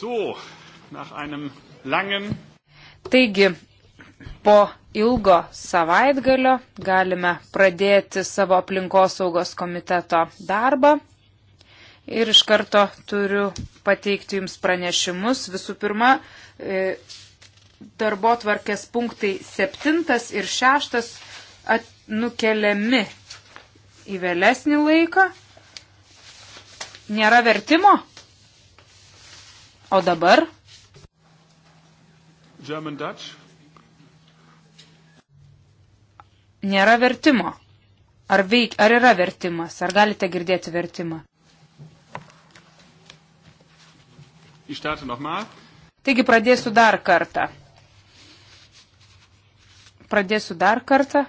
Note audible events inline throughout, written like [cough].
So, nach einem langen. Taigi, po ilgo savaitgalio galime pradėti savo aplinkosaugos komiteto darbą. Ir iš karto turiu pateikti Jums pranešimus. Visų pirma, e, darbo tvarkės punktai 7 ir 6 nukeliami į vėlesnį laiką. Nėra vertimo? O dabar? German Dutch. Nėra vertimo. Ar, veik, ar yra vertimas? Ar galite girdėti vertimą? Taigi pradėsiu dar kartą. Pradėsiu dar kartą.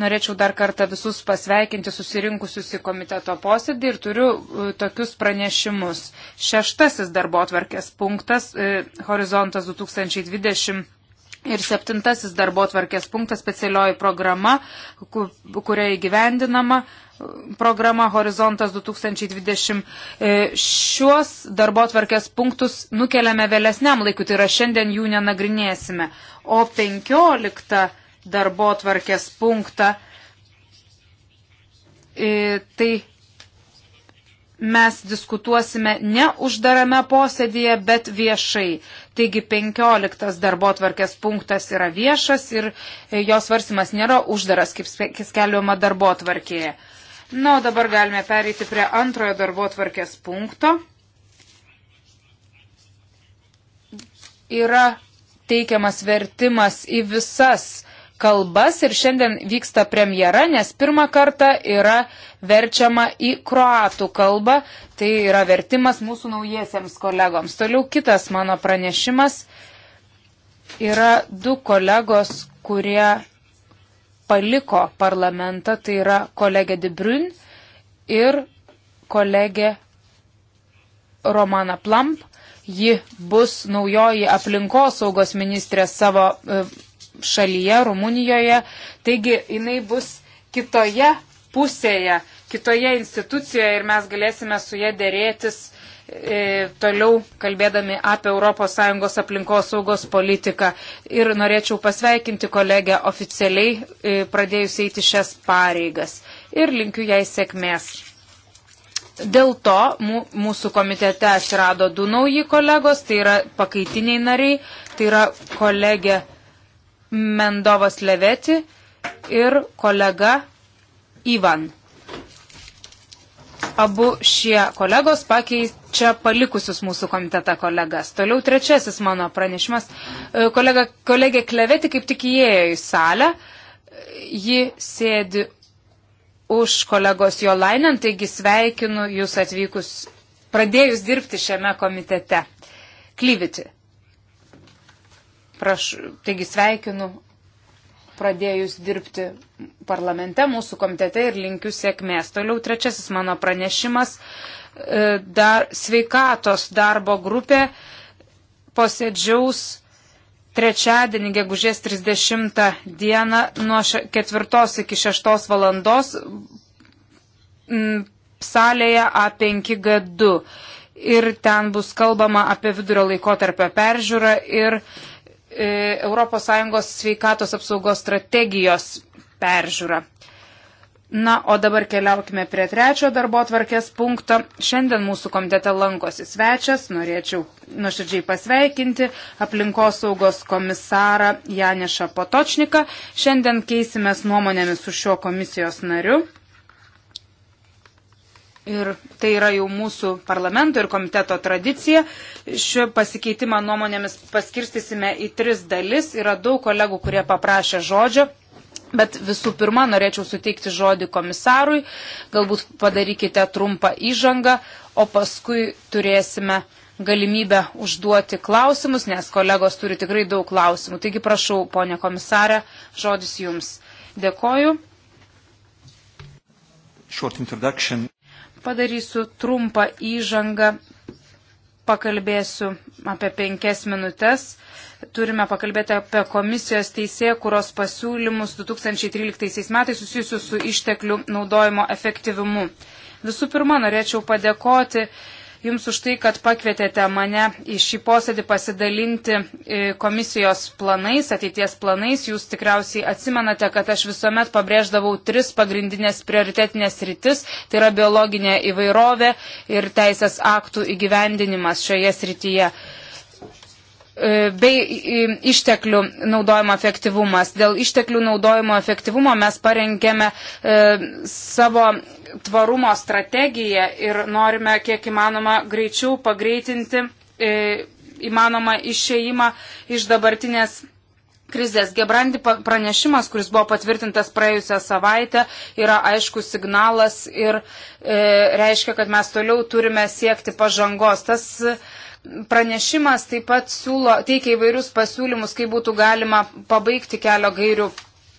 Norėčiau dar kartą visus pasveikinti susirinkusius į komiteto posėdį ir turiu e, tokius pranešimus. Šeštasis darbo atvarkės punktas e, - Horizontas 2020. Ir septintasis darbo tvarkės punktas - specialioji programa, kuria įgyvendinama e, programa Horizontas 2020. Šiuos darbo tvarkės punktus nukeliame vėlesniam laikui, tai yra šiandien jų nenagrinėsime. O penkioliktą darbo tvarkės punktą, e, tai mes diskutuosime ne uždarame posėdėje, bet viešai. Taigi 15 darbo tvarkės punktas yra viešas ir e, jos varsimas nėra uždaras, kaip skelbiama darbo tvarkėje. Na, o dabar galime pereiti prie antrojo darbo tvarkės punkto. Yra teikiamas vertimas į visas kalbas ir šiandien vyksta premjera, nes pirmą kartą yra verčiama į kroatų kalbą. Tai yra vertimas mūsų naujiesiems kolegoms. Toliau kitas mano pranešimas. Yra du kolegos, kurie paliko parlamentą. Tai yra kolegė Dibrun ir kolegė Romana Plamp. Ji bus naujoji aplinkosaugos ministrė savo e, šalyje, Rumunijoje. Taigi jinai bus kitoje pusėje, kitoje institucijoje ir mes galėsime su ją dėrėtis e, toliau kalbėdami apie ES aplinkos saugos politiką. Ir norėčiau pasveikinti kolegę oficialiai e, pradėjus eiti šias pareigas. Ir linkiu jai sėkmės. Dėl to mūsų komitete atsirado du nauji kolegos, tai yra pakaitiniai nariai, tai yra kolegė Mendovas Leveti ir kolega Ivan. Abu šie kolegos pakeičia palikusius mūsų komitetą kolegas. Toliau trečiasis mano pranešimas. E, kolega, kolegė Kleveti kaip tik įėjo į salę. Ji sėdi už kolegos jo lainin, taigi sveikinu jūs atvykus, pradėjus dirbti šiame komitete. Klyviti. Praš, taigi sveikinu pradėjus dirbti parlamente, mūsų komitete ir linkiu sėkmės. Toliau trečiasis mano pranešimas. E, dar, sveikatos darbo grupė posėdžiaus trečiadienį, gegužės 30 dieną nuo 4 iki 6 valandos salėje A5G2. Ir ten bus kalbama apie vidurio laikotarpio peržiūrą ir uh, ES sveikatos apsaugos strategijos peržiūra. Na, o dabar keliaukime prie trečio darbo tvarkės punkto. Šiandien mūsų komitete lankosi svečias, norėčiau nuoširdžiai pasveikinti aplinkosaugos komisarą Janešą Potočniką. Šiandien keisimės nuomonėmis su šio komisijos nariu. Ir tai yra jau mūsų parlamento ir komiteto tradicija. Šio pasikeitimą nuomonėmis paskirstysime į tris dalis. Yra daug kolegų, kurie paprašė žodžio. Bet visų pirma, norėčiau suteikti žodį komisarui. Galbūt padarykite trumpą įžangą, o paskui turėsime galimybę užduoti klausimus, nes kolegos turi tikrai daug klausimų. Taigi prašau, ponė komisarė, žodis jums. Dėkoju. Short introduction. Padarysiu trumpą įžangą, pakalbėsiu apie penkias minutės. Turime pakalbėti apie komisijos teisė, kurios pasiūlymus 2013 metais susijusius su išteklių naudojimo efektyvimu. Visų pirma, norėčiau padėkoti Jums už tai, kad pakvietėte mane į šį posėdį pasidalinti e, komisijos planais, ateities planais. Jūs tikriausiai atsimenate, kad aš visuomet pabrėždavau tris pagrindinės prioritetinės rytis. Tai yra biologinė įvairovė ir teisės aktų įgyvendinimas šioje srityje e, bei e, išteklių naudojimo efektyvumas. Dėl išteklių naudojimo efektyvumo mes parengėme savo tvarumo strategiją ir norime kiek įmanoma greičiau pagreitinti e, įmanoma išeimą iš dabartinės krizės. Gebrandi pranešimas, kuris buvo patvirtintas praėjusią savaitę, yra aišku signalas ir e, reiškia, kad mes toliau turime siekti pažangos. Tas pranešimas taip pat siūlo, teikia įvairius pasiūlymus, kaip būtų galima pabaigti kelio gairių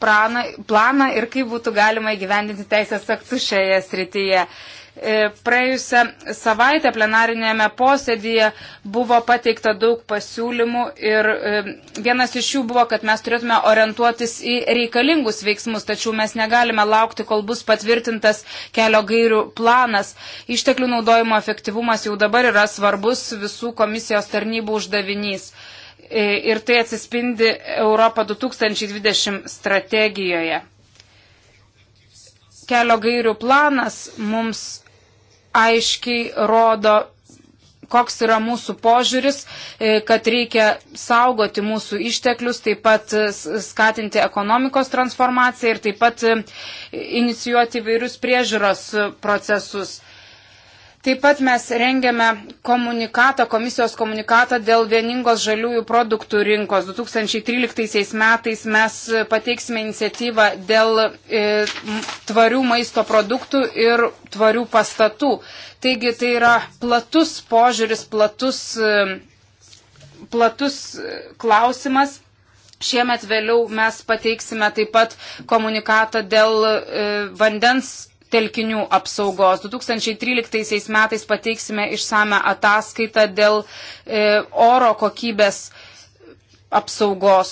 praną, planą ir kaip būtų galima įgyvendinti teisės aktus šioje srityje. E, praėjusią savaitę plenarinėme posėdėje buvo pateikta daug pasiūlymų ir e, vienas iš jų buvo, kad mes turėtume orientuotis į reikalingus veiksmus, tačiau mes negalime laukti, kol bus patvirtintas kelio gairių planas. Išteklių naudojimo efektyvumas jau dabar yra svarbus visų komisijos tarnybų uždavinys. E, ir tai atsispindi Europą 2020 strategijoje. Kelio gairių planas mums aiškiai rodo, koks yra mūsų požiūris, e, kad reikia saugoti mūsų išteklius, taip pat e, skatinti ekonomikos transformaciją ir taip pat inicijuoti vairius priežiūros procesus. Taip pat mes rengiame komunikatą, komisijos komunikatą dėl vieningos žaliųjų produktų rinkos. 2013 metais mes pateiksime iniciatyvą dėl e, tvarių maisto produktų ir tvarių pastatų. Taigi tai yra platus požiūris, platus, e, platus e, klausimas. Šiemet vėliau mes pateiksime taip pat komunikatą dėl e, vandens telkinių apsaugos. 2013 metais pateiksime išsame ataskaitą dėl e, oro kokybės apsaugos.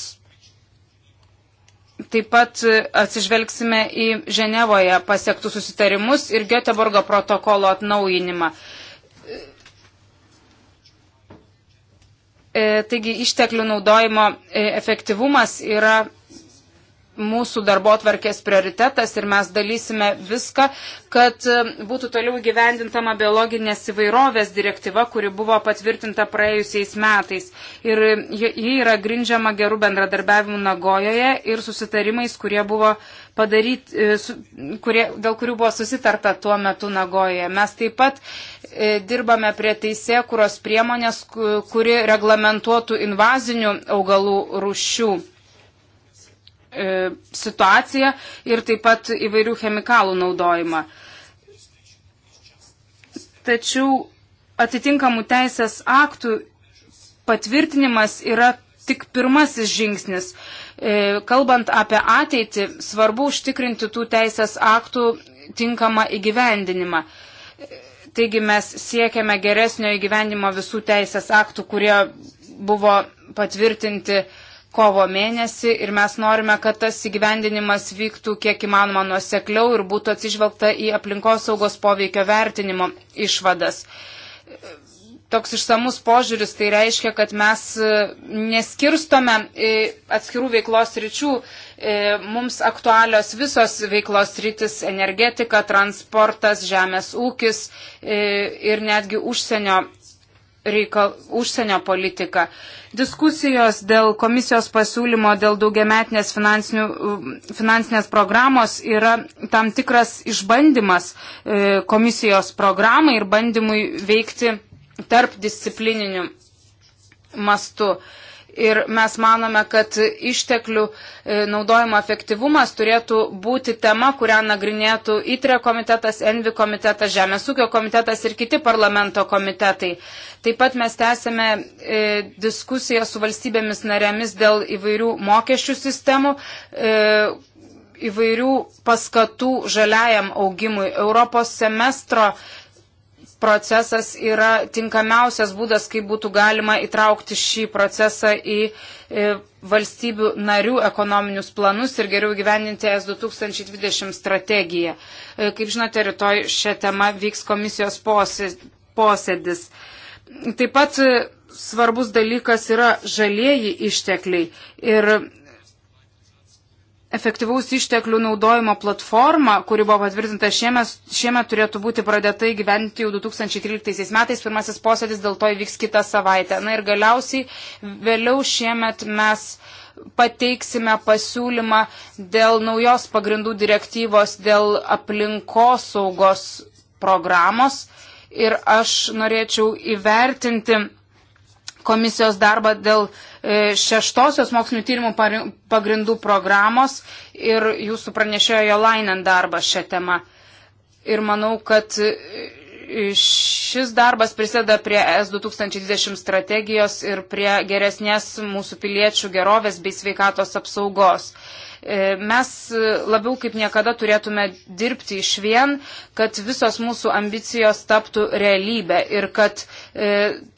Taip pat e, atsižvelgsime į Ženevoje pasiektų susitarimus ir Göteborgo protokolo atnaujinimą. E, taigi išteklių naudojimo e, efektyvumas yra mūsų darbo tvarkės prioritetas ir mes dalysime viską, kad e, būtų toliau gyvendintama biologinės įvairovės direktyva, kuri buvo patvirtinta praėjusiais metais. Ir ji yra grindžiama gerų bendradarbiavimų Nagojoje ir susitarimais, kurie buvo padaryti, e, kurie, dėl kurių buvo susitarta tuo metu Nagoje. Mes taip pat e, dirbame prie teisėkuros priemonės, kuri reglamentuotų invazinių augalų rūšių E, situaciją ir taip pat įvairių chemikalų naudojimą. Tačiau atitinkamų teisės aktų patvirtinimas yra tik pirmasis žingsnis. E, kalbant apie ateitį, svarbu užtikrinti tų teisės aktų tinkamą įgyvendinimą. Taigi mes siekiame geresnio įgyvendimo visų teisės aktų, kurie buvo patvirtinti uh, kovo mėnesį ir mes norime, kad tas įgyvendinimas vyktų kiek įmanoma nuosekliau ir būtų atsižvelgta į aplinkosaugos poveikio vertinimo išvadas. Toks išsamus požiūris tai reiškia, kad mes e, neskirstome e, atskirų veiklos ryčių, e, mums aktualios visos veiklos rytis - energetika, transportas, žemės ūkis ir netgi užsienio reikal, užsienio politiką. Diskusijos dėl komisijos pasiūlymo dėl daugiametinės finansinės programos yra tam tikras išbandymas e, komisijos programai ir bandymui veikti tarp disciplininių mastų. Ir mes manome, kad išteklių e, naudojimo efektyvumas turėtų būti tema, kurią nagrinėtų ITRE komitetas, ENVI komitetas, Žemės ūkio komitetas ir kiti parlamento komitetai. Taip pat mes tęsėme e, diskusiją su valstybėmis narėmis dėl įvairių mokesčių sistemų e, įvairių paskatų žaliajam augimui. Europos semestro procesas yra tinkamiausias būdas, kaip būtų galima įtraukti šį procesą į e, valstybių narių ekonominius planus ir geriau gyveninti S 2020 strategiją. E, kaip žinote, rytoj šią temą vyks komisijos posėdis. Taip pat e, svarbus dalykas yra žalieji ištekliai. Ir efektyvaus išteklių naudojimo platforma, kuri buvo patvirtinta šiemet, šiemet turėtų būti pradėta įgyventi jau 2013 metais. Pirmasis posėdis dėl to įvyks kitą savaitę. Na ir galiausiai vėliau šiemet mes pateiksime pasiūlymą dėl naujos pagrindų direktyvos, dėl aplinkosaugos programos. Ir aš norėčiau įvertinti komisijos darbą dėl E, šeštosios mokslinių tyrimų pagrindų programos ir jūsų pranešėjo Jolainen darbas šią temą. Ir manau, kad šis darbas prisideda prie S 2020 strategijos ir prie geresnės mūsų piliečių gerovės bei sveikatos apsaugos. E, mes labiau kaip niekada turėtume dirbti iš vien, kad visos mūsų ambicijos taptų realybę ir kad e,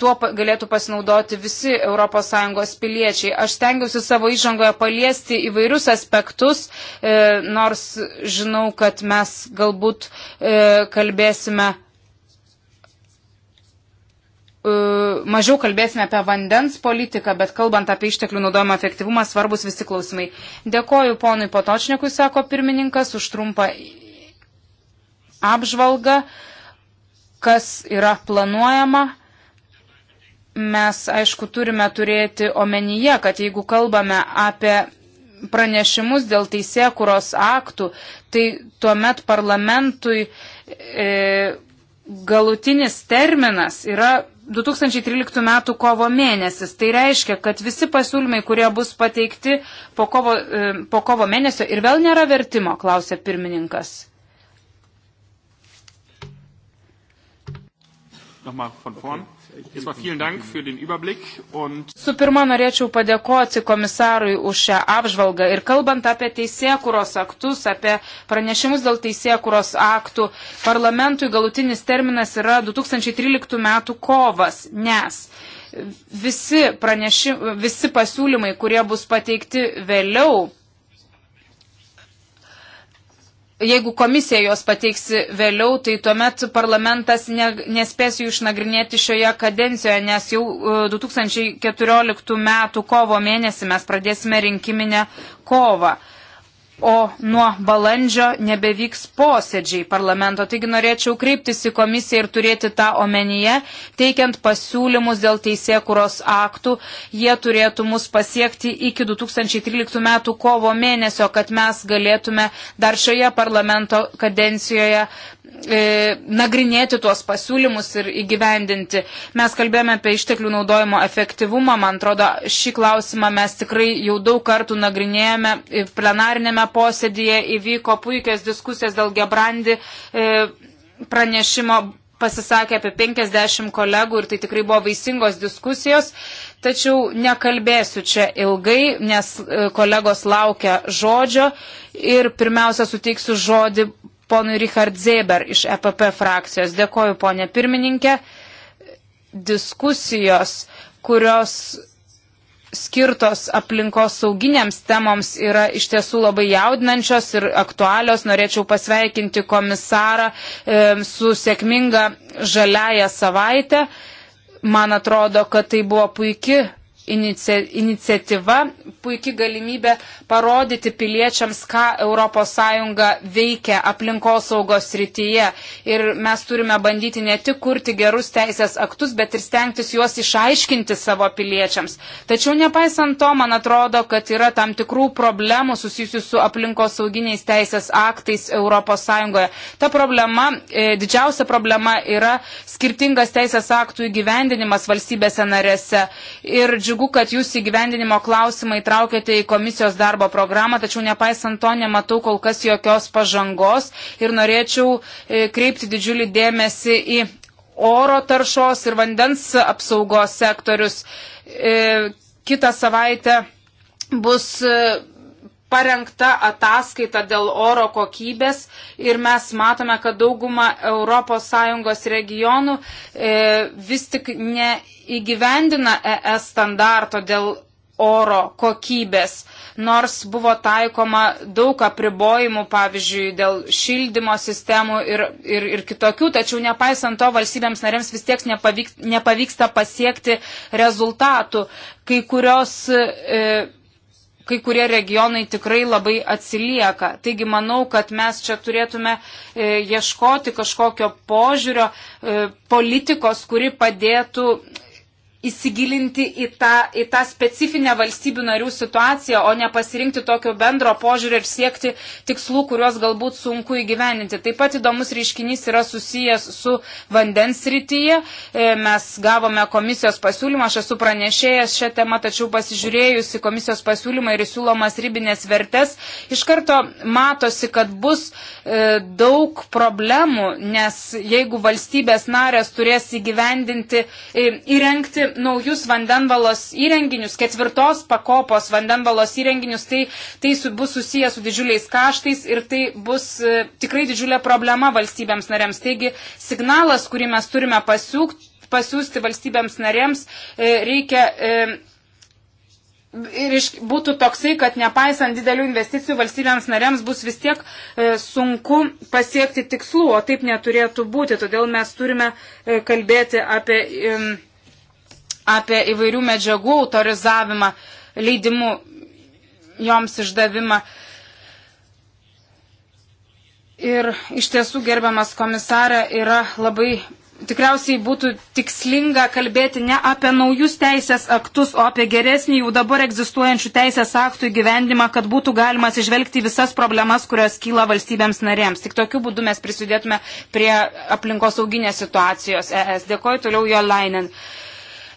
tuo galėtų pasinaudoti visi ES piliečiai. Aš stengiausi savo įžangoje paliesti įvairius aspektus, e, nors žinau, kad mes galbūt kalbėsime E, mažiau kalbėsime apie vandens politiką, bet kalbant apie išteklių naudojimo efektyvumą, svarbus visi klausimai. Dėkoju ponui Potočnikui, sako pirmininkas, už trumpą apžvalgą, kas yra planuojama. Mes, aišku, turime turėti omenyje, kad jeigu kalbame apie pranešimus dėl teisėkuros aktų, tai tuomet parlamentui e, galutinis terminas yra 2013 m. kovo mėnesis. Tai reiškia, kad visi pasiūlymai, kurie bus pateikti po kovo, e, po kovo mėnesio ir vėl nėra vertimo, klausė pirmininkas. Nochmal von vorn. Okay. Su pirma, norėčiau padėkoti komisarui už šią apžvalgą. Ir kalbant apie teisėkuros aktus, apie pranešimus dėl teisėkuros aktų, parlamentui galutinis terminas yra 2013 m. kovas, nes visi, praneši, visi pasiūlymai, kurie bus pateikti vėliau, jeigu komisija juos pateiks vėliau, tai tuomet parlamentas ne, nespės jų išnagrinėti šioje kadencijoje, nes jau 2014 e, m. kovo mėnesį mes pradėsime rinkiminę kovą o nuo balandžio nebevyks posėdžiai parlamento. Taigi norėčiau kreiptis į komisiją ir turėti tą omenyje, teikiant pasiūlymus dėl teisėkuros aktų. Jie turėtų mus pasiekti iki 2013 metų kovo mėnesio, kad mes galėtume dar šioje parlamento kadencijoje E, nagrinėti tuos pasiūlymus ir įgyvendinti. Mes kalbėjome apie išteklių naudojimo efektyvumą. Man atrodo, šį klausimą mes tikrai jau daug kartų nagrinėjome. Plenarinėme posėdėje įvyko puikios diskusijos dėl Gebrandi e, pranešimo. Pasisakė apie 50 kolegų ir tai tikrai buvo vaisingos diskusijos. Tačiau nekalbėsiu čia ilgai, nes e, kolegos laukia žodžio ir pirmiausia suteiksiu žodį ponui Richard Zeber iš EPP frakcijos. Dėkoju, ponė pirmininkė. Diskusijos, kurios skirtos aplinkos sauginiams temoms yra iš tiesų labai jaudinančios ir aktualios. Norėčiau pasveikinti komisarą e, su sėkminga žaliaja savaitė. Man atrodo, kad tai buvo puikia inicia, iniciatyva puikia galimybė parodyti piliečiams, ką ES veikia aplinkosaugos rytyje. Ir mes turime bandyti ne tik kurti gerus teisės aktus, bet ir stengtis juos išaiškinti savo piliečiams. Tačiau nepaisant to, man atrodo, kad yra tam tikrų problemų susijusių su aplinkosauginiais teisės aktais ES. Ta problema, e, didžiausia problema yra skirtingas teisės aktų įgyvendinimas valstybėse narėse. Ir džiugu, Džiugu, kad jūs įgyvendinimo klausimą įtraukėte į komisijos darbo programą, tačiau nepaisant to nematau kol kas jokios pažangos ir norėčiau e, kreipti didžiulį dėmesį į oro taršos ir vandens apsaugos sektorius. E, kitą savaitę bus e, parengta ataskaita dėl oro kokybės ir mes matome, kad dauguma ES regionų e, vis tik neįgyvendina ES standarto dėl oro kokybės, nors buvo taikoma daug apribojimų, pavyzdžiui, dėl šildymo sistemų ir, ir, ir kitokių, tačiau nepaisant to valstybėms narėms vis tiek nepavyk, nepavyksta pasiekti rezultatų. Kai kurios e, kai kurie regionai tikrai labai atsilieka. Taigi manau, kad mes čia turėtume e, ieškoti kažkokio požiūrio e, politikos, kuri padėtų įsigilinti į tą, į tą specifinę valstybių narių situaciją, o ne pasirinkti tokio bendro požiūrio ir siekti tikslų, kuriuos galbūt sunku įgyveninti. Taip pat įdomus reiškinys yra susijęs su vandens rytyje. E, mes gavome komisijos pasiūlymą, aš esu pranešėjęs šią temą, tačiau pasižiūrėjusi komisijos pasiūlymą ir siūlomas ribinės vertės, iš karto matosi, kad bus e, daug problemų, nes jeigu valstybės narės turės įgyvendinti, e, įrengti naujus vandenvalos įrenginius, ketvirtos pakopos vandenvalos įrenginius, tai, tai su, bus susijęs su didžiuliais kaštais ir tai bus e, tikrai didžiulė problema valstybėms narėms. Taigi signalas, kurį mes turime pasiūkti, pasiūsti valstybėms narėms, e, reikia. E, ir iš, būtų toksai, kad nepaisant didelių investicijų valstybėms narėms bus vis tiek e, sunku pasiekti tikslų, o taip neturėtų būti. Todėl mes turime e, kalbėti apie e, apie įvairių medžiagų autorizavimą, leidimų joms išdavimą. Ir iš tiesų, gerbiamas komisarė, yra labai tikriausiai būtų tikslinga kalbėti ne apie naujus teisės aktus, o apie geresnį jau dabar egzistuojančių teisės aktų įgyvendimą, kad būtų galima atsižvelgti visas problemas, kurios kyla valstybėms narėms. Tik tokiu būdu mes prisidėtume prie aplinkos auginės situacijos. ES dėkoju toliau jo Lainen. Uh,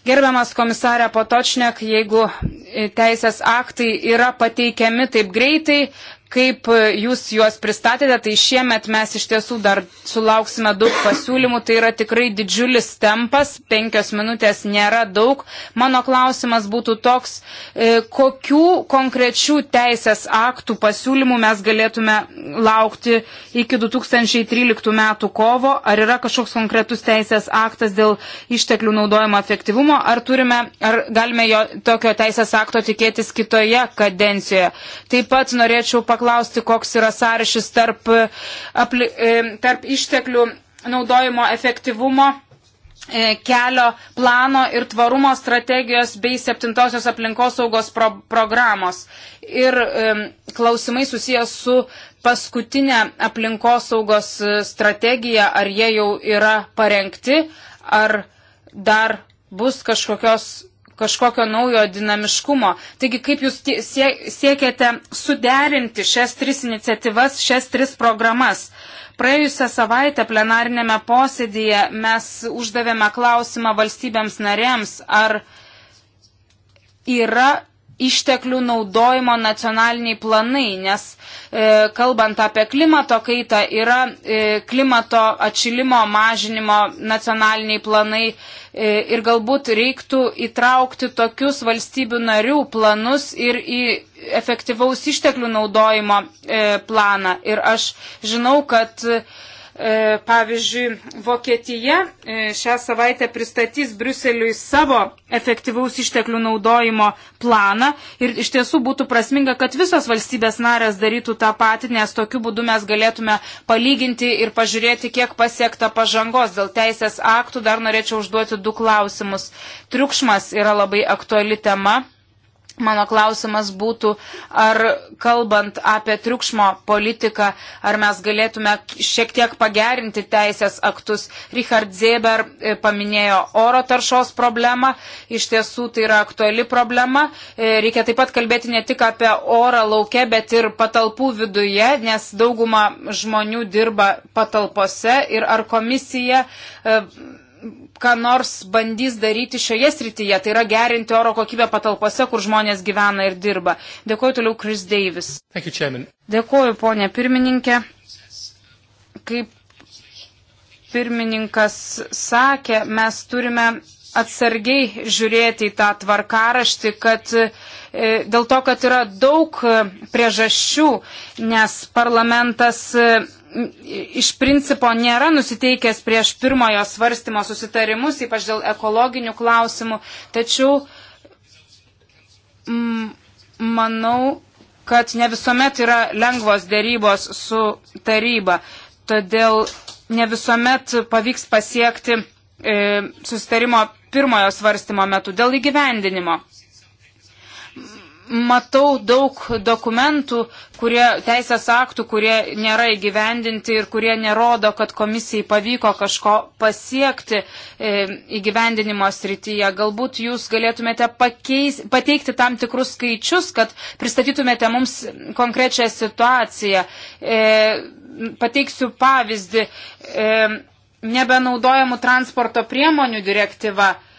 Gerbiamas komisarė Potočnek, jeigu teisės aktai yra pateikiami taip greitai, kaip e, jūs juos pristatėte, tai šiemet mes iš tiesų dar sulauksime daug pasiūlymų, tai yra tikrai didžiulis tempas, penkios minutės nėra daug. Mano klausimas būtų toks, e, kokių konkrečių teisės aktų pasiūlymų mes galėtume laukti iki 2013 metų kovo, ar yra kažkoks konkretus teisės aktas dėl išteklių naudojimo efektyvumo, ar, turime, ar galime jo, tokio teisės akto tikėtis kitoje kadencijoje. Taip pat norėčiau paklausti, paklausti, koks yra sąrašis tarp, e, apli, e, tarp išteklių naudojimo efektyvumo e, kelio plano ir tvarumo strategijos bei septintosios aplinkosaugos pro programos. Ir e, klausimai susijęs su paskutinė aplinkosaugos strategija, ar jie jau yra parengti, ar dar bus kažkokios kažkokio naujo dinamiškumo. Taigi, kaip jūs siekiate suderinti šias tris iniciatyvas, šias tris programas? Praėjusią savaitę plenarinėme posėdėje mes uždavėme klausimą valstybėms narėms, ar yra išteklių naudojimo nacionaliniai planai, nes e, kalbant apie klimato kaitą, yra e, klimato atšilimo mažinimo nacionaliniai planai e, ir galbūt reiktų įtraukti tokius valstybių narių planus ir į efektyvaus išteklių naudojimo e, planą. Ir aš žinau, kad e, E, pavyzdžiui, Vokietija e, šią savaitę pristatys Bruseliui savo efektyvaus išteklių naudojimo planą ir iš tiesų būtų prasminga, kad visos valstybės narės darytų tą patį, nes tokiu būdu mes galėtume palyginti ir pažiūrėti, kiek pasiekta pažangos. Dėl teisės aktų dar norėčiau užduoti du klausimus. Triukšmas yra labai aktuali tema. Mano klausimas būtų, ar kalbant apie triukšmo politiką, ar mes galėtume šiek tiek pagerinti teisės aktus. Richard Zeber e, paminėjo oro taršos problemą, iš tiesų tai yra aktuali problema. E, reikia taip pat kalbėti ne tik apie orą lauke, bet ir patalpų viduje, nes dauguma žmonių dirba patalpose ir ar komisija. E, ką nors bandys daryti šioje srityje, tai yra gerinti oro kokybę patalpose, kur žmonės gyvena ir dirba. Dėkuoju toliau Chris Davis. You, Dėkuoju, ponė pirmininkė. Kaip pirmininkas sakė, mes turime atsargiai žiūrėti į tą tvarkaraštį, kad e, dėl to, kad yra daug priežasčių, nes parlamentas e, iš principo nėra nusiteikęs prieš pirmojo svarstymo susitarimus, ypač dėl ekologinių klausimų, tačiau m, manau, kad ne visuomet yra lengvos dėrybos su taryba, todėl ne visuomet pavyks pasiekti e, susitarimo pirmojo svarstymo metu dėl įgyvendinimo matau daug dokumentų, kurie, teisės aktų, kurie nėra įgyvendinti ir kurie nerodo, kad komisijai pavyko kažko pasiekti e, įgyvendinimo srityje. Galbūt jūs galėtumėte pakeis, pateikti tam tikrus skaičius, kad pristatytumėte mums konkrečią situaciją. E, pateiksiu pavyzdį. E, nebenaudojamų transporto priemonių direktyva. E,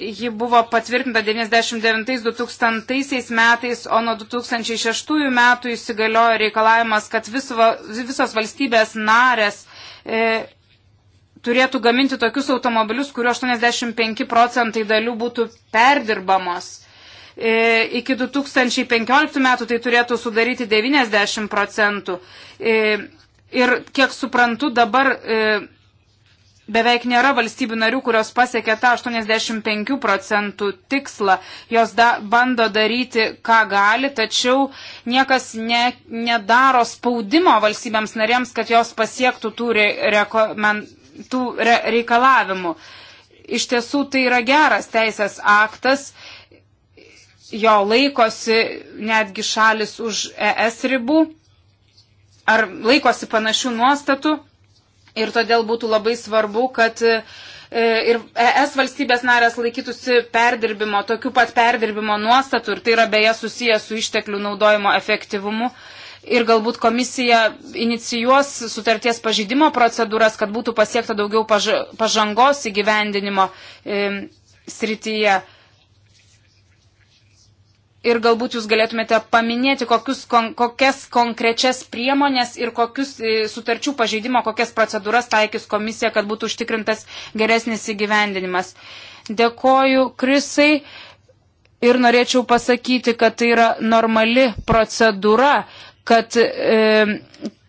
Ji buvo patvirtinta 99-2000 metais, o nuo 2006 metų įsigaliojo reikalavimas, kad viso, visos valstybės narės e, turėtų gaminti tokius automobilius, kurių 85 procentai dalių būtų perdirbamos. E, iki 2015 metų tai turėtų sudaryti 90 procentų. E, ir kiek suprantu, dabar. E, beveik nėra valstybių narių, kurios pasiekė tą 85 procentų tikslą. Jos da, bando daryti, ką gali, tačiau niekas ne, nedaro spaudimo valstybėms narėms, kad jos pasiektų tų, re, rekomen, tų re, reikalavimų. Iš tiesų tai yra geras teisės aktas. Jo laikosi netgi šalis už ES ribų ar laikosi panašių nuostatų, Ir todėl būtų labai svarbu, kad e, ir ES valstybės narės laikytųsi perdirbimo, tokių pat perdirbimo nuostatų, ir tai yra beje susijęs su išteklių naudojimo efektyvumu. Ir galbūt komisija inicijuos sutarties pažydimo procedūras, kad būtų pasiekta daugiau pažangos įgyvendinimo e, srityje ir galbūt jūs galėtumėte paminėti, kokius, kon, kokias konkrečias priemonės ir kokius e, sutarčių pažeidimo, kokias procedūras taikys komisija, kad būtų užtikrintas geresnis įgyvendinimas. Dėkoju Krisai ir norėčiau pasakyti, kad tai yra normali procedūra, kad e,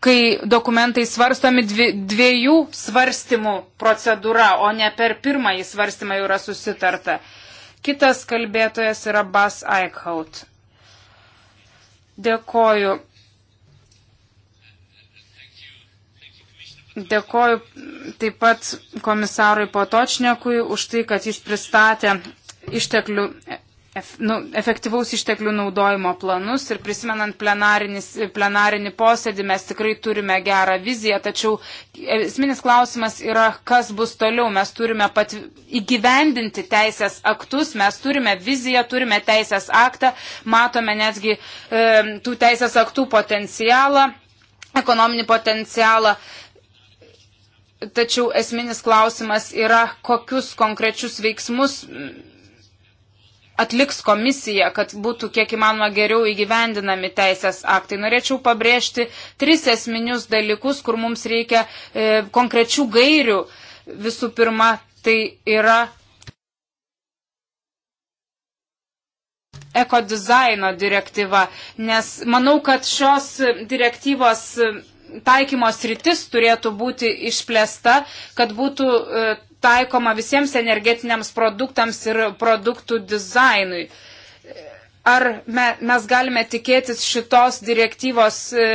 kai dokumentai svarstomi dvi, dviejų svarstymų procedūra, o ne per pirmąjį svarstymą jau yra susitarta. E, Kitas kalbėtojas yra Bas Eichhout. Dėkoju. Dėkoju taip pat komisarui Potočnekui už tai, kad jis pristatė išteklių ef, nu, efektyvaus išteklių naudojimo planus ir prisimenant plenarinį posėdį mes tikrai turime gerą viziją, tačiau esminis klausimas yra, kas bus toliau. Mes turime pat įgyvendinti teisės aktus, mes turime viziją, turime teisės aktą, matome netgi e, tų teisės aktų potencialą, ekonominį potencialą. Tačiau esminis klausimas yra, kokius konkrečius veiksmus atliks komisija, kad būtų kiek įmanoma geriau įgyvendinami teisės aktai. Norėčiau pabrėžti tris esminius dalykus, kur mums reikia e, konkrečių gairių. Visų pirma, tai yra ekodizaino direktyva, nes manau, kad šios direktyvos e, taikymos rytis turėtų būti išplėsta, kad būtų e, taikoma visiems energetiniams produktams ir produktų dizainui. Ar me, mes galime tikėtis šitos direktyvos e,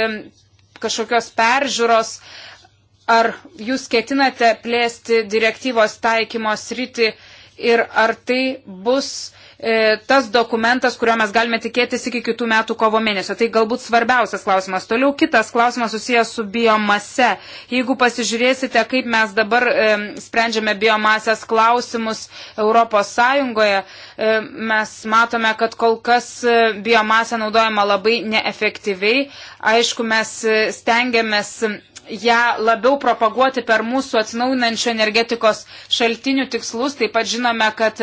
kažkokios peržiūros, ar jūs ketinate plėsti direktyvos taikymos rytį ir ar tai bus E, tas dokumentas, kurio mes galime tikėtis iki kitų metų kovo mėnesio. Tai galbūt svarbiausias klausimas. Toliau kitas klausimas susijęs su biomase. Jeigu pasižiūrėsite, kaip mes dabar e, sprendžiame biomasės klausimus Europos Sąjungoje, e, mes matome, kad kol kas e, biomasė naudojama labai neefektyviai. Aišku, mes e, stengiamės ją labiau propaguoti per mūsų atsinaujinančio energetikos šaltinių tikslus. Taip pat žinome, kad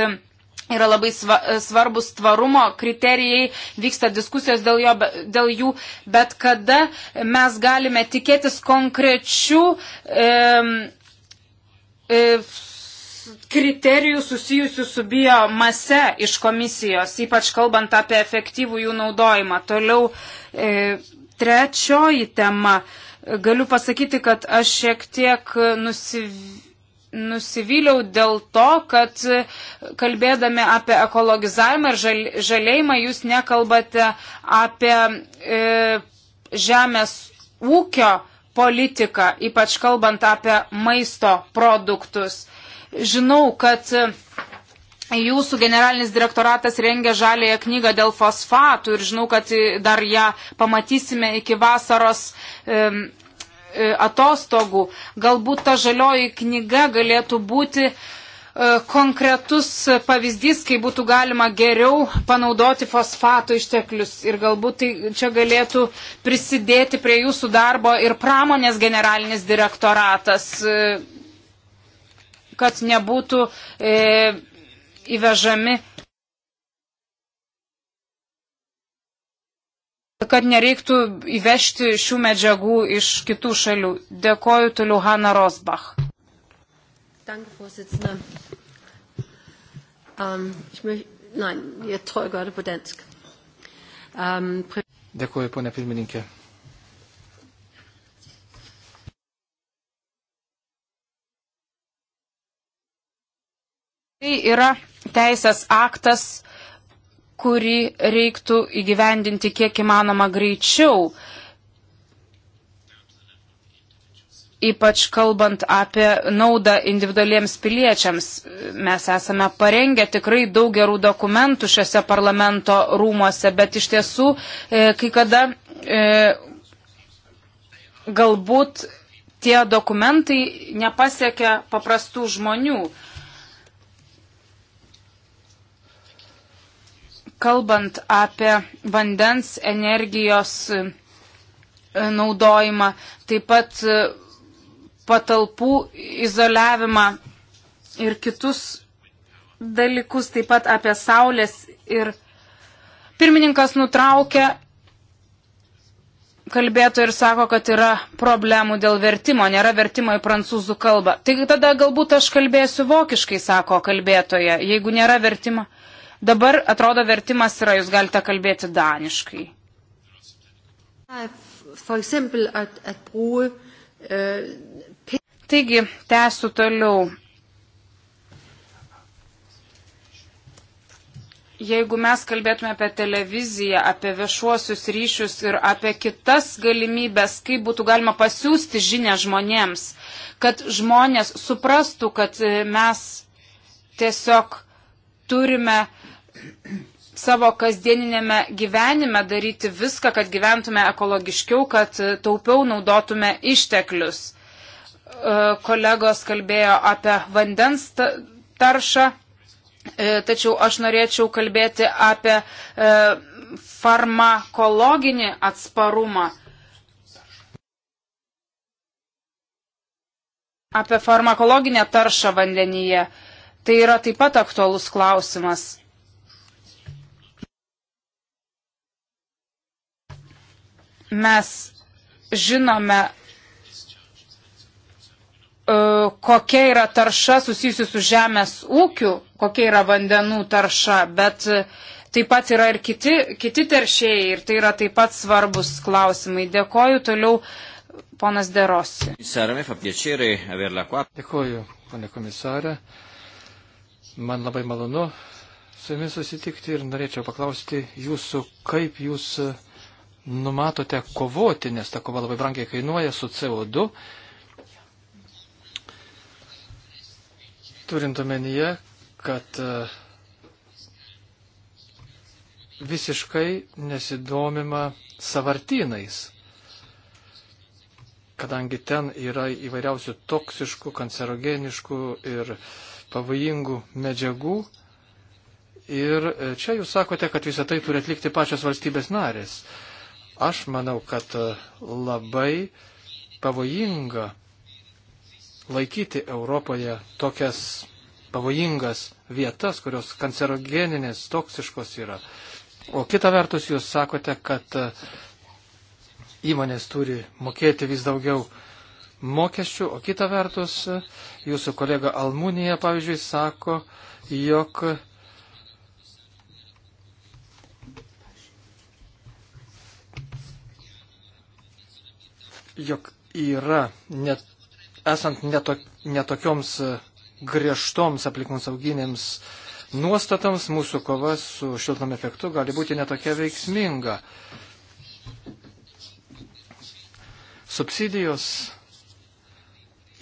yra labai e, svarbus tvarumo kriterijai, vyksta diskusijos dėl, jo, dėl jų, bet kada mes galime tikėtis konkrečių e, e, kriterijų susijusių su biomase iš komisijos, ypač kalbant apie efektyvų jų naudojimą. Toliau e, trečioji tema. Galiu pasakyti, kad aš šiek tiek nusivylęs nusivyliau dėl to, kad kalbėdami apie ekologizavimą ir žal, žalėjimą jūs nekalbate apie e, žemės ūkio politiką, ypač kalbant apie maisto produktus. Žinau, kad Jūsų generalinis direktoratas rengia žalėją knygą dėl fosfatų ir žinau, kad dar ją pamatysime iki vasaros E, atostogų. Galbūt ta žalioji knyga galėtų būti e, konkretus pavyzdys, kai būtų galima geriau panaudoti fosfato išteklius ir galbūt tai čia galėtų prisidėti prie jūsų darbo ir pramonės generalinis direktoratas, e, kad nebūtų e, įvežami kad nereiktų įvežti šių medžiagų iš kitų šalių. Dėkoju toliau Hanna Rosbach. Danke, Vorsitzende. Um, ähm, ich möchte, nein, ihr Treugarde Budensk. Um, Dėkoju, ponia pirmininkė. Tai yra teisės aktas, kurį reiktų įgyvendinti kiek įmanoma greičiau, ypač kalbant apie naudą individualiems piliečiams. Mes esame parengę tikrai daug gerų dokumentų šiuose parlamento rūmose, bet iš tiesų e, kai kada e, galbūt tie dokumentai nepasiekia paprastų žmonių. kalbant apie vandens energijos e, naudojimą, taip pat e, patalpų izoliavimą ir kitus dalykus, taip pat apie saulės ir pirmininkas nutraukė kalbėtų ir sako, kad yra problemų dėl vertimo, nėra vertimo į prancūzų kalbą. Tai tada galbūt aš kalbėsiu vokiškai, sako kalbėtoja, jeigu nėra vertimo. Dabar atrodo vertimas yra, jūs galite kalbėti daniškai. Øh, Taigi, tęsiu toliau. Jeigu mes kalbėtume apie televiziją, apie viešuosius ryšius ir apie kitas galimybės, kaip būtų galima pasiūsti žinę žmonėms, kad žmonės suprastų, kad e, mes tiesiog turime uh, savo kasdieninėme gyvenime daryti viską, kad gyventume ekologiškiau, kad taupiau naudotume išteklius. E, kolegos kalbėjo apie vandens taršą, e, tačiau aš norėčiau kalbėti apie e, farmakologinį atsparumą. Apie farmakologinę taršą vandenyje. Tai yra taip pat aktualus klausimas. mes žinome, e, kokia yra tarša susijusi su žemės ūkiu, kokia yra vandenų tarša, bet e, taip pat yra ir kiti, kiti teršėjai ir tai yra taip pat svarbus klausimai. Dėkoju toliau, ponas Derosi. Dėkoju, ponė komisarė. Man labai malonu su jumis susitikti ir norėčiau paklausti jūsų, kaip jūs numatote kovoti, nes ta kova labai brangiai kainuoja su CO2, turint omenyje, kad e, visiškai nesidomima savartynais, kadangi ten yra įvairiausių toksiškų, kancerogeniškų ir pavojingų medžiagų. Ir e, čia jūs sakote, kad visą tai turi atlikti pačios valstybės narės. Aš manau, kad e, labai pavojinga laikyti Europoje tokias pavojingas vietas, kurios kancerogeninės, toksiškos yra. O kita vertus, jūs sakote, kad e, įmonės turi mokėti vis daugiau mokesčių, o kita vertus, e, jūsų kolega Almūnija, pavyzdžiui, sako, jog jog yra, net, esant netok, netokioms griežtoms aplikonsauginėms nuostatams, mūsų kova su šiltnam efektu gali būti netokia veiksminga. Subsidijos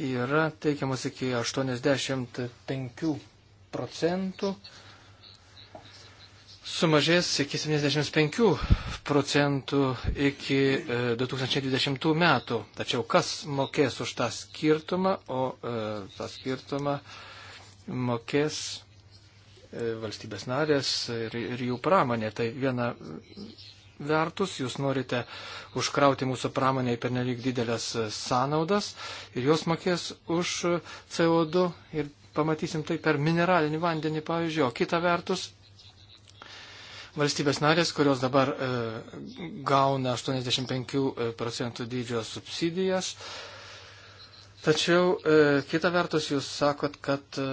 yra teikiamas iki 85 procentų sumažės iki 75 procentų iki 2020 e, metų. Tačiau kas mokės už tą skirtumą, o e, tą skirtumą mokės e, valstybės narės ir, ir jų pramonė. Tai viena vertus, jūs norite užkrauti mūsų pramoniai per nelik didelės sąnaudas ir jos mokės už CO2 ir pamatysim tai per mineralinį vandenį, pavyzdžiui, o kita vertus Valstybės narės, kurios dabar e, gauna 85 e, procentų dydžio subsidijas, tačiau e, kita vertus jūs sakot, kad e,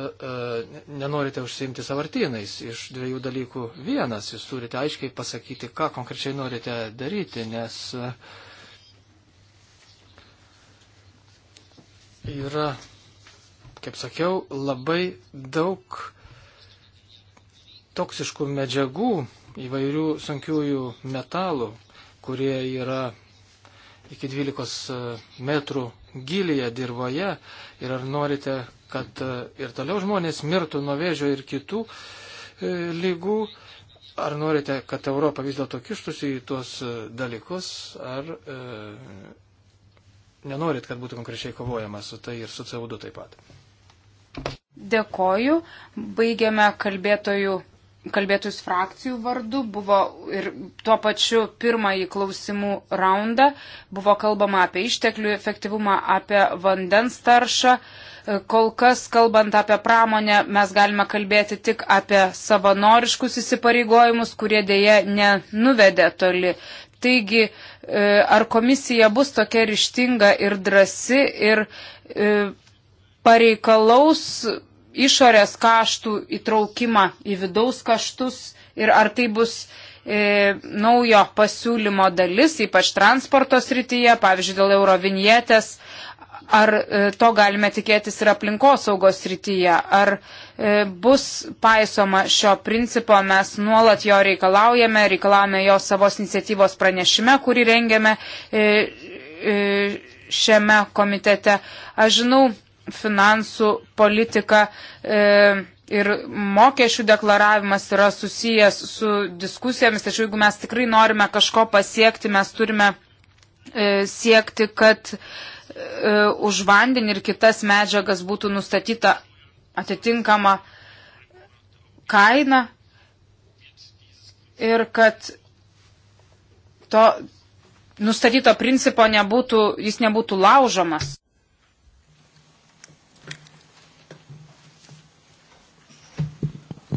nenorite užsiimti savartynais iš dviejų dalykų. Vienas, jūs turite aiškiai pasakyti, ką konkrečiai norite daryti, nes e, yra, kaip sakiau, labai daug toksiškų medžiagų įvairių sunkiųjų metalų, kurie yra iki 12 e, metrų gilyje dirboje. Ir ar norite, kad e, ir toliau žmonės mirtų nuo vėžio ir kitų e, lygų, ar norite, kad Europa vis dėlto kištųsi į tuos dalykus, ar e, nenorit, kad būtų konkrečiai kovojama su tai ir su CO2 taip pat. Dėkoju. Baigiame kalbėtojų kalbėtus frakcijų vardu, buvo ir tuo pačiu pirmąjį klausimų raundą, buvo kalbama apie išteklių efektyvumą, apie vandens taršą. E, kol kas, kalbant apie pramonę, mes galime kalbėti tik apie savanoriškus įsipareigojimus, kurie dėje nenuvedė toli. Taigi, e, ar komisija bus tokia ryštinga ir drasi ir e, pareikalaus išorės kaštų įtraukimą į vidaus kaštus ir ar tai bus e, naujo pasiūlymo dalis, ypač transporto srityje, pavyzdžiui, dėl eurovinietės, ar e, to galime tikėtis ir aplinkosaugos srityje, ar e, bus paisoma šio principo, mes nuolat jo reikalaujame, reikalaujame jo savos iniciatyvos pranešime, kurį rengiame e, e, šiame komitete. Aš žinau, finansų politika e, ir mokesčių deklaravimas yra susijęs su diskusijomis, tačiau jeigu mes tikrai norime kažko pasiekti, mes turime e, siekti, kad e, už vandenį ir kitas medžiagas būtų nustatyta atitinkama kaina ir kad to nustatyto principo nebūtų, jis nebūtų laužomas.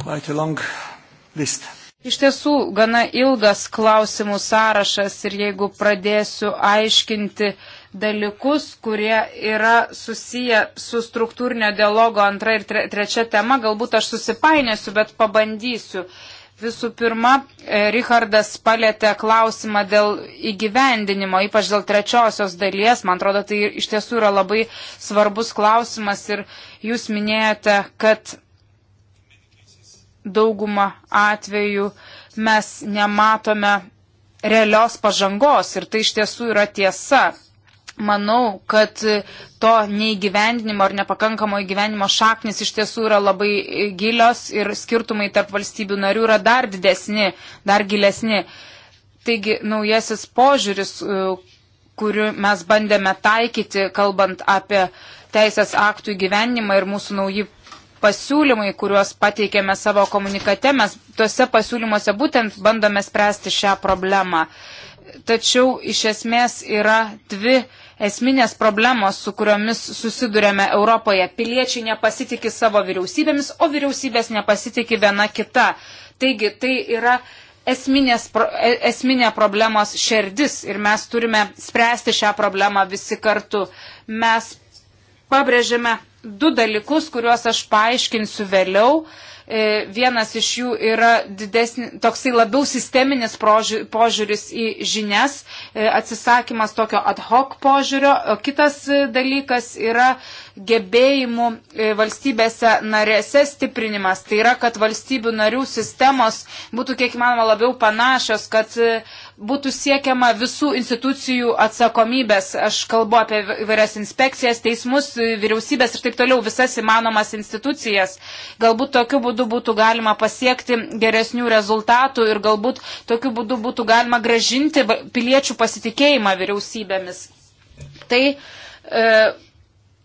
Quite a long list. Iš tiesų, gana ilgas klausimų sąrašas ir jeigu pradėsiu aiškinti dalykus, kurie yra susiję su struktūrinio dialogo antra ir trečia tema, galbūt aš susipainėsiu, bet pabandysiu. Visų pirma, e, Richardas palėtė klausimą dėl įgyvendinimo, ypač dėl trečiosios dalies. Man atrodo, tai iš tiesų yra labai svarbus klausimas ir jūs minėjote, kad daugumą atvejų mes nematome realios pažangos ir tai iš tiesų yra tiesa. Manau, kad to neįgyvendinimo ar nepakankamo įgyvendinimo šaknis iš tiesų yra labai gilios ir skirtumai tarp valstybių narių yra dar didesni, dar gilesni. Taigi naujasis požiūris, kuriuo mes bandėme taikyti, kalbant apie teisės aktų įgyvendinimą ir mūsų nauji pasiūlymai, kuriuos pateikėme savo komunikate, mes tuose pasiūlymuose būtent bandome spręsti šią problemą. Tačiau iš esmės yra dvi esminės problemos, su kuriomis susidurėme Europoje. Piliečiai nepasitikė savo vyriausybėmis, o vyriausybės nepasitikė viena kita. Taigi tai yra esminės, e, esminė problemos šerdis ir mes turime spręsti šią problemą visi kartu. Mes pabrėžiame du dalykus, kuriuos aš paaiškinsiu vėliau. E, vienas iš jų yra didesni, toksai labiau sisteminis požiūris į žinias, e, atsisakymas tokio ad hoc požiūrio, o kitas e, dalykas yra gebėjimų e, valstybėse narėse stiprinimas. Tai yra, kad valstybių narių sistemos būtų kiek įmanoma labiau panašios, kad e, būtų siekiama visų institucijų atsakomybės. Aš kalbu apie vairias inspekcijas, teismus, e, vyriausybės ir taip toliau, visas įmanomas institucijas. Galbūt tokiu būdu būtų galima pasiekti geresnių rezultatų ir galbūt tokiu būdu būtų galima gražinti piliečių pasitikėjimą vyriausybėmis. Tai e,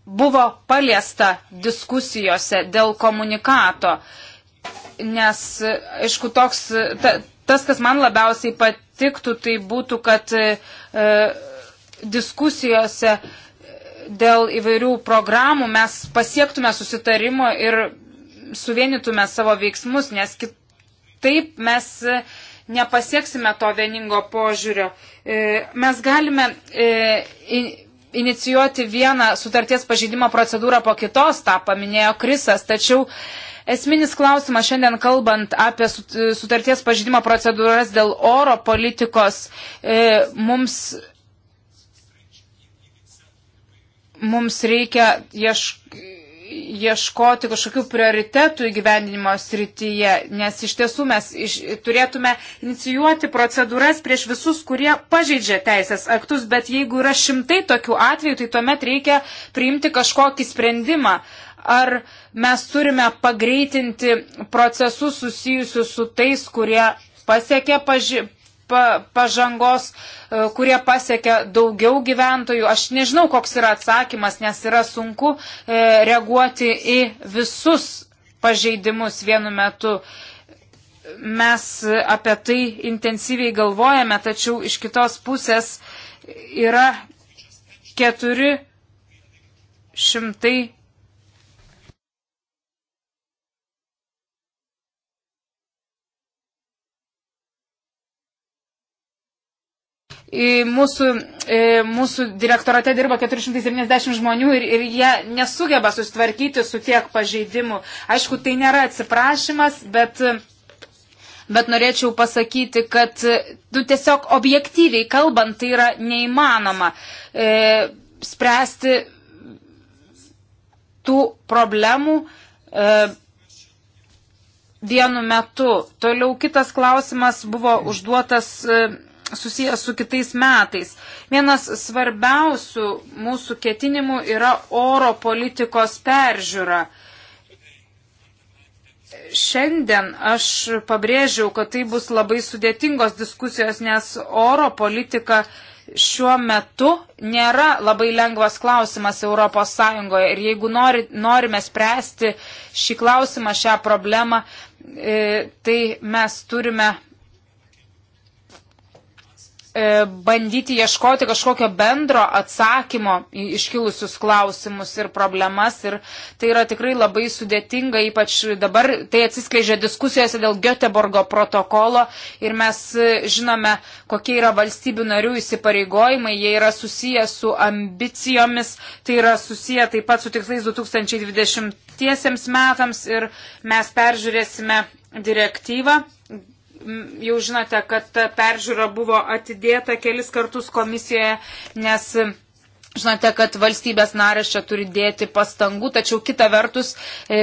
buvo paliesta diskusijose dėl komunikato, nes, aišku, toks, ta, tas, kas man labiausiai patiktų, tai būtų, kad e, diskusijose dėl įvairių programų mes pasiektume susitarimo ir suvienytume savo veiksmus, nes kitaip mes nepasieksime to vieningo požiūrio. E, mes galime e, inicijuoti vieną sutarties pažydimo procedūrą po kitos, tą paminėjo Krisas, tačiau esminis klausimas šiandien kalbant apie e, sutarties pažydimo procedūras dėl oro politikos e, mums. Mums reikia ieškoti ieškoti kažkokių prioritetų įgyvendinimo srityje, nes iš tiesų mes iš, turėtume inicijuoti procedūras prieš visus, kurie pažeidžia teisės aktus, bet jeigu yra šimtai tokių atvejų, tai tuomet reikia priimti kažkokį sprendimą. Ar mes turime pagreitinti procesus susijusius su tais, kurie pasiekė paži pa, pažangos, e, kurie pasiekia daugiau gyventojų. Aš nežinau, koks yra atsakymas, nes yra sunku e, reaguoti į visus pažeidimus vienu metu. Mes apie tai intensyviai galvojame, tačiau iš kitos pusės yra keturi šimtai mūsų, e, mūsų direktorate dirba 470 žmonių ir, ir jie nesugeba susitvarkyti su tiek pažeidimu. Aišku, tai nėra atsiprašymas, bet, bet norėčiau pasakyti, kad nu, tiesiog objektyviai kalbant tai yra neįmanoma e, spręsti tų problemų. E, Vienu metu. Toliau kitas klausimas buvo užduotas e, susijęs su kitais metais. Vienas svarbiausių mūsų ketinimų yra oro politikos peržiūra. Šiandien aš pabrėžiau, kad tai bus labai sudėtingos diskusijos, nes oro politika šiuo metu nėra labai lengvas klausimas ES. Ir jeigu nori, norime spręsti šį klausimą, šią problemą, e, tai mes turime E, bandyti ieškoti kažkokio bendro atsakymo į iškilusius klausimus ir problemas. Ir tai yra tikrai labai sudėtinga, ypač dabar tai atsiskleidžia diskusijose dėl Göteborgo protokolo. Ir mes e, žinome, kokie yra valstybių narių įsipareigojimai. Jie yra susiję su ambicijomis, tai yra susiję taip pat su tikslais 2020 metams. Ir mes peržiūrėsime direktyvą jau žinote, kad ta peržiūra buvo atidėta kelis kartus komisijoje, nes Žinote, kad valstybės narės čia turi dėti pastangų, tačiau kita vertus e,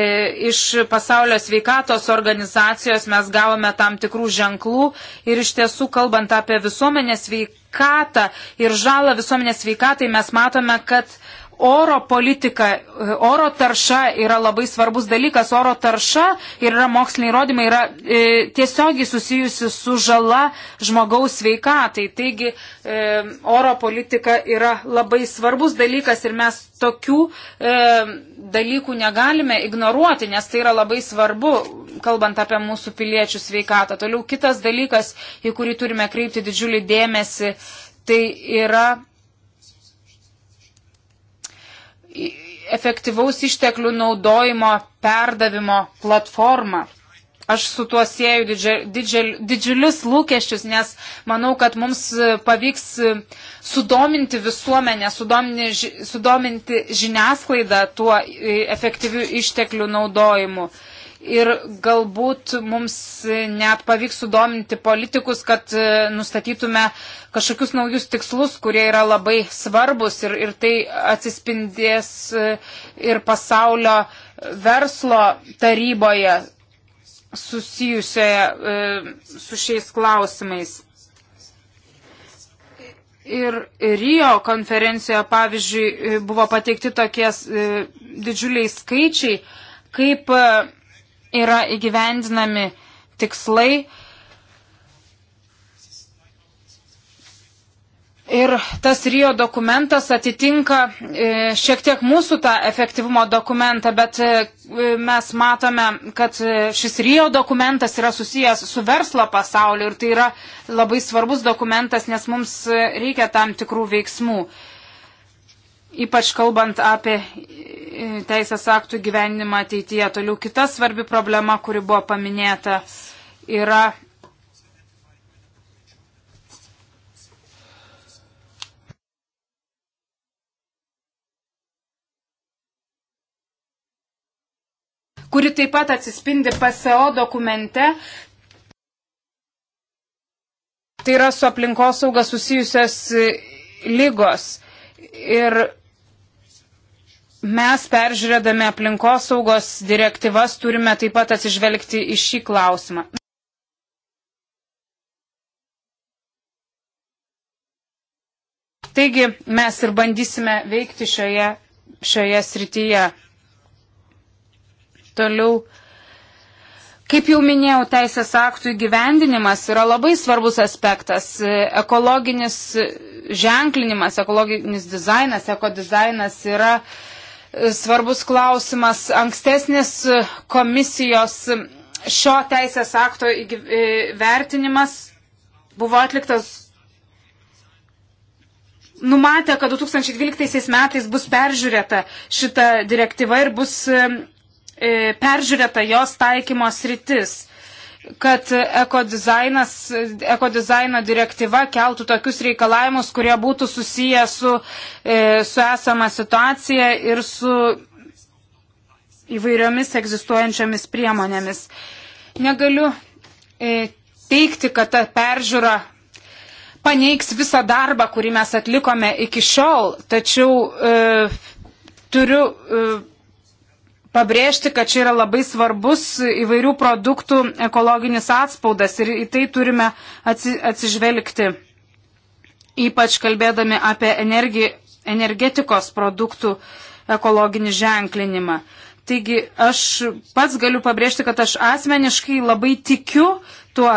iš pasaulio sveikatos organizacijos mes gavome tam tikrų ženklų ir iš tiesų, kalbant apie visuomenės sveikatą ir žalą visuomenės sveikatai, mes matome, kad e, oro politika, e, oro tarša yra labai svarbus dalykas. Oro tarša ir yra moksliniai įrodymai yra e, tiesiogiai susijusi su žala žmogaus sveikatai. Taigi e, oro politika yra labai svarbus dalykas ir mes tokių e, dalykų negalime ignoruoti, nes tai yra labai svarbu, kalbant apie mūsų piliečių sveikatą. Toliau kitas dalykas, į kurį turime kreipti didžiulį dėmesį, tai yra efektyvaus išteklių naudojimo perdavimo platformą. Aš su tuo sieju didžiul, didžiul, didžiulius lūkesčius, nes manau, kad mums pavyks sudominti visuomenę, sudominti, sudominti žiniasklaidą tuo e, efektyviu išteklių naudojimu. Uh, ir galbūt mums net pavyks sudominti politikus, kad e, nustatytume kažkokius naujus tikslus, kurie yra labai svarbus ir, ir tai atsispindės e, ir pasaulio verslo taryboje susijusioje e, su šiais klausimais. Ir Rio konferencijoje, pavyzdžiui, buvo pateikti tokie didžiuliai skaičiai, kaip yra įgyvendinami tikslai. Ir tas Rio dokumentas atitinka e, šiek tiek mūsų tą efektyvumo dokumentą, bet e, mes matome, kad e, šis Rio dokumentas yra susijęs su verslo pasauliu ir tai yra labai svarbus dokumentas, nes mums reikia tam tikrų veiksmų ypač kalbant apie e, teisės aktų gyvenimą ateityje. Toliau kita svarbi problema, kuri buvo paminėta, yra. kuri taip pat atsispindi PSO dokumente, tai yra su aplinkosauga susijusios e, lygos. Ir Mes peržiūrėdami aplinkosaugos direktyvas turime taip pat atsižvelgti į šį klausimą. Taigi mes ir bandysime veikti šioje, šioje srityje. Toliau. Kaip jau minėjau, teisės aktų įgyvendinimas yra labai svarbus aspektas. Ekologinis ženklinimas, ekologinis dizainas, ekodizainas yra uh, svarbus klausimas. Ankstesnės komisijos šio teisės akto e, vertinimas buvo atliktas numatę, kad 2012 metais bus peržiūrėta šita direktyva ir bus e, peržiūrėta jos taikymo sritis kad ekodizaino direktyva keltų tokius reikalavimus, kurie būtų susiję su, e, su esama situacija ir su įvairiomis egzistuojančiomis priemonėmis. Negaliu e, teikti, kad ta peržiūra paneigs visą darbą, kurį mes atlikome iki šiol, tačiau e, turiu e, pabrėžti, kad čia yra labai svarbus įvairių produktų ekologinis atspaudas ir į tai turime atsi, atsižvelgti, ypač kalbėdami apie energi, energetikos produktų ekologinį ženklinimą. Taigi aš pats galiu pabrėžti, kad aš asmeniškai labai tikiu tuo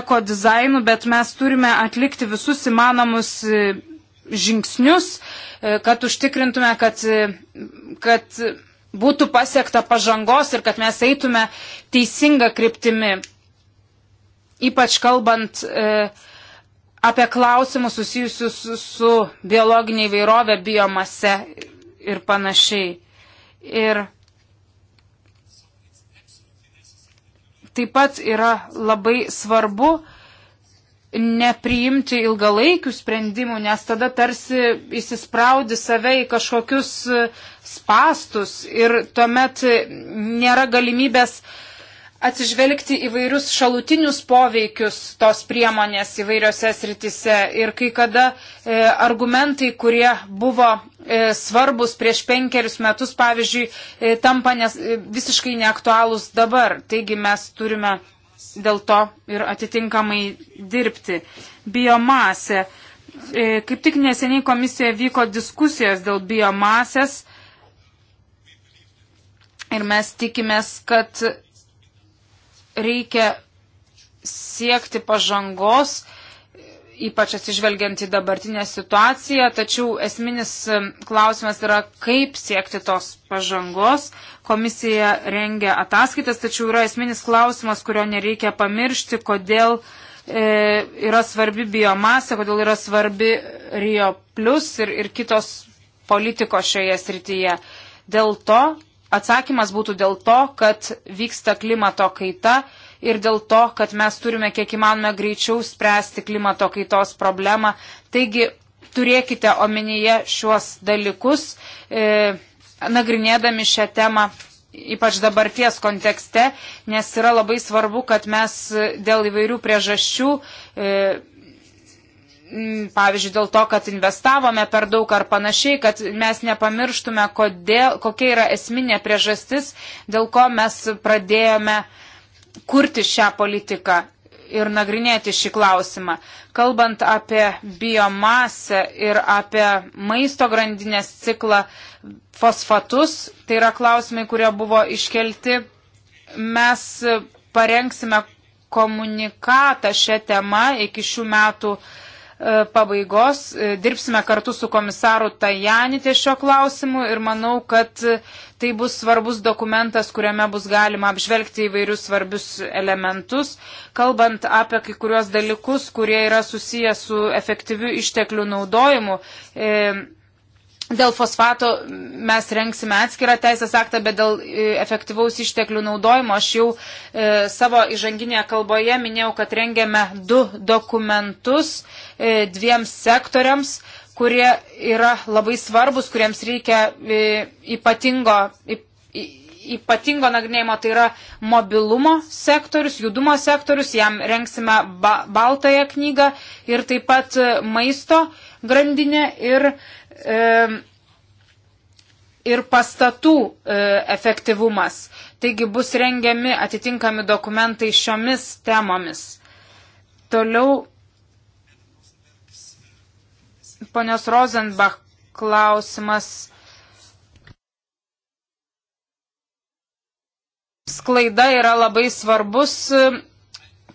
ekodizainu, bet mes turime atlikti visus įmanomus e, žingsnius, e, kad užtikrintume, kad, e, kad būtų pasiekta pažangos ir kad mes eitume teisinga kryptimi. Ypač kalbant e, apie klausimus susijusius su, su biologinė įvairovė, biomase ir panašiai. Ir taip pat yra labai svarbu, nepriimti ilgalaikių sprendimų, nes tada tarsi įsispraudi save į kažkokius e, spastus ir tuomet e, nėra galimybės atsižvelgti įvairius šalutinius poveikius tos priemonės įvairiose sritise. Ir kai kada e, argumentai, kurie buvo e, svarbus prieš penkerius metus, pavyzdžiui, e, tampa nes, e, visiškai neaktualūs dabar. Taigi mes turime dėl to ir atitinkamai dirbti. Biomasė. E, kaip tik neseniai komisijoje vyko diskusijos dėl biomasės ir mes tikimės, kad reikia siekti pažangos, ypač atsižvelgiant į dabartinę situaciją, tačiau esminis klausimas yra, kaip siekti tos pažangos. Komisija rengia ataskaitas, tačiau yra esminis klausimas, kurio nereikia pamiršti, kodėl e, yra svarbi biomasė, kodėl yra svarbi Rio Plus ir, ir kitos politikos šioje srityje. Dėl to, atsakymas būtų dėl to, kad vyksta klimato kaita ir dėl to, kad mes turime kiek įmanome greičiau spręsti klimato kaitos problemą. Taigi turėkite omenyje šiuos dalykus, e, nagrinėdami šią temą ypač dabarties kontekste, nes yra labai svarbu, kad mes dėl įvairių priežasčių, e, pavyzdžiui, dėl to, kad investavome per daug ar panašiai, kad mes nepamirštume, kodėl, kokia yra esminė priežastis, dėl ko mes pradėjome uh, kurti šią politiką ir nagrinėti šį klausimą. Kalbant apie biomasę ir apie maisto grandinės ciklą fosfatus, tai yra klausimai, kurie buvo iškelti. Mes parengsime komunikatą šią temą iki šių metų E, pabaigos. E, dirbsime kartu su komisaru Tajani ties šio klausimu ir manau, kad e, tai bus svarbus dokumentas, kuriame bus galima apžvelgti įvairius svarbius elementus, kalbant apie kai kuriuos dalykus, kurie yra susiję su efektyviu išteklių naudojimu. E, Dėl fosfato mes renksime atskirą teisės aktą, bet dėl e, efektyvaus išteklių naudojimo aš jau e, savo įžanginėje kalboje minėjau, kad rengiame du dokumentus e, dviems sektoriams, kurie yra labai svarbus, kuriems reikia e, ypatingo, y, y, ypatingo nagrinėjimo, tai yra mobilumo sektorius, judumo sektorius, jam renksime ba baltąją knygą ir taip pat e, maisto. E, grandinę ir, e, ir pastatų e, efektyvumas. Taigi bus rengiami atitinkami dokumentai šiomis temomis. Toliau ponios Rosenbach klausimas. Sklaida yra labai svarbus e,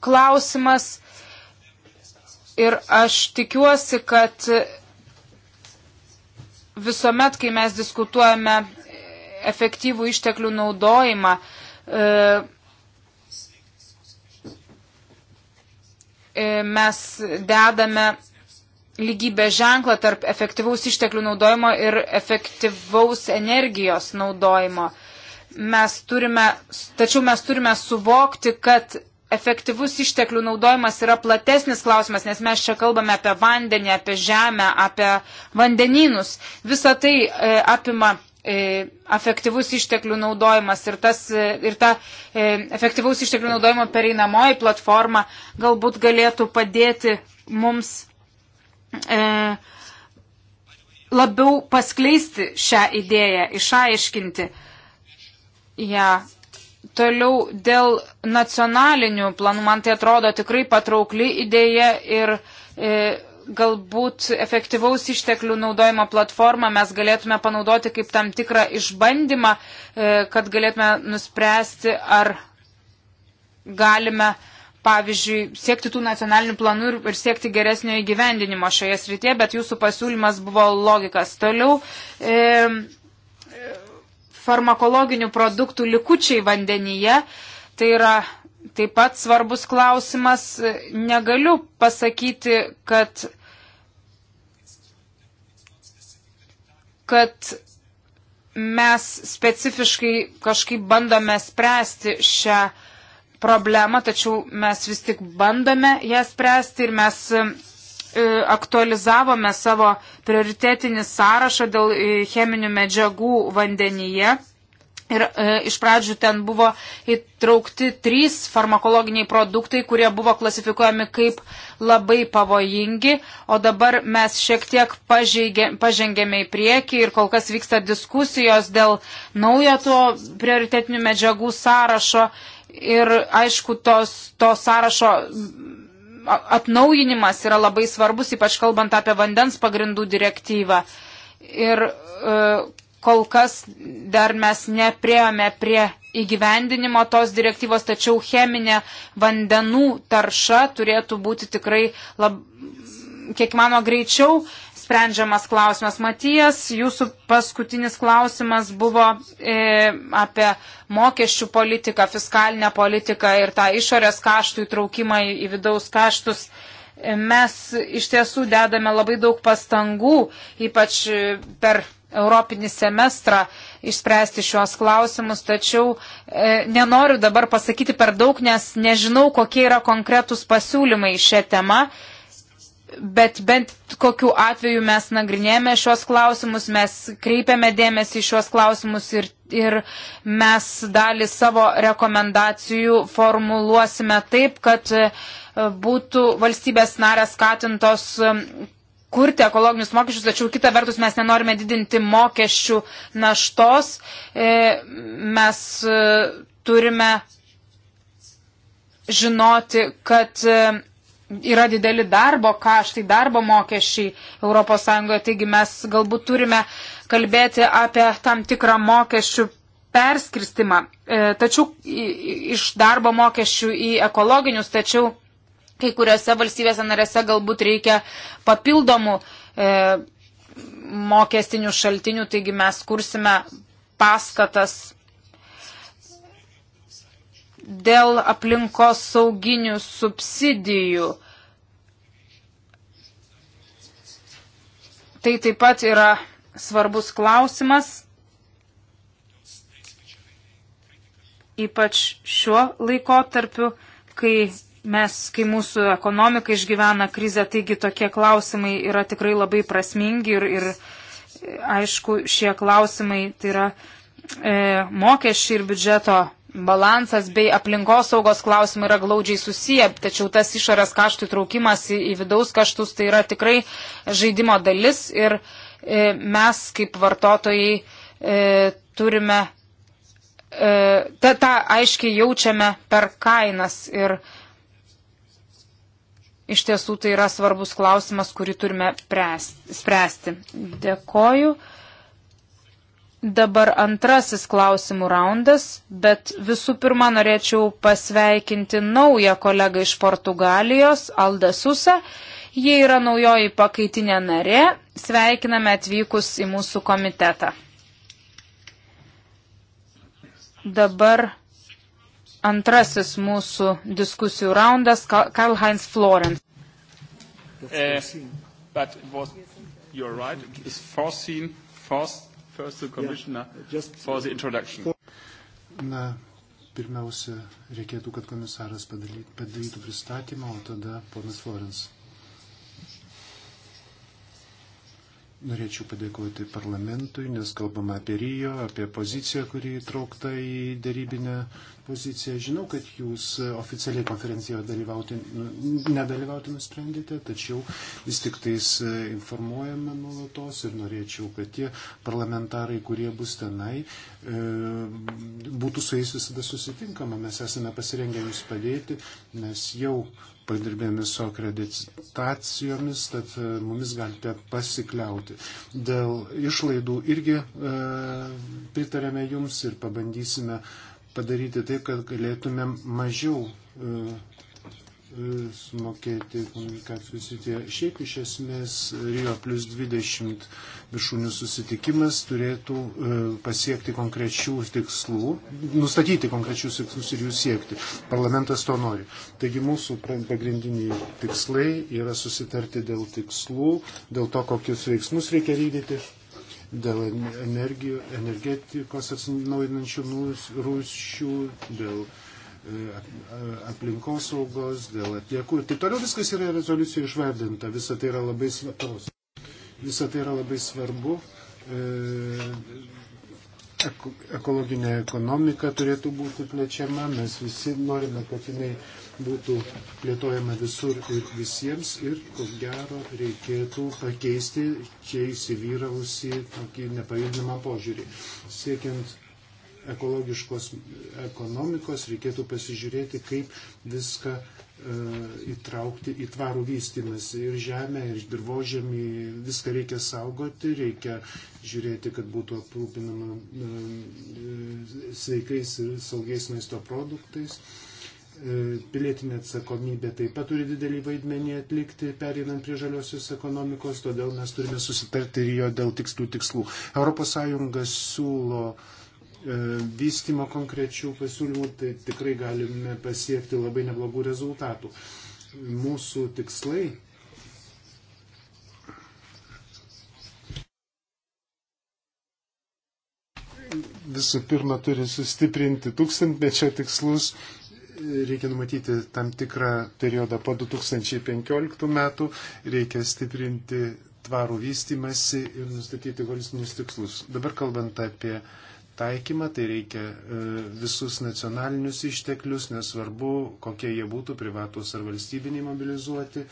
klausimas. Ir aš tikiuosi, kad visuomet, kai mes diskutuojame efektyvų išteklių naudojimą, e, e, mes dedame lygybę ženklą tarp efektyvaus išteklių naudojimo ir efektyvaus energijos naudojimo. Mes turime, tačiau mes turime suvokti, kad efektyvus išteklių naudojimas yra platesnis klausimas, nes mes čia kalbame apie vandenį, apie žemę, apie vandenynus. Visa tai e, apima e, efektyvus išteklių naudojimas ir, tas, e, ir ta e, efektyvaus išteklių naudojimo pereinamoji platforma galbūt galėtų padėti mums e, labiau paskleisti šią idėją, išaiškinti ją. Ja Toliau dėl nacionalinių planų, man tai atrodo tikrai patraukli idėja ir e, galbūt efektyvaus išteklių naudojimo platformą mes galėtume panaudoti kaip tam tikrą išbandymą, e, kad galėtume nuspręsti, ar galime, pavyzdžiui, siekti tų nacionalinių planų ir, ir siekti geresnio įgyvendinimo šioje srityje, bet jūsų pasiūlymas buvo logikas. Toliau. E, farmakologinių produktų likučiai vandenyje. Tai yra taip pat svarbus klausimas. Negaliu pasakyti, kad, kad mes specifiškai kažkaip bandome spręsti šią problemą, tačiau mes vis tik bandome ją spręsti ir mes E, aktualizavome savo prioritetinį sąrašą dėl e, cheminių medžiagų vandenyje. Ir e, iš pradžių ten buvo įtraukti trys farmakologiniai produktai, kurie buvo klasifikuojami kaip labai pavojingi, o dabar mes šiek tiek pažeigė, pažengėme į priekį ir kol kas vyksta diskusijos dėl naujo to prioritetinių medžiagų sąrašo ir aišku, tos, to sąrašo atnaujinimas yra labai svarbus, ypač kalbant apie vandens pagrindų direktyvą. Ir e, kol kas dar mes nepriejome prie įgyvendinimo tos direktyvos, tačiau cheminė vandenų tarša turėtų būti tikrai lab, kiek mano greičiau sprendžiamas klausimas. Matijas, jūsų paskutinis klausimas buvo e, apie mokesčių politiką, fiskalinę politiką ir tą išorės kaštų įtraukimą į, į vidaus kaštus. E, mes iš tiesų dedame labai daug pastangų, ypač e, per Europinį semestrą išspręsti šios klausimus, tačiau e, nenoriu dabar pasakyti per daug, nes nežinau, kokie yra konkretūs pasiūlymai šią temą. E, bet bent kokiu atveju mes nagrinėjame šios klausimus, mes kreipiame dėmesį šios klausimus ir, ir mes dalį savo rekomendacijų formuluosime taip, kad e, būtų valstybės narės skatintos e, kurti ekologinius mokesčius, tačiau kita vertus mes nenorime didinti mokesčių naštos. E, mes turime žinoti, kad yra dideli darbo kaštai, darbo mokesčiai ES, taigi mes galbūt turime kalbėti apie tam tikrą mokesčių perskirstimą, e, tačiau iš darbo mokesčių į ekologinius, tačiau kai kuriuose valstybėse narėse galbūt reikia papildomų e, mokestinių šaltinių, taigi mes kursime paskatas dėl aplinkos sauginių subsidijų. Tai taip pat yra svarbus klausimas, ypač šiuo laikotarpiu, kai mes, kai mūsų ekonomika išgyvena krizę, taigi tokie klausimai yra tikrai labai prasmingi ir, ir e, aišku, šie klausimai tai yra e, mokesčiai ir biudžeto balansas bei aplinkosaugos klausimai yra glaudžiai susiję, tačiau tas išorės kaštų įtraukimas į, į vidaus kaštus tai yra tikrai žaidimo dalis ir e, mes kaip vartotojai e, turime, e, tą aiškiai jaučiame per kainas ir iš tiesų tai yra svarbus klausimas, kurį turime pręsti, spręsti. Dėkoju. Dabar antrasis klausimų raundas, bet visų pirma norėčiau pasveikinti naują kolegą iš Portugalijos, Alda Susa. Jie yra naujoji pakaitinė narė. Sveikiname atvykus į mūsų komitetą. Dabar antrasis mūsų diskusijų raundas, Karl Heinz Florence. Uh, first to Commissioner yeah, just... for the introduction. Na, pirmiausia, reikėtų, kad komisaras padarytų pristatymą, o tada ponas Florence. Norėčiau padėkoti parlamentui, nes kalbama apie Rijo, apie poziciją, kuri įtraukta į dėrybinę poziciją. Žinau, kad jūs oficialiai konferencijoje dalyvauti, nu, nedalyvauti nusprendėte, tačiau vis tik tais e, informuojame nuolatos ir norėčiau, kad tie parlamentarai, kurie bus tenai, e, būtų su jais visada susitinkama. Mes esame pasirengę jums padėti, mes jau padirbėme su akreditacijomis, tad e, mumis galite pasikliauti. Dėl išlaidų irgi e, pritarėme jums ir pabandysime padaryti taip, kad galėtumėm mažiau e, sumokėti komunikacijų srityje. Šiaip iš esmės Rio plus 20 viršūnių susitikimas turėtų e, pasiekti konkrečių tikslų, nustatyti konkrečius tikslus ir jų siekti. Parlamentas to nori. Taigi mūsų pagrindiniai tikslai yra susitarti dėl tikslų, dėl to, kokius veiksmus reikia vykdyti dėl energijų, energetikos atsinaujinančių rūšių, dėl E, aplinkosaugos, dėl atliekų ir taip toliau viskas yra rezoliucijoje išvardinta, visa tai yra labai svarbus. Visa tai yra labai svarbu. E, ekologinė ekonomika turėtų būti plečiama, mes visi norime, kad jinai būtų plėtojama visur ir visiems ir ko gero reikėtų pakeisti čia įsivyravusi tokį nepajudinamą požiūrį. Siekiant ekologiškos ekonomikos, reikėtų pasižiūrėti, kaip viską e, įtraukti į tvarų vystimąsi. Ir žemę, ir dirbožėmį, viską reikia saugoti, reikia žiūrėti, kad būtų aprūpinama e, e, sveikais ir saugiais maisto produktais. E, pilietinė atsakomybė taip pat turi didelį vaidmenį atlikti, pereinant prie žaliosios ekonomikos, todėl mes turime susitarti ir jo dėl tikslių tikslų. ES siūlo uh, E, vystimo konkrečių pasiūlymų, tai tikrai galime pasiekti labai neblogų rezultatų. Mūsų tikslai visų pirma turi sustiprinti tūkstantmečio tikslus, reikia numatyti tam tikrą periodą po 2015 metų, reikia stiprinti tvarų vystimasi ir nustatyti holistinius tikslus. Dabar kalbant apie uh, taikymą, tai reikia e, visus nacionalinius išteklius, nesvarbu, kokie jie būtų, privatus ar valstybiniai mobilizuoti.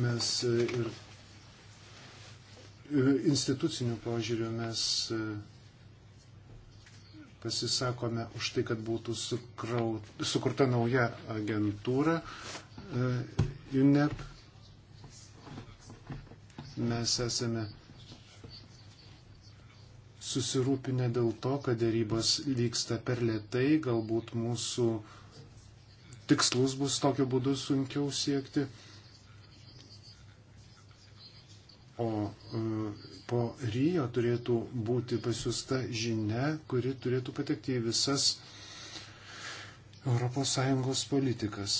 Mes e, ir e, institucinių požiūrių mes pasisakome už tai, kad būtų sukraut, sukurta nauja agentūra UNEP. Mes esame susirūpinę dėl to, kad dėrybos vyksta per lietai, galbūt mūsų tikslus bus tokiu būdu sunkiau siekti. O e, po Rijo turėtų būti pasiusta žinia, kuri turėtų patekti į visas ES politikas.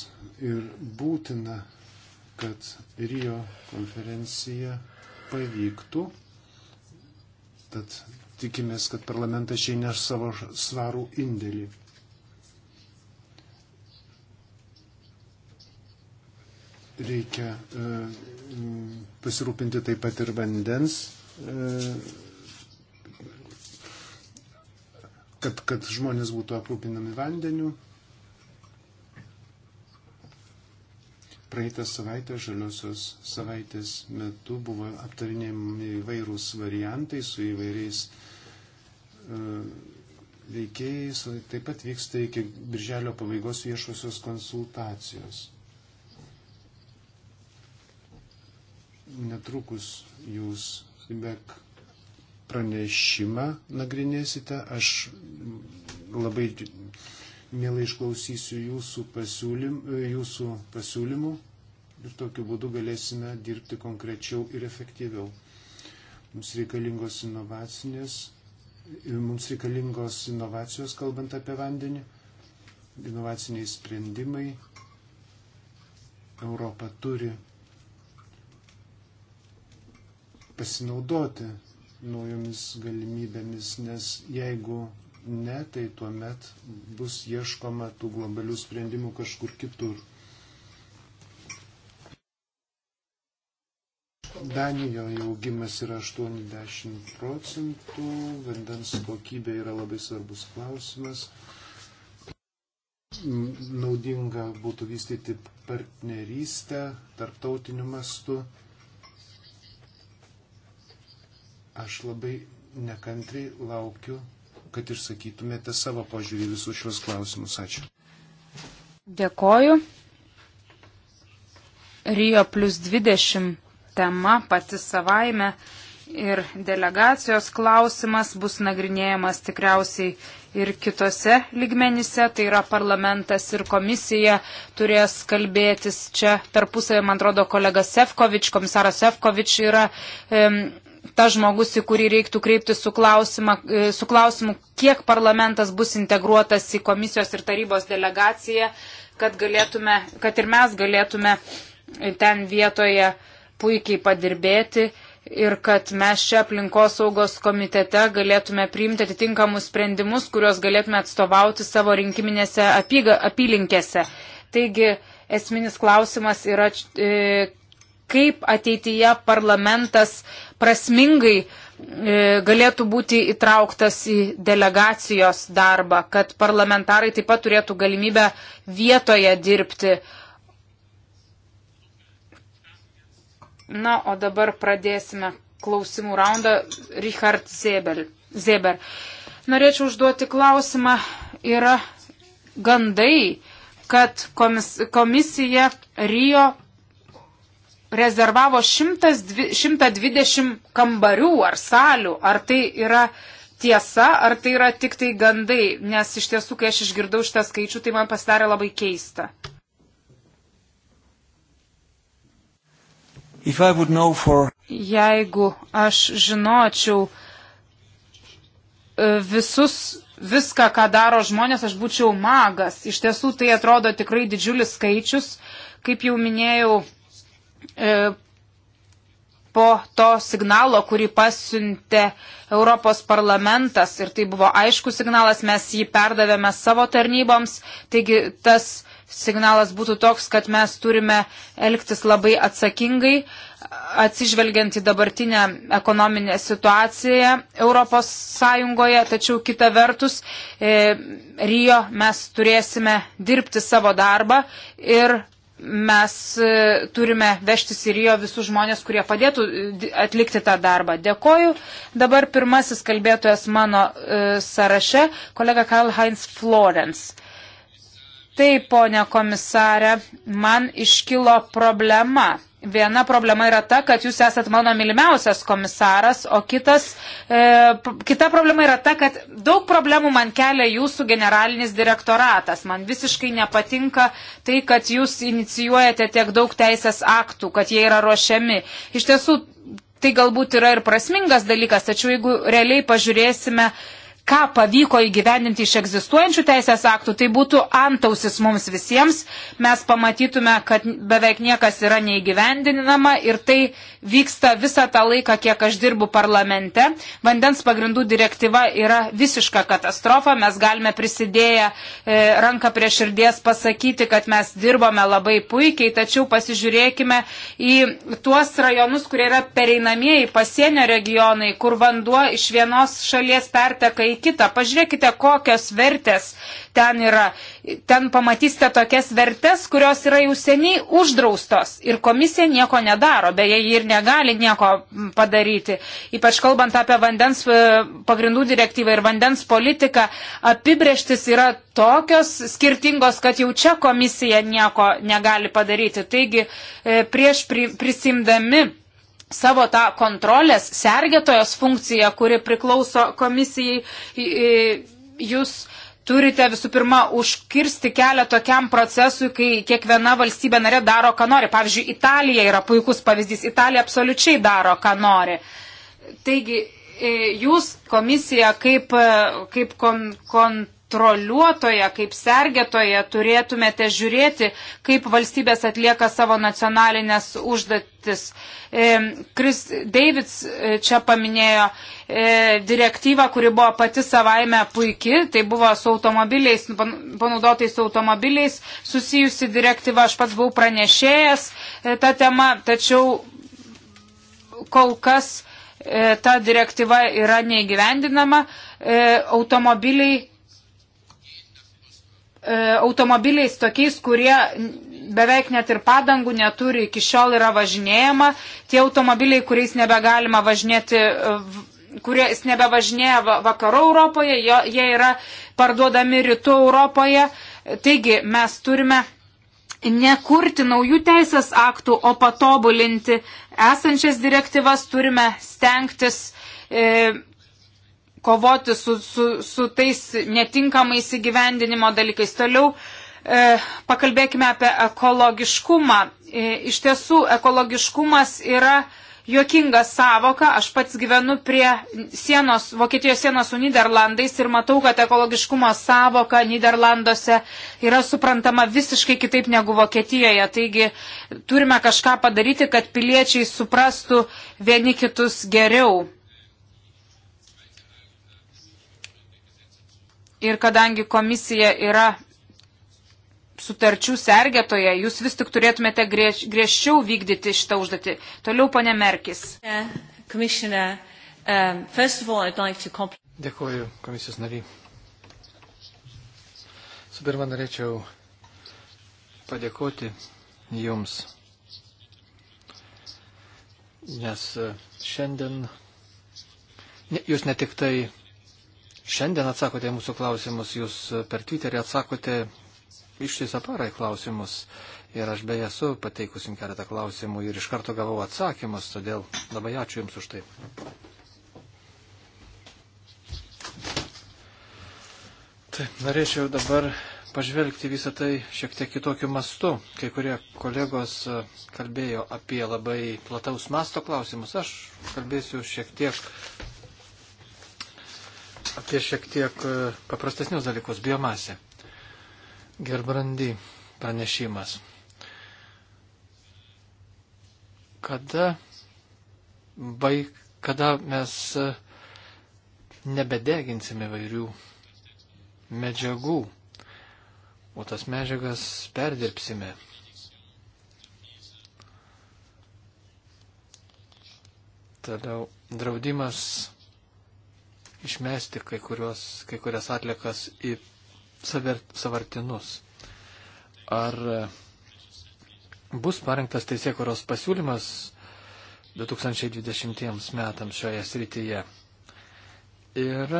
Ir būtina, kad Rijo konferencija pavyktų. Tad tikimės, kad parlamentas čia neš savo svarų indėlį. Reikia e, pasirūpinti taip pat ir vandens, e, kad, kad žmonės būtų aprūpinami vandeniu. Praeitą savaitę, žaliosios savaitės metu buvo aptarinėjami įvairūs variantai su įvairiais E, veikėjais, taip pat vyksta iki birželio pabaigos viešusios konsultacijos. Netrukus jūs feedback pranešimą nagrinėsite. Aš labai mielai išklausysiu jūsų, pasiūlym, jūsų pasiūlymų ir tokiu būdu galėsime dirbti konkrečiau ir efektyviau. Mums reikalingos inovacinės Mums reikalingos inovacijos, kalbant apie vandenį, inovaciniai sprendimai. Europa turi pasinaudoti naujomis galimybėmis, nes jeigu ne, tai tuomet bus ieškoma tų globalių sprendimų kažkur kitur. Danijoje augimas yra 80 procentų, vandens kokybė yra labai svarbus klausimas. Naudinga būtų vystyti partnerystę tarptautiniu mastu. Aš labai nekantriai laukiu, kad išsakytumėte savo požiūrį visus šios klausimus. Ačiū. Dėkoju. Rio plus 20 tema pati savaime ir delegacijos klausimas bus nagrinėjamas tikriausiai ir kitose lygmenyse, tai yra parlamentas ir komisija turės kalbėtis čia tarpusavį, man atrodo, kolega Sefkovič, komisaras Sefkovič yra. E, ta žmogus, į kurį reiktų kreipti su, klausimą, e, su klausimu, kiek parlamentas bus integruotas į komisijos ir tarybos delegaciją, kad, galėtume, kad ir mes galėtume ten vietoje uh, puikiai padirbėti ir kad mes čia aplinkosaugos komitete galėtume priimti atitinkamus sprendimus, kuriuos galėtume atstovauti savo rinkiminėse apyga, apylinkėse. Taigi esminis klausimas yra, e, kaip ateityje parlamentas prasmingai e, galėtų būti įtrauktas į delegacijos darbą, kad parlamentarai taip pat turėtų galimybę vietoje dirbti. Na, o dabar pradėsime klausimų raundą. Richard Zeber. Zeber. Norėčiau užduoti klausimą. Yra gandai, kad komis, komisija Rio rezervavo 120 kambarių ar salių. Ar tai yra tiesa, ar tai yra tik tai gandai? Nes iš tiesų, kai aš išgirdau šitą skaičių, tai man pasidarė labai keista. for... Jeigu aš žinočiau e, visus, viską, ką daro žmonės, aš būčiau magas. Iš tiesų tai atrodo tikrai didžiulis skaičius. Kaip jau minėjau, e, po to signalo, kurį pasiuntė Europos parlamentas ir tai buvo aišku signalas, mes jį perdavėme savo tarnyboms, taigi tas signalas būtų toks, kad mes turime elgtis labai atsakingai, atsižvelgiant į dabartinę ekonominę situaciją Europos Sąjungoje, tačiau kita vertus, e, Rio mes turėsime dirbti savo darbą ir mes e, turime vežtis į Rio visus žmonės, kurie padėtų e, atlikti tą darbą. Dėkoju. Dabar pirmasis kalbėtojas mano e, sąraše, kolega Karl Heinz Florence. Taip, ponė komisarė, man iškilo problema. Viena problema yra ta, kad jūs esat mano mylimiausias komisaras, o kitas, e, kita problema yra ta, kad daug problemų man kelia jūsų generalinis direktoratas. Man visiškai nepatinka tai, kad jūs inicijuojate tiek daug teisės aktų, kad jie yra ruošiami. Iš tiesų, tai galbūt yra ir prasmingas dalykas, tačiau jeigu realiai pažiūrėsime ką pavyko įgyvendinti iš egzistuojančių teisės aktų, tai būtų antausis mums visiems. Mes pamatytume, kad beveik niekas yra neįgyvendinama ir tai vyksta visą tą laiką, kiek aš dirbu parlamente. Vandens pagrindų direktyva yra visiška katastrofa. Mes galime prisidėję e, ranką prie širdies pasakyti, kad mes dirbome labai puikiai, tačiau pasižiūrėkime į tuos rajonus, kurie yra pereinamieji pasienio regionai, kur vanduo iš vienos šalies perteka į kitą. Pažiūrėkite, kokios vertės ten yra. Ten pamatysite tokias vertes, kurios yra jau seniai uždraustos ir komisija nieko nedaro, beje, ji ir negali nieko padaryti. Ypač kalbant apie vandens e, pagrindų direktyvą ir vandens politiką, apibrieštis yra tokios skirtingos, kad jau čia komisija nieko negali padaryti. Taigi, e, prieš prisimdami savo tą kontrolės sergėtojos funkciją, kuri priklauso komisijai, jūs turite visų pirma užkirsti kelią tokiam procesui, kai kiekviena valstybė narė daro, ką nori. Pavyzdžiui, Italija yra puikus pavyzdys. Italija absoliučiai daro, ką nori. Taigi, e, jūs komisija kaip, e, kaip kon, kon, troliuotoje, kaip sergėtoje turėtumėte žiūrėti, kaip valstybės atlieka savo nacionalinės užduotis. E, Chris Davids e, čia paminėjo e, direktyvą, kuri buvo pati savaime puiki, tai buvo su automobiliais, panaudotais automobiliais susijusi direktyva, aš pats buvau pranešėjęs tą temą, tačiau kol kas ta direktyva yra neįgyvendinama, automobiliai E, automobiliais tokiais, kurie beveik net ir padangų neturi, iki šiol yra važinėjama, tie automobiliai, kuriais nebegalima važinėti, e, kuriais nebevažinėja vakarų Europoje, jie yra parduodami rytų Europoje. Taigi mes turime nekurti naujų teisės aktų, o patobulinti esančias direktyvas, turime stengtis e, kovoti su, su, su tais netinkamais įgyvendinimo dalykais. Toliau e, pakalbėkime apie ekologiškumą. E, iš tiesų, ekologiškumas yra juokinga savoka. Aš pats gyvenu prie sienos, Vokietijos sienos su Niderlandais ir matau, kad ekologiškumo savoka Niderlanduose yra suprantama visiškai kitaip negu Vokietijoje. Taigi turime kažką padaryti, kad piliečiai suprastų vieni kitus geriau. Ir kadangi komisija yra sutarčių sergėtoje, jūs vis tik turėtumėte grieš, griežčiau vykdyti šitą užduotį. Toliau, ponė Merkis. Um, Dėkuoju, komisijos nariai. Su pirma, norėčiau padėkoti Jums, nes e, šiandien Jūs ne tik tai šiandien atsakote mūsų klausimus, jūs per Twitterį atsakote ištisą parą į klausimus. Ir aš beje esu pateikusi jums keletą klausimų ir iš karto gavau atsakymus, todėl labai ačiū Jums už tai. Taip, norėčiau dabar pažvelgti visą tai šiek tiek kitokiu mastu. Kai kurie kolegos e, kalbėjo apie labai plataus masto klausimus. Aš kalbėsiu šiek tiek apie šiek tiek e, paprastesnius dalykus - biomasė. Gerbrandy pranešimas. Kada, baig, kada mes e, nebedeginsime vairių medžiagų, o tas medžiagas perdirbsime. Toliau draudimas išmesti kai, kurios, kai kurias atlikas į savartinus. Ar e, bus parengtas teisėkuros pasiūlymas 2020 metams šioje srityje? Ir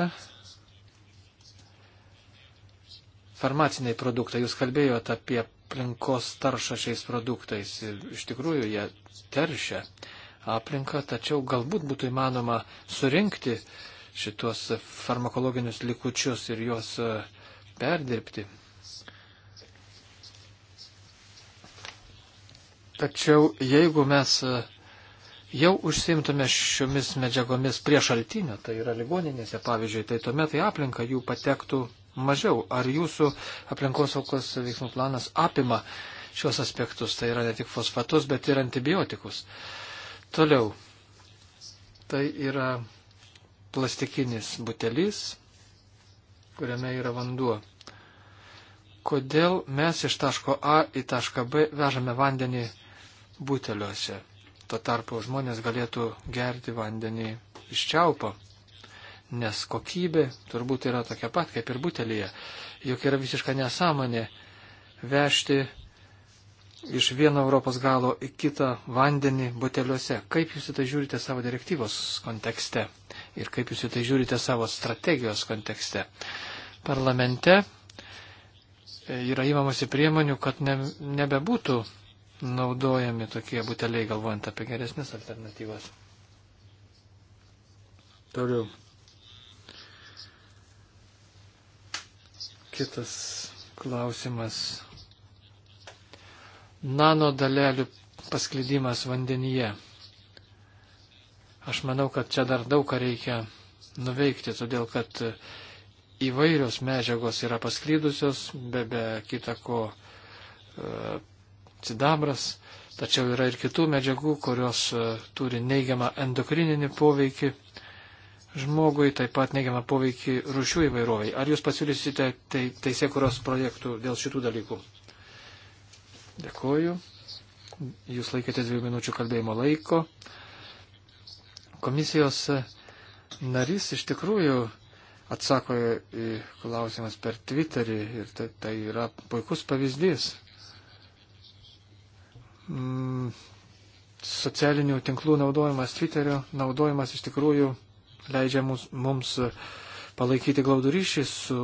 farmaciniai produktai, jūs kalbėjote apie aplinkos taršą šiais produktais ir iš tikrųjų jie teršia aplinką, tačiau galbūt būtų įmanoma surinkti uh, šitos farmakologinius likučius ir juos e, perdirbti. Tačiau jeigu mes e, jau užsimtume šiomis medžiagomis prie šaltinio, tai yra ligoninėse pavyzdžiui, tai tuomet į aplinką jų patektų mažiau. Ar jūsų aplinkosaugos veiksmų planas apima šios aspektus, tai yra ne tik fosfatus, bet ir antibiotikus. Toliau, tai yra plastikinis butelis, kuriame yra vanduo. Kodėl mes iš taško A į tašką B vežame vandenį buteliuose? Tuo tarpu žmonės galėtų gerti vandenį iš čiaupo, nes kokybė turbūt yra tokia pat kaip ir butelyje. Juk yra visiška nesąmonė vežti iš vieno Europos galo į kitą vandenį buteliuose. Kaip jūs į tai žiūrite savo direktyvos kontekste? ir kaip jūs į tai žiūrite savo strategijos kontekste. Parlamente e, yra įmamasi priemonių, kad ne, nebebūtų naudojami tokie buteliai, galvojant apie geresnės alternatyvas. Toliau. Kitas klausimas. Nano dalelių pasklidimas vandenyje. Aš manau, kad čia dar daug ką reikia nuveikti, todėl kad įvairios medžiagos yra pasklydusios, be, be kita ko e, cidabras, tačiau yra ir kitų medžiagų, kurios e, turi neigiamą endokrininį poveikį žmogui, taip pat neigiamą poveikį rušių įvairoviai. Ar jūs pasiūlysite te, tai, teisėkuros projektų dėl šitų dalykų? Dėkuoju. Jūs laikėte dviejų minučių kalbėjimo laiko. Komisijos narys iš tikrųjų atsako į klausimas per Twitterį ir tai, tai yra puikus pavyzdys. Mm, socialinių tinklų naudojimas, Twitterio naudojimas iš tikrųjų leidžia mums, mums palaikyti glaudų ryšį su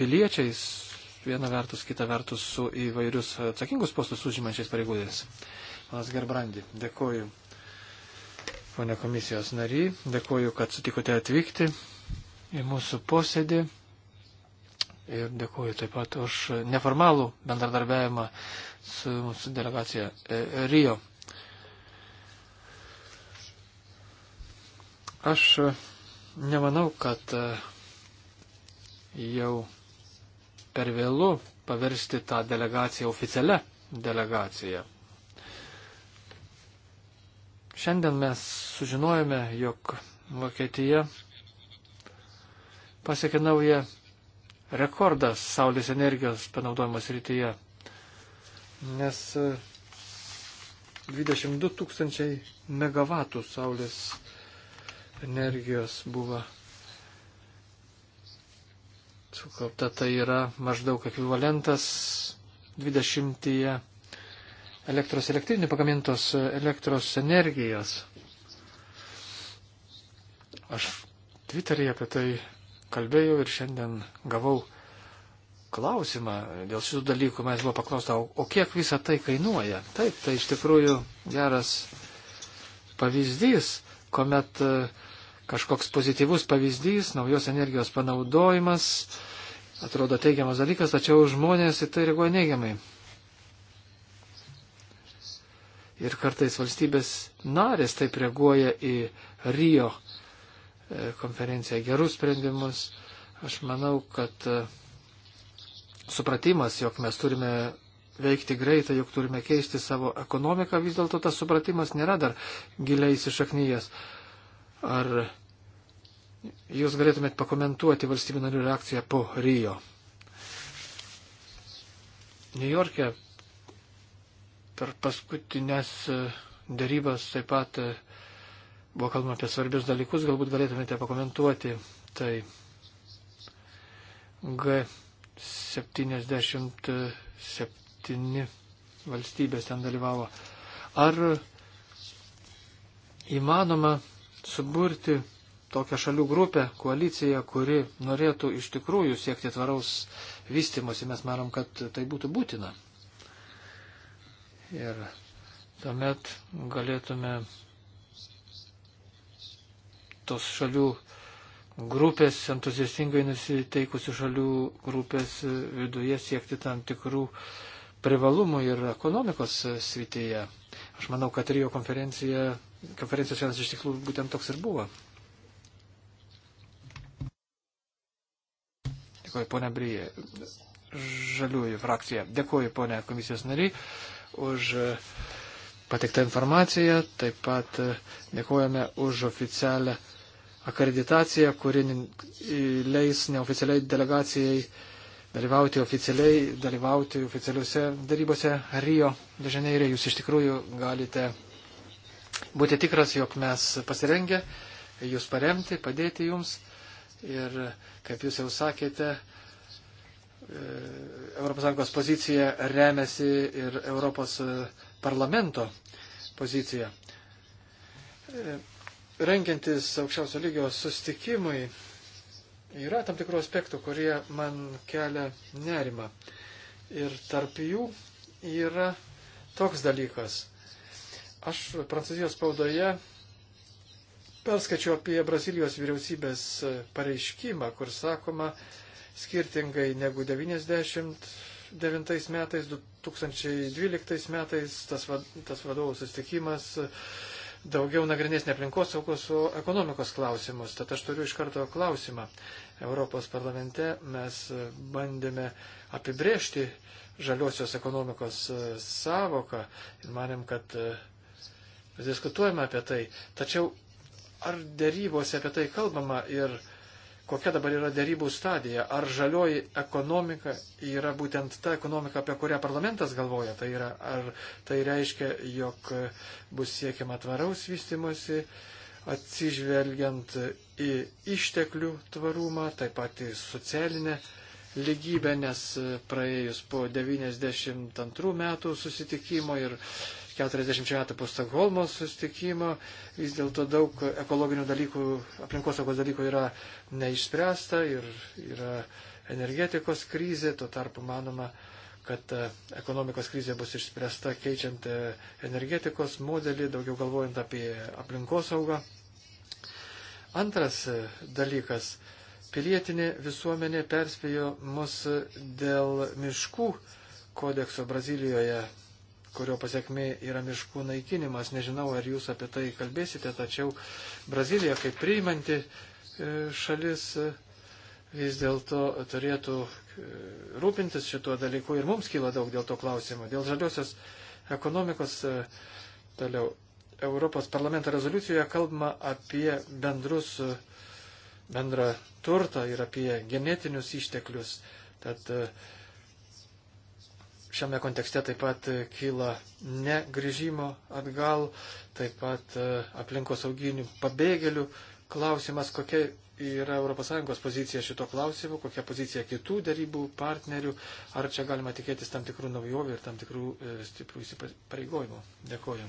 piliečiais, viena vertus, kita vertus su įvairius atsakingus postus užimančiais pareigūnės. Manas Gerbrandi, dėkoju ponė komisijos nary. Dėkuoju, kad sutikote atvykti į mūsų posėdį. Ir dėkuoju taip pat už neformalų bendradarbiavimą su mūsų delegacija e, Rio. Aš e, nemanau, kad e, jau per vėlų paversti tą delegaciją oficialią delegaciją. Šiandien mes sužinojome, jog Vokietija pasiekė naują rekordą Saulės energijos panaudojimo srityje, nes 22 e, tūkstančiai megavatų Saulės energijos buvo sukaupta, tai yra maždaug ekvivalentas 20 elektros elektrinių pagamintos elektros energijos. Aš Twitter'yje apie tai kalbėjau ir šiandien gavau klausimą dėl šių dalykų. Mes buvo paklausta, o kiek visa tai kainuoja? Taip, tai iš tikrųjų geras pavyzdys, kuomet e, kažkoks pozityvus pavyzdys, naujos energijos panaudojimas, atrodo teigiamas dalykas, tačiau žmonės į tai reaguoja neigiamai ir kartais valstybės narės taip reaguoja į Rio e, konferenciją gerus sprendimus. Aš manau, kad e, supratimas, jog mes turime veikti greitai, jog turime keisti savo ekonomiką, vis dėlto tas supratimas nėra dar giliai įsišaknyjas. Ar jūs galėtumėt pakomentuoti valstybių narių reakciją po Rio? New York'e Per paskutinės e, darybas taip pat e, buvo kalbama apie svarbius dalykus, galbūt galėtumėte pakomentuoti. Tai G77 valstybės ten dalyvavo. Ar įmanoma suburti tokią šalių grupę, koaliciją, kuri norėtų iš tikrųjų siekti tvaraus vystimosi, mes manom, kad tai būtų būtina. Ir tuomet galėtume tos šalių grupės, entuziastingai nusiteikusių šalių grupės viduje siekti tam tikrų privalumų ir ekonomikos srityje. Aš manau, kad Rio konferencija, konferencijos vienas iš tiklų būtent toks ir buvo. Dėkuoju, ponia Bryje, žaliųjų frakcija. Dėkuoju, ponia komisijos nariai už e, pateiktą informaciją, taip pat e, dėkojame už oficialią akreditaciją, kuri leis neoficialiai delegacijai dalyvauti oficialiai, dalyvauti oficialiuose darybose Rio de Žaneirė. Jūs iš tikrųjų galite būti tikras, jog mes pasirengę jūs paremti, padėti jums. Ir kaip jūs jau sakėte, ES pozicija remiasi ir Europos e, parlamento pozicija. E, Renkiantis aukščiausio lygio sustikimui yra tam tikrų aspektų, kurie man kelia nerimą. Ir tarp jų yra toks dalykas. Aš Prancūzijos spaudoje perskačiau apie Brazilijos vyriausybės pareiškimą, kur sakoma, skirtingai negu 99 metais, 2012 metais tas, va, tas vadovų sustikimas daugiau nagrinės ne aplinkos saugos, o ekonomikos klausimus. Tad aš turiu iš karto klausimą. Europos parlamente mes bandėme apibrėžti žaliosios ekonomikos e, savoką ir manėm, kad e, mes diskutuojame apie tai. Tačiau ar dėrybose apie tai kalbama ir kokia dabar yra dėrybų stadija. Ar žalioji ekonomika yra būtent ta ekonomika, apie kurią parlamentas galvoja? Tai yra, ar tai reiškia, jog bus siekiama tvaraus vystimosi, atsižvelgiant į išteklių tvarumą, taip pat į socialinę lygybę, nes praėjus po 92 metų susitikimo ir 40 metų po Stokholmo sustikimo, vis dėlto daug ekologinių dalykų, aplinkosaugos dalykų yra neišspręsta ir yra energetikos krizė, tuo tarpu manoma, kad e, ekonomikos krizė bus išspręsta keičiant e, energetikos modelį, daugiau galvojant apie aplinkosaugą. Antras e, dalykas. Pilietinė visuomenė perspėjo mus dėl miškų kodekso Brazilijoje kurio pasiekmė yra miškų naikinimas. Nežinau, ar jūs apie tai kalbėsite, tačiau Brazilija kaip priimanti e, šalis e, vis dėlto turėtų e, rūpintis šituo dalyku ir mums kyla daug dėl to klausimų. Dėl žaliosios ekonomikos toliau. Europos parlamento rezoliucijoje kalbama apie bendrus, bendrą turtą ir apie genetinius išteklius. Tad uh, šiame kontekste taip pat e, kyla negrįžimo atgal, taip pat e, aplinkosauginių pabėgėlių klausimas, kokia yra ES pozicija šito klausimu, kokia pozicija kitų darybų partnerių, ar čia galima tikėtis tam tikrų naujovių ir tam tikrų e, stiprių įsipareigojimų. Dėkoju.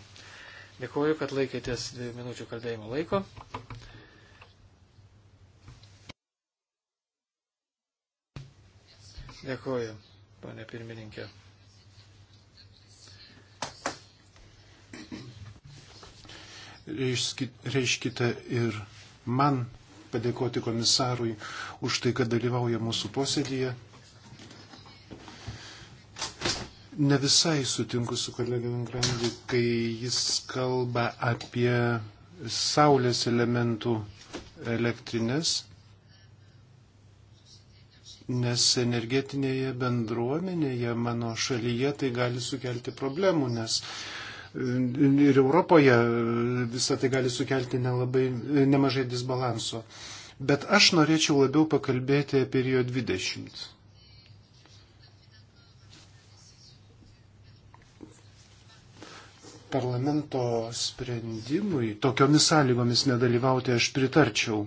Dėkoju, kad laikėtės dviejų minučių kalbėjimo laiko. Dėkoju, ponė pirmininkė. Reiškite ir man padėkoti komisarui už tai, kad dalyvauja mūsų posėdėje. Ne visai sutinku su kolega Vingrandi, kai jis kalba apie saulės elementų elektrinės, nes energetinėje bendruomenėje mano šalyje tai gali sukelti problemų, nes uh, ir Europoje visą tai gali sukelti nelabai, nemažai disbalanso. Bet aš norėčiau labiau pakalbėti apie Rio 20. Parlamento sprendimui tokiomis sąlygomis nedalyvauti aš pritarčiau.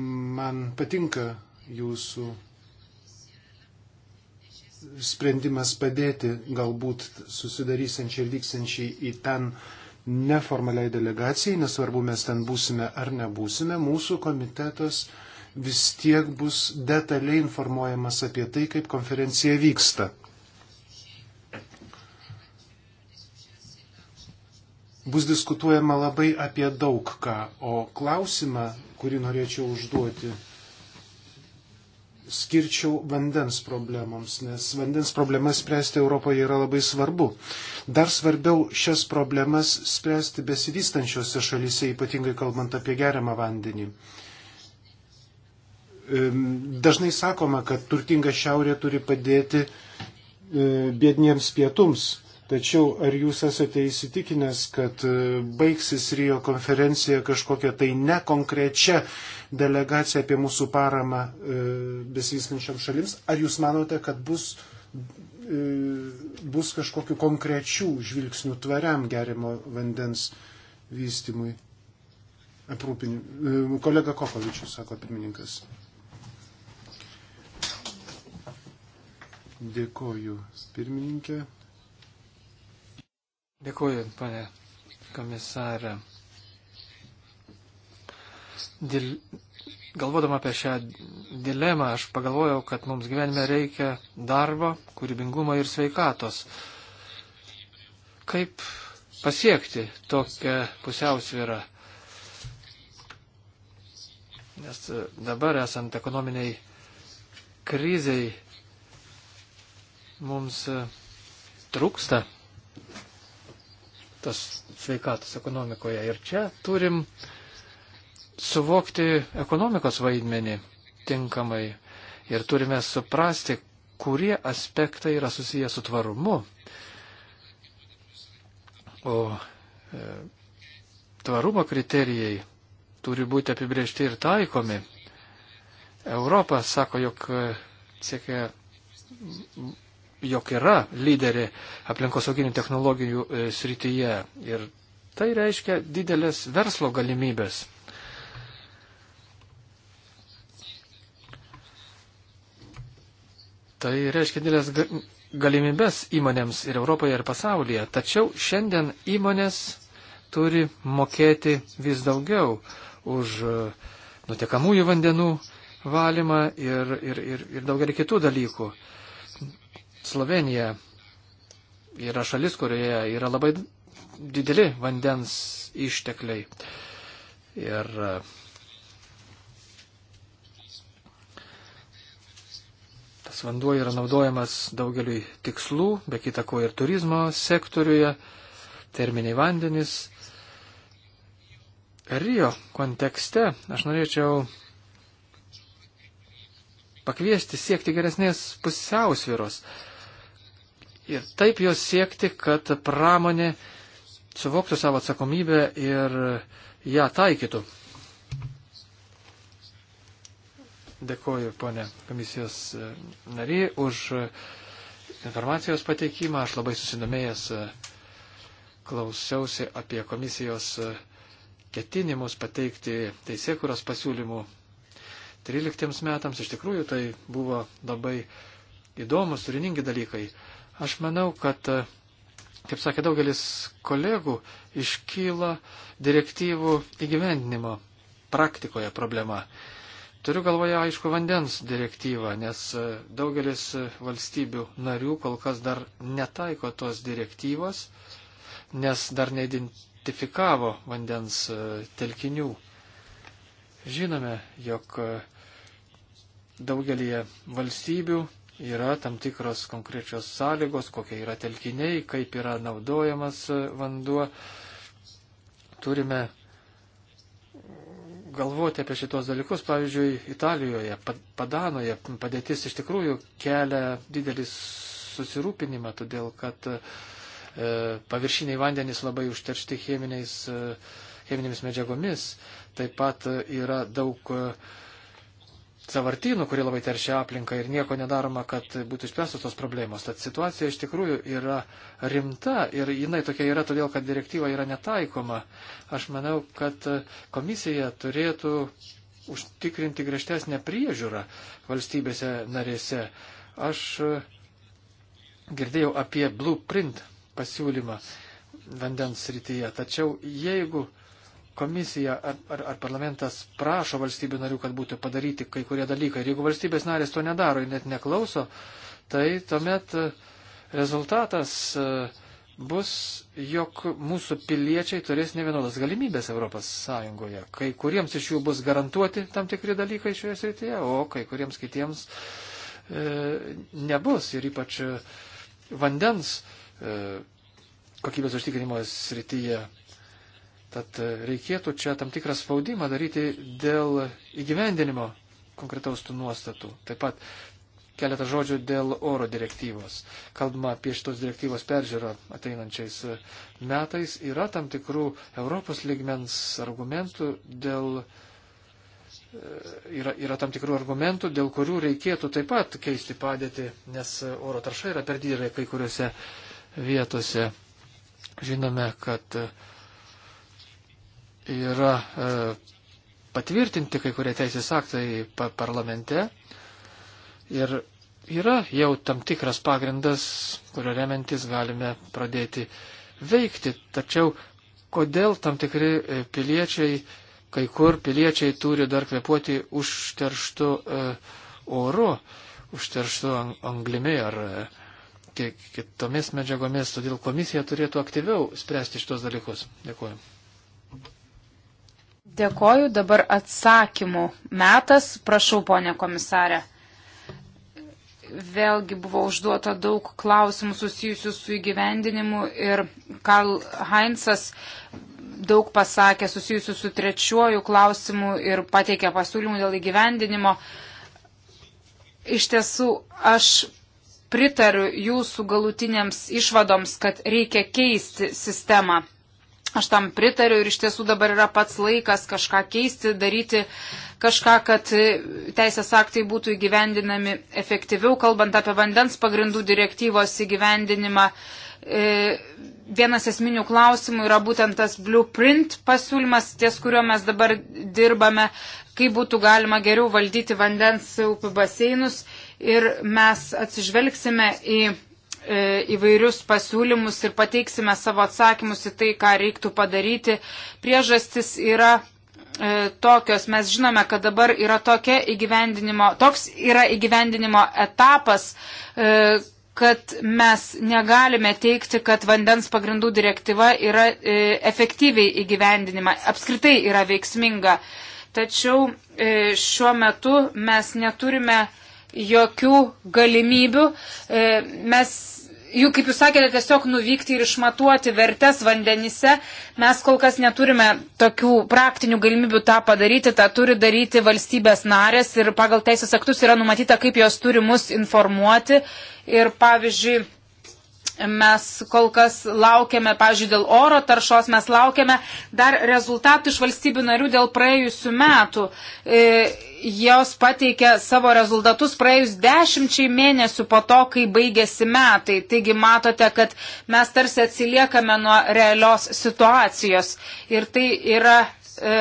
Man patinka jūsų sprendimas padėti galbūt susidarysiančiai ir vyksiančiai į ten neformaliai delegacijai, nesvarbu mes ten būsime ar nebūsime, mūsų komitetas vis tiek bus detaliai informuojamas apie tai, kaip konferencija vyksta. Bus diskutuojama labai apie daug ką, o klausimą, kurį norėčiau užduoti skirčiau vandens problemams, nes vandens problemas spręsti Europoje yra labai svarbu. Dar svarbiau šias problemas spręsti besivystančiose šalyse, ypatingai kalbant apie geriamą vandenį. Dažnai sakoma, kad turtinga šiaurė turi padėti e, biedniems pietums. Tačiau ar jūs esate įsitikinęs, kad e, baigsis Rio konferencija kažkokia tai nekonkrečia delegacija apie mūsų paramą e, besivystančiam šalims? Ar jūs manote, kad bus, e, bus kažkokiu konkrečių žvilgsnių tvariam gerimo vandens vystimui? Aprūpinimui. Kolega Kokovičius, sako pirmininkas. Dėkoju, pirmininkė. Dėkuoju, pane komisarė. Dil... Galvodama apie šią dilemą, aš pagalvojau, kad mums gyvenime reikia darbo, kūrybingumo ir sveikatos. Kaip pasiekti tokią pusiausvyrą? Nes dabar esant ekonominiai kriziai mums trūksta tas sveikatos ekonomikoje. Ir čia turim suvokti ekonomikos vaidmenį tinkamai ir turime suprasti, kurie aspektai yra susiję su tvarumu. O e, tvarumo kriterijai turi būti apibriežti ir taikomi. Europa sako, jog siekia jog yra lyderė aplinkosauginių technologijų e, srityje ir tai reiškia didelės verslo galimybės. Tai reiškia didelės galimybės įmonėms ir Europoje, ir pasaulyje. Tačiau šiandien įmonės turi mokėti vis daugiau už e, nutekamųjų vandenų valymą ir, ir, ir, ir daugelį kitų dalykų. Slovenija yra šalis, kurioje yra labai dideli vandens ištekliai. Ir e, tas vanduo yra naudojamas daugeliui tikslų, be kita ko ir turizmo sektoriuje, terminiai vandenys. Rio kontekste aš norėčiau pakviesti siekti geresnės pusiausviros. Uh, ir taip jos siekti, kad pramonė suvoktų savo atsakomybę ir ją taikytų. Dėkoju, ponė komisijos e, nariai, už informacijos pateikimą. Aš labai susidomėjęs e, klausiausi apie komisijos e, ketinimus pateikti teisėkuros pasiūlymų 13 metams. Iš tikrųjų, tai buvo labai įdomus, turiningi dalykai. Aš manau, kad, kaip sakė daugelis kolegų, iškyla direktyvų įgyvendinimo praktikoje problema. Turiu galvoje, aišku, vandens direktyvą, nes daugelis valstybių narių kol kas dar netaiko tos direktyvos, nes dar neidentifikavo vandens telkinių. Žinome, jog daugelie valstybių yra tam tikros konkrečios sąlygos, kokie yra telkiniai, kaip yra naudojamas vanduo. Turime galvoti apie šitos dalykus. Pavyzdžiui, Italijoje, Padanoje padėtis iš tikrųjų kelia didelį susirūpinimą, todėl kad e, paviršiniai vandenys labai užteršti cheminiais, e, cheminėmis medžiagomis. Taip pat yra daug e, savartynų, kurie labai teršia aplinką ir nieko nedaroma, kad būtų išspręstos tos problemos. Tad situacija iš tikrųjų yra rimta ir jinai tokia yra todėl, kad direktyva yra netaikoma. Aš manau, kad komisija turėtų užtikrinti griežtesnę priežiūrą valstybėse narėse. Aš girdėjau apie blueprint pasiūlymą vandens srityje, tačiau jeigu komisija ar, ar, ar parlamentas prašo valstybių narių, kad būtų padaryti kai kurie dalykai. Ir jeigu valstybės narės to nedaro ir net neklauso, tai tuomet e, rezultatas e, bus, jog mūsų piliečiai turės ne vienodas galimybės Europos Sąjungoje. Kai kuriems iš jų bus garantuoti tam tikri dalykai šioje srityje, o kai kuriems kitiems e, nebus. Ir ypač e, vandens e, kokybės užtikrinimo srityje Tad e, reikėtų čia tam tikrą spaudimą daryti dėl įgyvendinimo konkretaus tų nuostatų. Taip pat keletą žodžių dėl oro direktyvos. Kalbama apie šitos direktyvos peržiūrą ateinančiais e, metais. Yra tam tikrų Europos lygmens argumentų dėl. E, yra, yra tam tikrų argumentų, dėl kurių reikėtų taip pat keisti padėtį, nes oro tarša yra per didelė kai kuriuose vietose. Žinome, kad uh, yra e, patvirtinti kai kurie teisės aktai parlamente ir yra jau tam tikras pagrindas, kurio remiantis galime pradėti veikti. Tačiau kodėl tam tikri e, piliečiai, kai kur piliečiai turi dar kvepuoti užterštų e, oru, užterštų anglimi ar kitomis medžiagomis, todėl komisija turėtų aktyviau spręsti šitos dalykus. Dėkuoju. Dėkoju, dabar atsakymų metas. Prašau, ponė komisarė. Vėlgi buvo užduota daug klausimų susijusių su įgyvendinimu ir Karl Heinzas daug pasakė susijusių su trečiuoju klausimu ir pateikė pasiūlymų dėl įgyvendinimo. Iš tiesų, aš pritariu jūsų galutinėms išvadoms, kad reikia keisti sistemą. Aš tam pritariu ir iš tiesų dabar yra pats laikas kažką keisti, daryti kažką, kad teisės aktai būtų įgyvendinami efektyviau, kalbant apie vandens pagrindų direktyvos įgyvendinimą. E, vienas esminių klausimų yra būtent tas blueprint pasiūlymas, ties kuriuo mes dabar dirbame, kaip būtų galima geriau valdyti vandens upių baseinus ir mes atsižvelgsime į E, įvairius pasiūlymus ir pateiksime savo atsakymus į tai, ką reiktų padaryti. Priežastis yra e, tokios. Mes žinome, kad dabar yra tokia įgyvendinimo, toks yra įgyvendinimo etapas, e, kad mes negalime teikti, kad vandens pagrindų direktyva yra efektyviai įgyvendinima, apskritai yra veiksminga. Tačiau šiuo metu mes neturime jokių galimybių. E, mes, juk kaip jūs sakėte, tiesiog nuvykti ir išmatuoti vertes vandenyse, mes kol kas neturime tokių praktinių galimybių tą padaryti, tą turi daryti valstybės narės ir pagal teisės aktus yra numatyta, kaip jos turi mus informuoti. Ir pavyzdžiui, mes kol kas laukiame, pažiūrėjau, dėl oro taršos, mes laukiame dar rezultatų iš valstybių narių dėl praėjusių metų. E, jos pateikė savo rezultatus praėjus dešimčiai mėnesių po to, kai baigėsi metai. Taigi matote, kad mes tarsi atsiliekame nuo realios situacijos. Ir tai yra e,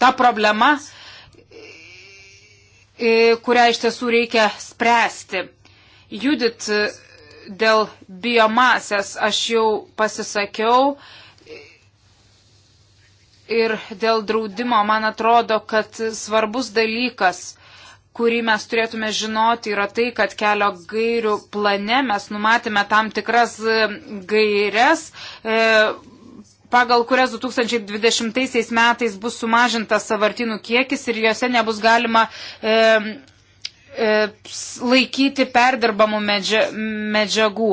ta problema, e, kurią iš tiesų reikia spręsti. Judit e, dėl biomasės aš jau pasisakiau. E, ir dėl draudimo, man atrodo, kad svarbus dalykas, kurį mes turėtume žinoti, yra tai, kad kelio gairių plane mes numatėme tam tikras e, gairias, e, pagal kurias 2020 metais bus sumažintas savartinų kiekis ir juose nebus galima e, E, laikyti perdirbamų medžiagų.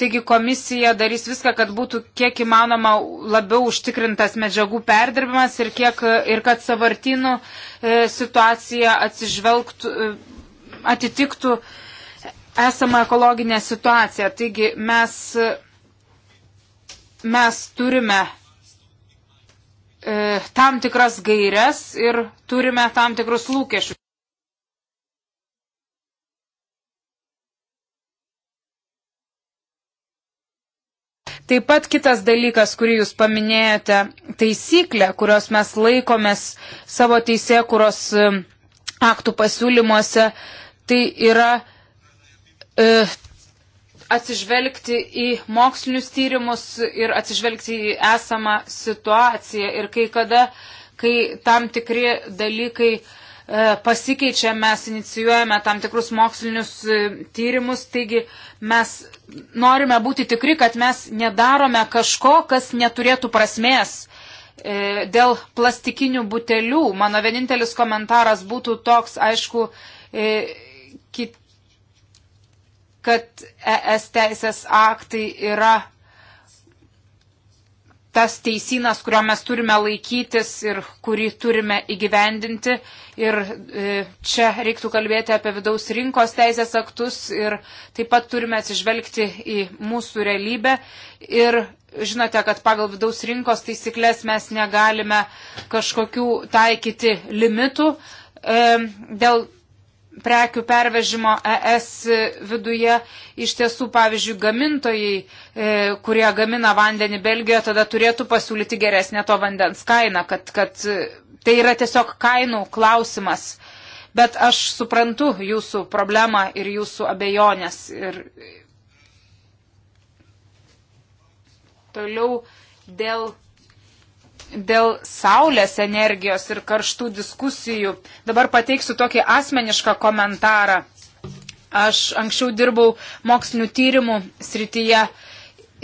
Taigi komisija darys viską, kad būtų kiek įmanoma labiau užtikrintas medžiagų perdirbimas ir, kiek, ir kad savartinų e, situacija atsižvelgtų, e, atitiktų esamą ekologinę situaciją. Taigi mes, mes turime tam tikras gairias ir turime tam tikrus lūkesčius. Taip pat kitas dalykas, kurį jūs paminėjote, taisyklė, kurios mes laikomės savo teisėkuros um, aktų pasiūlymuose, tai yra e, atsižvelgti į mokslinius tyrimus ir atsižvelgti į esamą situaciją. Ir kai kada, kai tam tikri dalykai e, E, pasikeičia, mes inicijuojame tam tikrus mokslinius e, tyrimus, taigi mes norime būti tikri, kad mes nedarome kažko, kas neturėtų prasmės. E, dėl plastikinių butelių mano vienintelis komentaras būtų toks, aišku, kad ES teisės aktai yra tas teisinas, kurio mes turime laikytis ir kurį turime įgyvendinti. Ir e, čia reiktų kalbėti apie vidaus rinkos teisės aktus ir taip pat turime atsižvelgti į mūsų realybę. Ir žinote, kad pagal vidaus rinkos taisyklės mes negalime kažkokių taikyti limitų. E, dėl prekių pervežimo ES viduje. Iš tiesų, pavyzdžiui, gamintojai, e, kurie gamina vandenį Belgijoje, tada turėtų pasiūlyti geresnę to vandens kainą, kad, kad e, tai yra tiesiog kainų klausimas. Bet aš suprantu jūsų problemą ir jūsų abejonės. Ir toliau dėl dėl saulės energijos ir karštų diskusijų. Dabar pateiksiu tokį asmenišką komentarą. Aš anksčiau dirbau mokslinių tyrimų srityje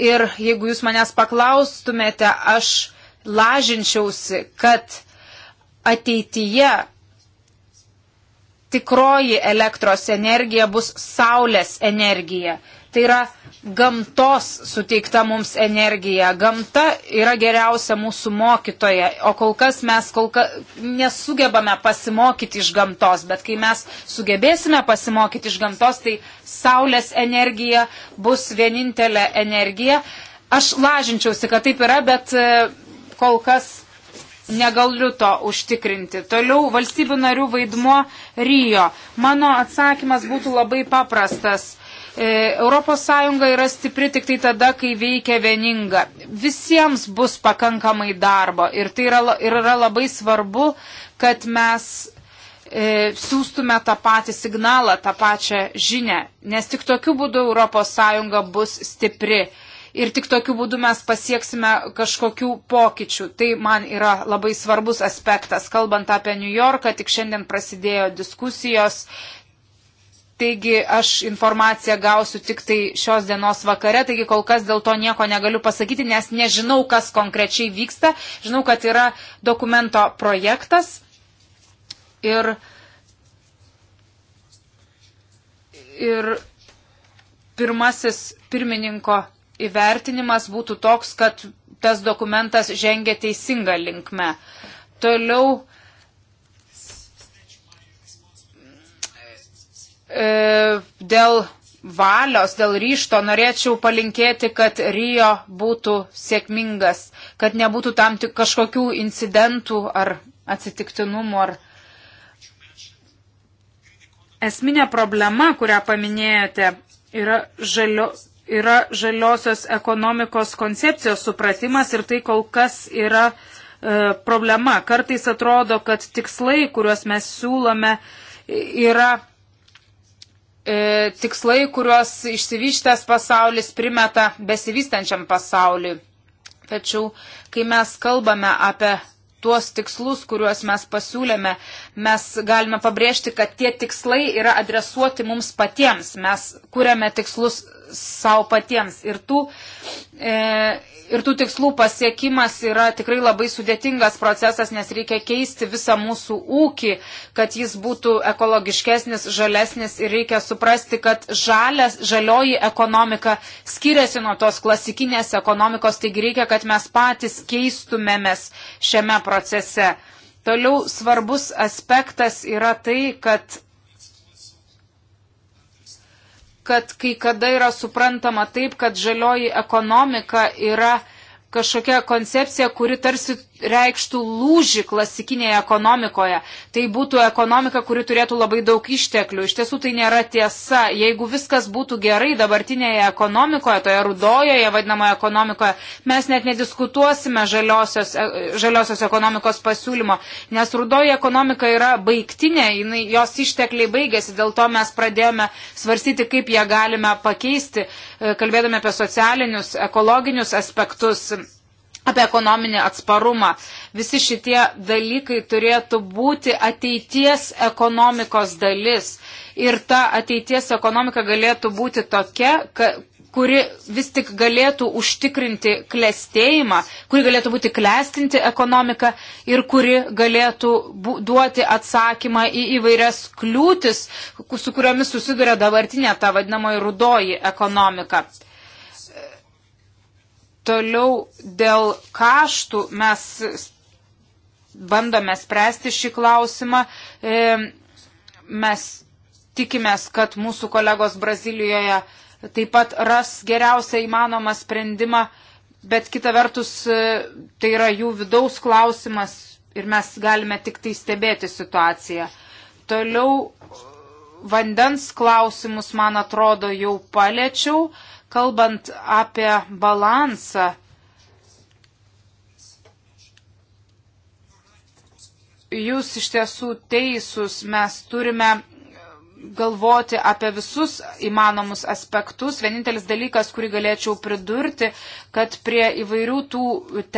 ir jeigu jūs manęs paklaustumėte, aš lažinčiausi, kad ateityje tikroji elektros energija bus saulės energija. Tai yra gamtos suteikta mums energija. Gamta yra geriausia mūsų mokytoja, o kol kas mes kol ka, nesugebame pasimokyti iš gamtos, bet kai mes sugebėsime pasimokyti iš gamtos, tai saulės energija bus vienintelė energija. Aš lažinčiausi, kad taip yra, bet e, kol kas negaliu to užtikrinti. Toliau valstybių narių vaidmuo Rijo. Mano atsakymas būtų labai paprastas. ES yra stipri tik tai tada, kai veikia vieninga. Visiems bus pakankamai darbo ir tai yra, ir yra labai svarbu, kad mes e, siūstume tą patį signalą, tą pačią žinę, nes tik tokiu būdu ES bus stipri. Ir tik tokiu būdu mes pasieksime kažkokių pokyčių. Tai man yra labai svarbus aspektas. Kalbant apie New Yorką, tik šiandien prasidėjo diskusijos Taigi aš informaciją gausiu tik tai šios dienos vakare, taigi kol kas dėl to nieko negaliu pasakyti, nes nežinau, kas konkrečiai vyksta. Žinau, kad yra dokumento projektas ir, ir pirmasis pirmininko įvertinimas būtų toks, kad tas dokumentas žengia teisinga linkme. Toliau E, dėl valios, dėl ryšto norėčiau palinkėti, kad Rijo būtų sėkmingas, kad nebūtų tam tik kažkokių incidentų ar atsitiktinumų. Ar... Esminė problema, kurią paminėjote, yra, žalio, yra žaliosios ekonomikos koncepcijos supratimas ir tai kol kas yra e, problema. Kartais atrodo, kad tikslai, kuriuos mes siūlome, yra e, tikslai, kuriuos išsivyštęs pasaulis primeta besivystančiam pasauliui. Tačiau, kai mes kalbame apie tuos tikslus, kuriuos mes pasiūlėme, mes galime pabrėžti, kad tie tikslai yra adresuoti mums patiems. Mes kūrėme tikslus savo patiems. Ir tų, e, ir tų tikslų pasiekimas yra tikrai labai sudėtingas procesas, nes reikia keisti visą mūsų ūkį, kad jis būtų ekologiškesnis, žalesnis ir reikia suprasti, kad žalės, žalioji ekonomika skiriasi nuo tos klasikinės ekonomikos, taigi reikia, kad mes patys keistumėmės šiame procese. Toliau svarbus aspektas yra tai, kad kad kai kada yra suprantama taip, kad žalioji ekonomika yra kažkokia koncepcija, kuri tarsi reikštų lūžį klasikinėje ekonomikoje. Tai būtų ekonomika, kuri turėtų labai daug išteklių. Iš tiesų tai nėra tiesa. Jeigu viskas būtų gerai dabartinėje ekonomikoje, toje rudojoje vadinamoje ekonomikoje, mes net nediskutuosime žaliosios, e, žaliosios ekonomikos pasiūlymo, nes rudoji ekonomika yra baigtinė, jinai, jos ištekliai baigėsi, dėl to mes pradėjome svarstyti, kaip ją galime pakeisti, e, kalbėdami apie socialinius, ekologinius aspektus apie ekonominį atsparumą. Visi šitie dalykai turėtų būti ateities ekonomikos dalis. Ir ta ateities ekonomika galėtų būti tokia, kuri vis tik galėtų užtikrinti klestėjimą, kuri galėtų būti klestinti ekonomika ir kuri galėtų duoti atsakymą į įvairias kliūtis, su kuriomis susiduria dabartinė ta vadinamoji rudoji ekonomika. Toliau dėl kaštų mes bandome spręsti šį klausimą. E, mes tikimės, kad mūsų kolegos Brazilijoje taip pat ras geriausią įmanomą sprendimą, bet kita vertus e, tai yra jų vidaus klausimas ir mes galime tik tai stebėti situaciją. Toliau e, vandens klausimus, man atrodo, jau paliečiau kalbant apie balansą, jūs iš tiesų teisūs, mes turime galvoti apie visus įmanomus aspektus. Vienintelis dalykas, kurį galėčiau pridurti, kad prie įvairių tų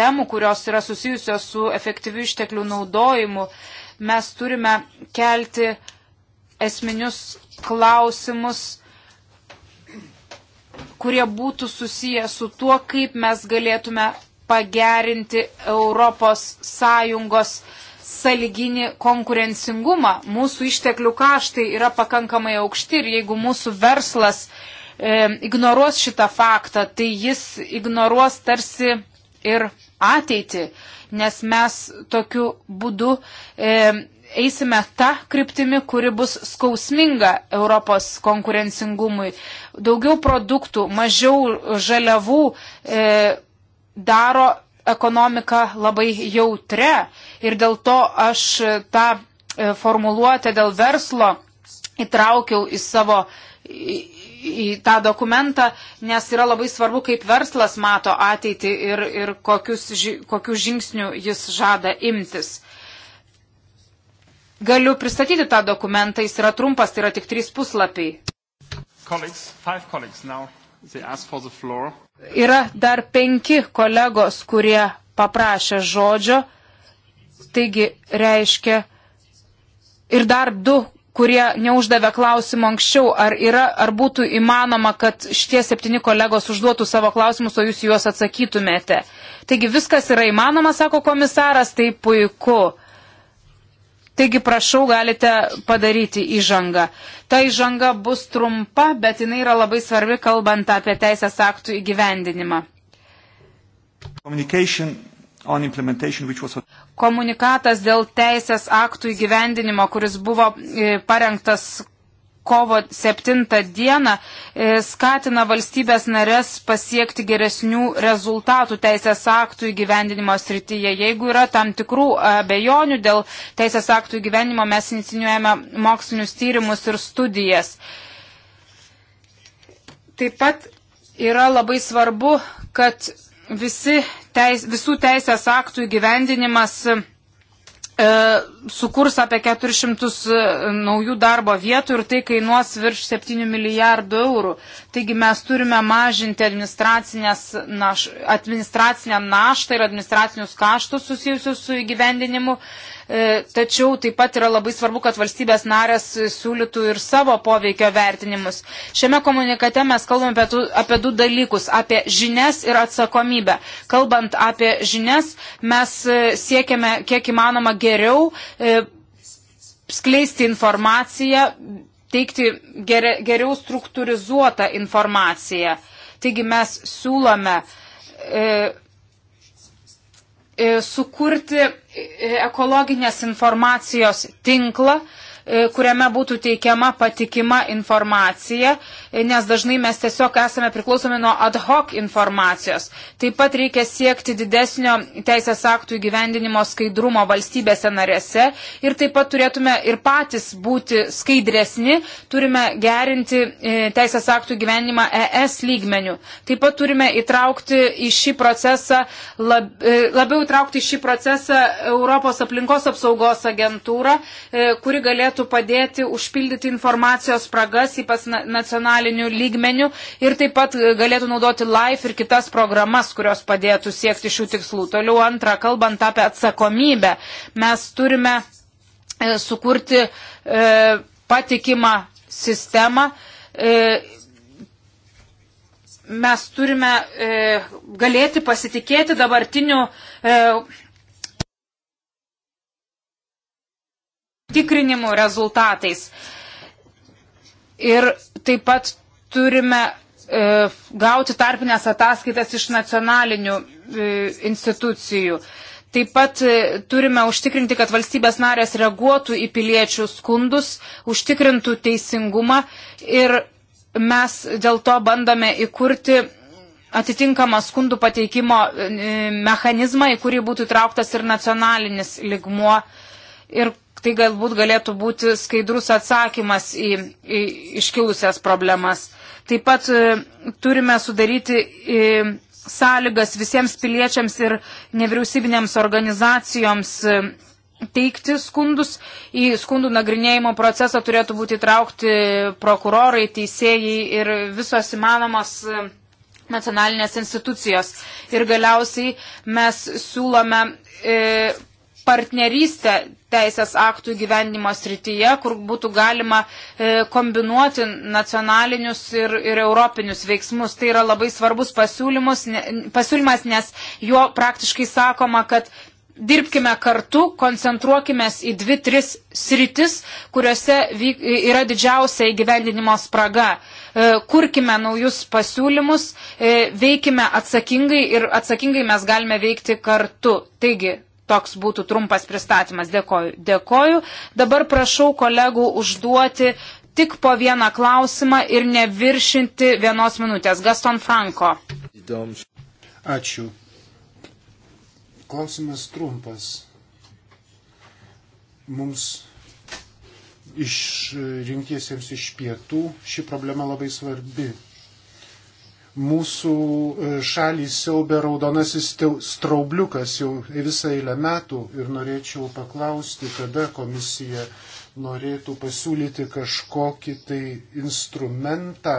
temų, kurios yra susijusios su efektyviu išteklių naudojimu, mes turime kelti esminius klausimus kurie būtų susiję su tuo, kaip mes galėtume pagerinti Europos Sąjungos saliginį konkurencingumą. Mūsų išteklių kaštai yra pakankamai aukšti ir jeigu mūsų verslas e, ignoruos šitą faktą, tai jis ignoruos tarsi ir ateitį, nes mes tokiu būdu e, eisime tą kryptimį, kuri bus skausminga Europos konkurencingumui. Daugiau produktų, mažiau žaliavų e, daro ekonomiką labai jautre ir dėl to aš tą e, formuluotę dėl verslo įtraukiau į savo į, į tą dokumentą, nes yra labai svarbu, kaip verslas mato ateitį ir, ir kokius, kokius žingsnių jis žada imtis. Galiu pristatyti tą dokumentą, jis yra trumpas, tai yra tik trys puslapiai. Colleagues, colleagues now, yra dar penki kolegos, kurie paprašė žodžio, taigi reiškia ir dar du kurie neuždavė klausimų anksčiau, ar, yra, ar būtų įmanoma, kad šitie septyni kolegos užduotų savo klausimus, o jūs juos atsakytumėte. Taigi viskas yra įmanoma, sako komisaras, tai puiku. Taigi prašau, galite padaryti įžangą. Ta įžanga bus trumpa, bet jinai yra labai svarbi, kalbant apie teisės aktų įgyvendinimą. Was... Komunikatas dėl teisės aktų įgyvendinimo, kuris buvo e, parengtas kovo 7 dieną e, skatina valstybės narės pasiekti geresnių rezultatų teisės aktų įgyvendinimo srityje. Jeigu yra tam tikrų abejonių dėl teisės aktų įgyvendinimo, mes inicijuojame mokslinius tyrimus ir studijas. Taip pat yra labai svarbu, kad visi teis, visų teisės aktų įgyvendinimas E, sukurs apie 400 e, naujų darbo vietų ir tai kainuos virš 7 milijardų eurų. Taigi mes turime mažinti naš, administracinę naštą ir administracinius kaštus susijusius su įgyvendinimu. E, E, tačiau taip pat yra labai svarbu, kad valstybės narės siūlytų ir savo poveikio vertinimus. Šiame komunikate mes kalbame apie, tu, apie du dalykus - apie žinias ir atsakomybę. Kalbant apie žinias, mes e, siekiame kiek įmanoma geriau e, skleisti informaciją, teikti ger, geriau struktūrizuotą informaciją. Taigi mes siūlome e, e, sukurti ekologinės informacijos tinklą, E, kuriame būtų teikiama patikima informacija, e, nes dažnai mes tiesiog esame priklausomi nuo ad hoc informacijos. Taip pat reikia siekti didesnio teisės aktų įgyvendinimo skaidrumo valstybėse narėse ir taip pat turėtume ir patys būti skaidresni, turime gerinti e, teisės aktų įgyvendinimą ES lygmenių. Taip pat turime įtraukti į šį procesą, lab, labiau įtraukti į šį procesą Europos aplinkos apsaugos agentūrą, kuri galėtų galėtų padėti užpildyti informacijos spragas, ypač nacionalinių lygmenių ir taip pat e, galėtų naudoti LIFE ir kitas programas, kurios padėtų siekti šių tikslų. Toliau antra, kalbant apie atsakomybę, mes turime e, sukurti e, patikimą sistemą. E, mes turime e, galėti pasitikėti dabartiniu e, tikrinimų rezultatais. Ir taip pat turime e, gauti tarpinės ataskaitas iš nacionalinių e, institucijų. Taip pat e, turime užtikrinti, kad valstybės narės reaguotų į piliečių skundus, užtikrintų teisingumą ir mes dėl to bandome įkurti atitinkamą skundų pateikimo e, mechanizmą, į kurį būtų įtrauktas ir nacionalinis ligmuo ir tai galbūt galėtų būti skaidrus atsakymas į, į iškilusias problemas. Taip pat e, turime sudaryti e, sąlygas visiems piliečiams ir nevyriausybinėms organizacijoms e, teikti skundus. Į skundų nagrinėjimo procesą turėtų būti įtraukti prokurorai, teisėjai ir visos įmanomos nacionalinės institucijos. Ir galiausiai mes siūlome e, partnerystę teisės aktų gyvenimo srityje, kur būtų galima e, kombinuoti nacionalinius ir, ir europinius veiksmus. Tai yra labai svarbus pasiūlymas, nes juo praktiškai sakoma, kad dirbkime kartu, koncentruokime į dvi, tris sritis, kuriuose yra didžiausia įgyvendinimo spraga. E, kurkime naujus pasiūlymus, e, veikime atsakingai ir atsakingai mes galime veikti kartu. Taigi, toks būtų trumpas pristatymas. Dėkoju. Dėkoju. Dabar prašau kolegų užduoti tik po vieną klausimą ir neviršinti vienos minutės. Gaston Franko. Ačiū. Klausimas trumpas. Mums išrinktiesiems iš pietų ši problema labai svarbi Mūsų e, šalį siaubė raudonasis straubliukas jau visą eilę metų ir norėčiau paklausti, kada komisija norėtų pasiūlyti kažkokį tai instrumentą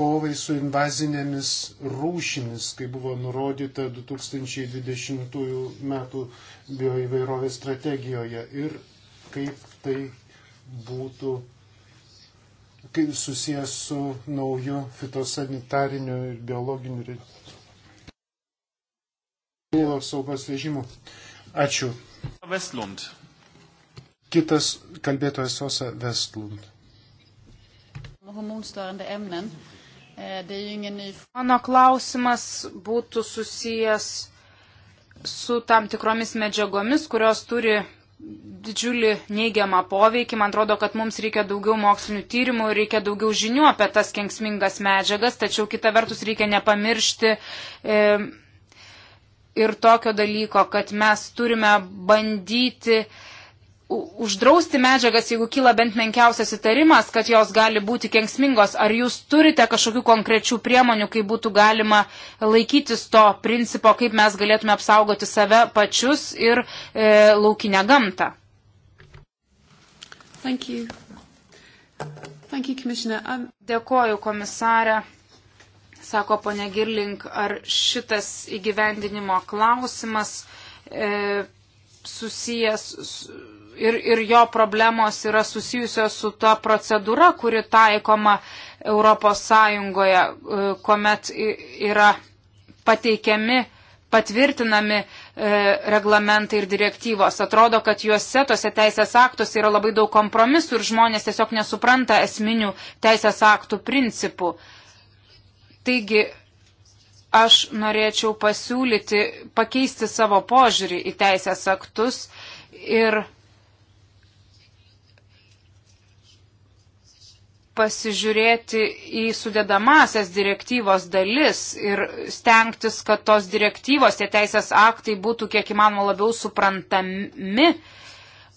kovai su invazinėmis rūšimis, kai buvo nurodyta 2020 m. bioįvairovės strategijoje ir kaip tai būtų susijęs su nauju fitosanitariniu ir biologiniu gyvūnų apsaugos režimu. Ačiū. Vestlund. Kitas kalbėtojas Sosa Vestlund. Eh, Mano klausimas būtų susijęs su tam tikromis medžiagomis, kurios turi didžiulį neigiamą poveikį. Man atrodo, kad mums reikia daugiau mokslinių tyrimų, reikia daugiau žinių apie tas kenksmingas medžiagas, tačiau kita vertus reikia nepamiršti. E, Ir tokio dalyko, kad mes turime bandyti uh, uždrausti medžiagas, jeigu kyla bent menkiausias įtarimas, kad jos gali būti kengsmingos? Ar jūs turite kažkokių konkrečių priemonių, kaip būtų galima laikytis to principo, kaip mes galėtume apsaugoti save pačius ir e, laukinę gamtą? Thank you. Thank you, um... Dėkoju, komisarė. Sako ponia Girling, ar šitas įgyvendinimo klausimas e, susijęs su ir, ir jo problemos yra susijusios su ta procedūra, kuri taikoma Europos Sąjungoje, e, kuomet yra pateikiami, patvirtinami e, reglamentai ir direktyvos. Atrodo, kad juose, tose teisės aktuose yra labai daug kompromisų ir žmonės tiesiog nesupranta esminių teisės aktų principų. Taigi, aš norėčiau pasiūlyti pakeisti savo požiūrį į teisės aktus ir pasižiūrėti į sudėdamasias direktyvos dalis ir stengtis, kad tos direktyvos, tie teisės aktai būtų kiek įmanoma labiau suprantami.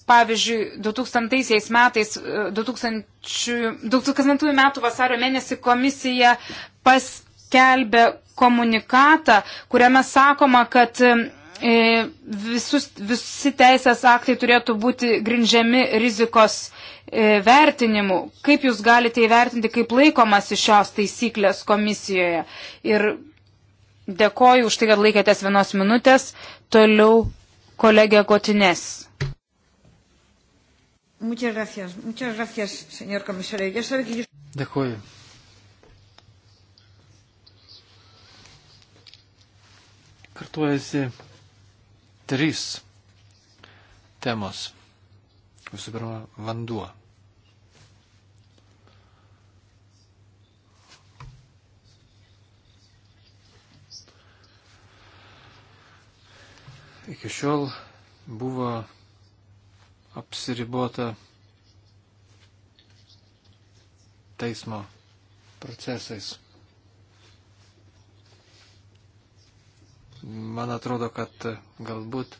Pavyzdžiui, 2000 metais, 2000, 2000 metų vasario mėnesį komisija paskelbė komunikatą, kuriame sakoma, kad E, visus, visi teisės aktai turėtų būti grindžiami rizikos e, vertinimu. Kaip jūs galite įvertinti, kaip laikomasi šios taisyklės komisijoje? Ir dėkoju už tai, kad laikėtės vienos minutės. Toliau kolegė Kotinės. Dėkuoju. Kartuojasi trys temos. Visų pirma, vanduo. Iki šiol buvo apsiribota teismo procesais. man atrodo, kad galbūt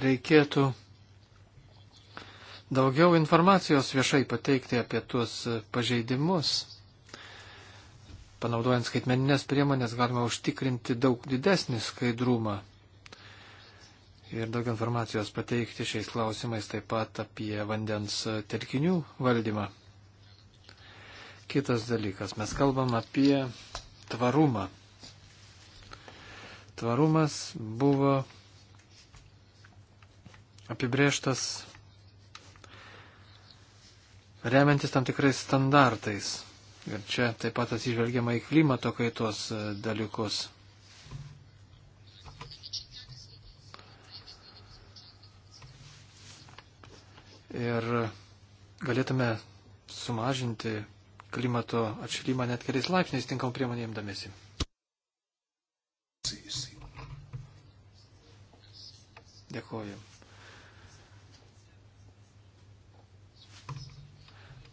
reikėtų daugiau informacijos viešai pateikti apie tuos pažeidimus. Panaudojant skaitmeninės priemonės galima užtikrinti daug didesnį skaidrumą ir daug informacijos pateikti šiais klausimais taip pat apie vandens telkinių valdymą. Kitas dalykas, mes kalbam apie tvarumą Tvarumas buvo apibrėžtas remiantis tam tikrais standartais. Ir čia taip pat atsižvelgiama į klimato kaitos e, dalykus. Ir galėtume sumažinti klimato atšilimą net keliais laipsniais tinkam priemonėm damėsi. Dėkuoju.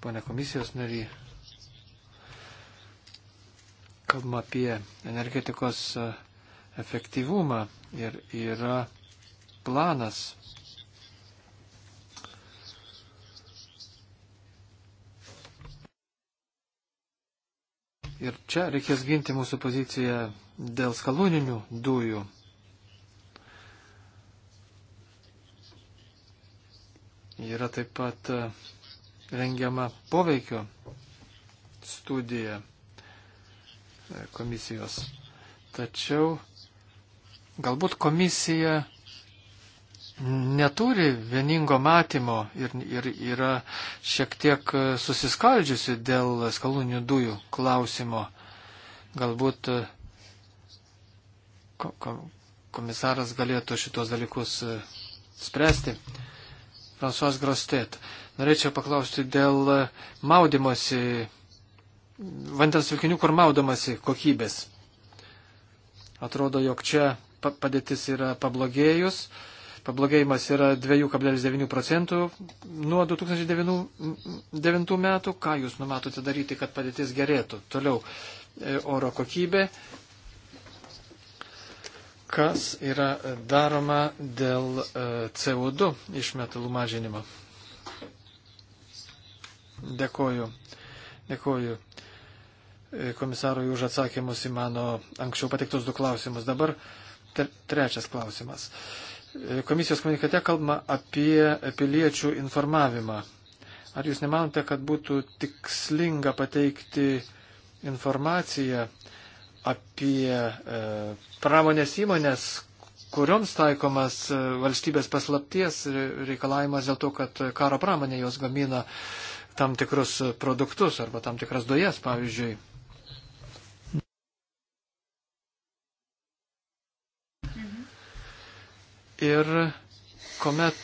Pone komisijos nariai, kalbama apie energetikos e, efektyvumą ir yra planas. Ir čia reikės ginti mūsų poziciją dėl skaluninių dujų Yra taip pat e, rengiama poveikio studija e, komisijos. Tačiau galbūt komisija neturi vieningo matymo ir, ir yra šiek tiek e, susiskaldžiusi dėl skalūnių dujų klausimo. Galbūt komisaras galėtų šitos dalykus spręsti. Fransuos Grostet. Norėčiau paklausti dėl e, maudimosi, vandens vilkinių, kur maudomasi kokybės. Atrodo, jog čia padėtis yra pablogėjus. Pablogėjimas yra 2,9 procentų nuo 2009 metų. Ką jūs numatote daryti, kad padėtis gerėtų? Toliau e, oro kokybė, kas yra daroma dėl e, CO2 išmetalų mažinimo. Dėkoju. Dėkoju e, komisarui už atsakymus į mano anksčiau patiktus du klausimus. Dabar trečias klausimas. E, komisijos komunikate kalbama apie piliečių informavimą. Ar jūs nemanote, kad būtų tikslinga pateikti informaciją apie e, pramonės įmonės, kurioms taikomas e, valstybės paslapties reikalavimas dėl to, kad karo pramonė jos gamina tam tikrus produktus arba tam tikras dujas, pavyzdžiui. Mhm. Ir kuomet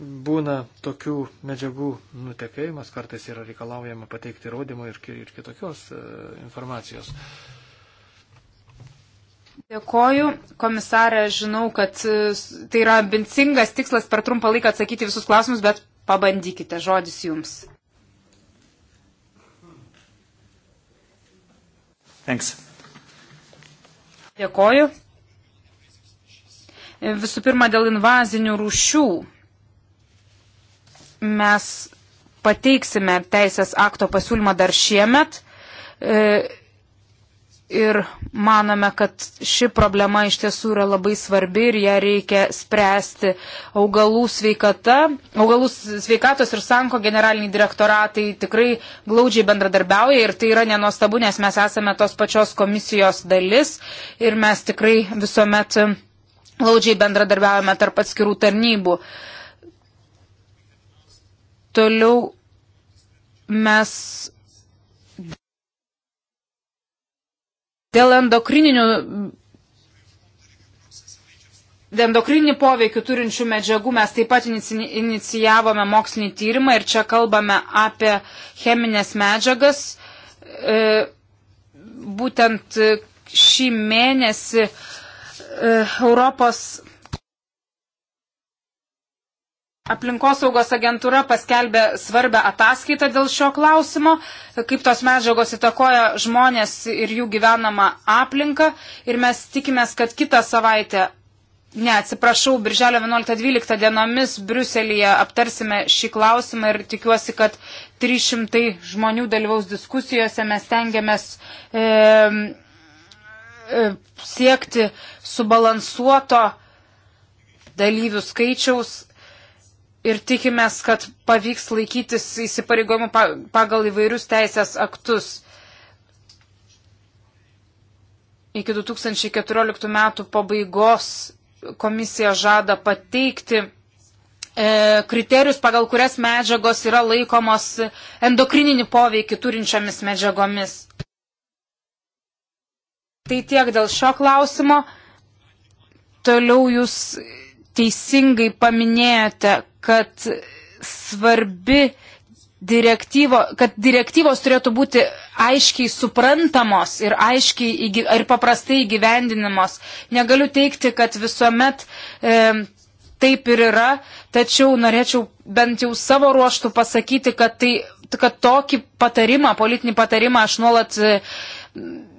būna tokių medžiagų nutekėjimas, kartais yra reikalaujama pateikti įrodymų ir, ir kitokios e, informacijos. Dėkoju, komisarė, žinau, kad e, tai yra ambicingas tikslas per trumpą laiką atsakyti visus klausimus, bet pabandykite, žodis jums. Thanks. Dėkoju. E, visų pirma, dėl invazinių rūšių mes pateiksime teisės akto pasiūlymą dar šiemet e, ir manome, kad ši problema iš tiesų yra labai svarbi ir ją reikia spręsti. Augalų, sveikata, augalų sveikatos ir Sanko generaliniai direktoratai tikrai glaudžiai bendradarbiauja ir tai yra nenostabu, nes mes esame tos pačios komisijos dalis ir mes tikrai visuomet glaudžiai bendradarbiaujame tarp atskirų tarnybų. Uh, Toliau mes dėl endokrininių endokrininį poveikį turinčių medžiagų mes taip pat inicijavome mokslinį tyrimą ir čia kalbame apie cheminės medžiagas. E, būtent e, šį mėnesį e, Europos Aplinkosaugos agentūra paskelbė svarbę ataskaitą dėl šio klausimo, kaip tos medžiagos įtakoja žmonės ir jų gyvenamą aplinką. Ir mes tikimės, kad kitą savaitę, ne, atsiprašau, birželio 11-12 dienomis Briuselėje aptarsime šį klausimą ir tikiuosi, kad 300 žmonių dalyvaus diskusijose. Mes tengiamės e, e, siekti subalansuoto dalyvių skaičiaus ir tikimės, kad pavyks laikytis įsipareigojimų pagal įvairius teisės aktus. Iki 2014 metų pabaigos komisija žada pateikti e, kriterijus, pagal kurias medžiagos yra laikomos endokrininį poveikį turinčiamis medžiagomis. Tai tiek dėl šio klausimo. Toliau jūs teisingai paminėjote, kad svarbi direktyvo, kad direktyvos turėtų būti aiškiai suprantamos ir aiškiai įgy, ir paprastai įgyvendinamos. Negaliu teikti, kad visuomet e, taip ir yra, tačiau norėčiau bent jau savo ruoštų pasakyti, kad, tai, kad tokį patarimą, politinį patarimą aš nuolat e,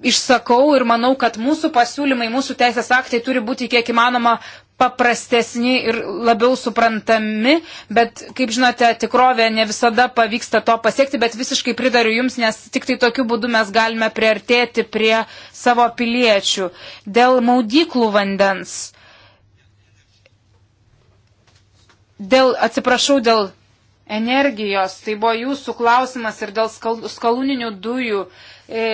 išsakau ir manau, kad mūsų pasiūlymai, mūsų teisės aktai turi būti kiek įmanoma paprastesni ir labiau suprantami, bet, kaip žinote, tikrovė ne visada pavyksta to pasiekti, bet visiškai pridariu Jums, nes tik tai tokiu būdu mes galime priartėti prie savo piliečių. Dėl maudyklų vandens, dėl, atsiprašau, dėl energijos, tai buvo Jūsų klausimas ir dėl skal, skaluninių dujų. E,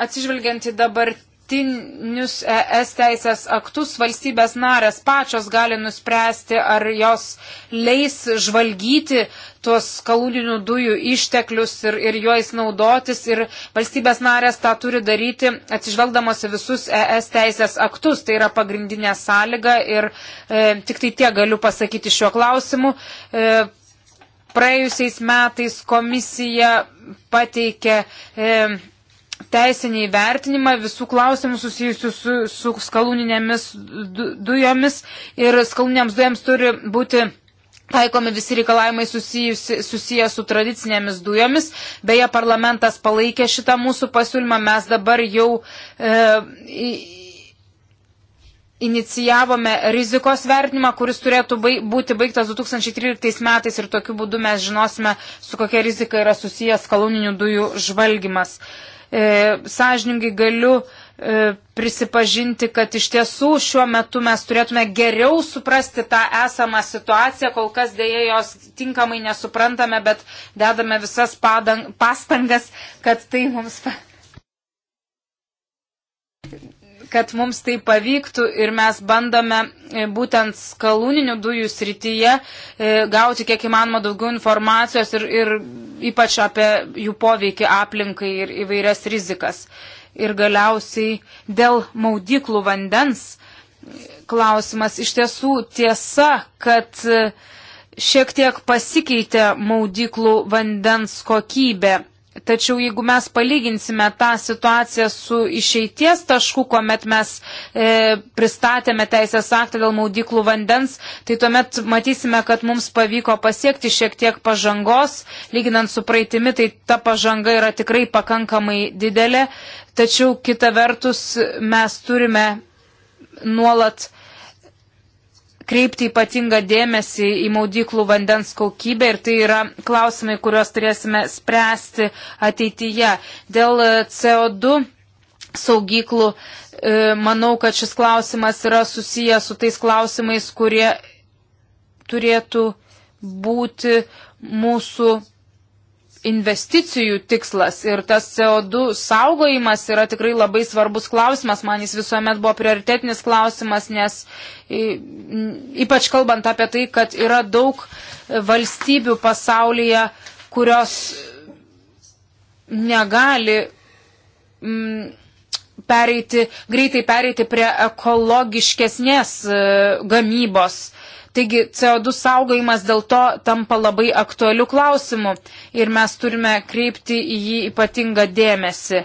atsižvelgiant į dabartinius ES teisės aktus, valstybės narės pačios gali nuspręsti, ar jos leis žvalgyti tuos kalūninių dujų išteklius ir, ir juos naudotis. Ir valstybės narės tą turi daryti atsižvelgdamos į visus ES teisės aktus. Tai yra pagrindinė sąlyga ir e, tik tai tie galiu pasakyti šiuo klausimu. E, Praėjusiais metais komisija pateikė e, teisinį vertinimą visų klausimų susijusių su, su skalūninėmis du, dujomis ir skalūninėms dujams turi būti taikomi visi reikalavimai susijusi, susiję su tradicinėmis dujomis. Beje, parlamentas palaikė šitą mūsų pasiūlymą, mes dabar jau e, inicijavome rizikos vertinimą, kuris turėtų baig, būti baigtas 2013 metais ir tokiu būdu mes žinosime, su kokia rizika yra susijęs kaluninių dujų žvalgymas. E, e, sąžiningai galiu e, prisipažinti, kad iš tiesų šiuo metu mes turėtume geriau suprasti tą esamą situaciją, kol kas dėja jos tinkamai nesuprantame, bet dedame visas padang, pastangas, kad tai mums. Pa kad mums tai pavyktų ir mes bandome e, būtent skaluninių dujų srityje e, gauti kiek įmanoma daugiau informacijos ir, ir ypač apie jų poveikį aplinkai ir įvairias rizikas. Ir galiausiai dėl maudyklų vandens e, klausimas iš tiesų tiesa, kad šiek tiek pasikeitė maudyklų vandens kokybė Tačiau jeigu mes palyginsime tą situaciją su išeities tašku, kuomet mes e, pristatėme teisės aktą dėl maudyklų vandens, tai tuomet matysime, kad mums pavyko pasiekti šiek tiek pažangos, lyginant su praeitimi, tai ta pažanga yra tikrai pakankamai didelė. Tačiau kita vertus mes turime nuolat kreipti ypatingą dėmesį į maudyklų vandens kokybę ir tai yra klausimai, kuriuos turėsime spręsti ateityje. Dėl e, CO2 saugyklų e, manau, kad šis klausimas yra susijęs su tais klausimais, kurie turėtų būti mūsų investicijų tikslas ir tas CO2 saugojimas yra tikrai labai svarbus klausimas. Man jis visuomet buvo prioritetinis klausimas, nes ypač kalbant apie tai, kad yra daug valstybių pasaulyje, kurios negali mm, pereiti, greitai pereiti prie ekologiškesnės e, gamybos. Taigi CO2 saugojimas dėl to tampa labai aktualiu klausimu ir mes turime kreipti į jį ypatingą dėmesį.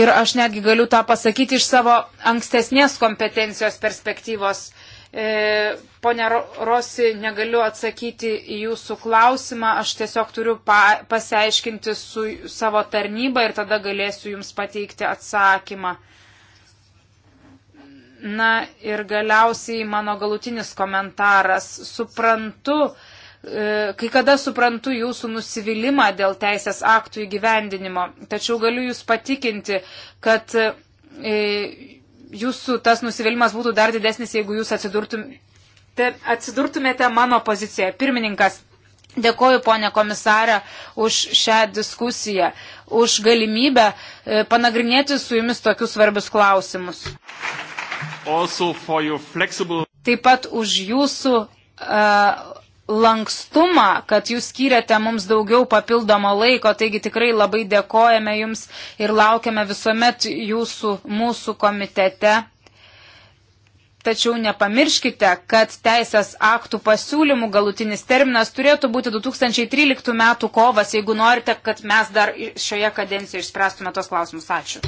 Ir aš netgi galiu tą pasakyti iš savo ankstesnės kompetencijos perspektyvos. E, Pone Rosi, negaliu atsakyti į jūsų klausimą, aš tiesiog turiu pa, pasiaiškinti su savo tarnyba ir tada galėsiu jums pateikti atsakymą. Na ir galiausiai mano galutinis komentaras. Suprantu, e, kai kada suprantu jūsų nusivylimą dėl teisės aktų įgyvendinimo, tačiau galiu jūs patikinti, kad e, jūsų tas nusivylimas būtų dar didesnis, jeigu jūs atsidurtumėte, atsidurtumėte mano pozicijoje. Pirmininkas. Dėkoju, ponė komisarė, už šią diskusiją, už galimybę e, panagrinėti su jumis tokius svarbius klausimus flexible... Taip pat už jūsų uh, lankstumą, kad jūs skiriate mums daugiau papildomo laiko, taigi tikrai labai dėkojame jums ir laukiame visuomet jūsų mūsų komitete. Tačiau nepamirškite, kad teisės aktų pasiūlymų galutinis terminas turėtų būti 2013 m. kovas, jeigu norite, kad mes dar šioje kadencijoje išspręstume tos klausimus. Ačiū.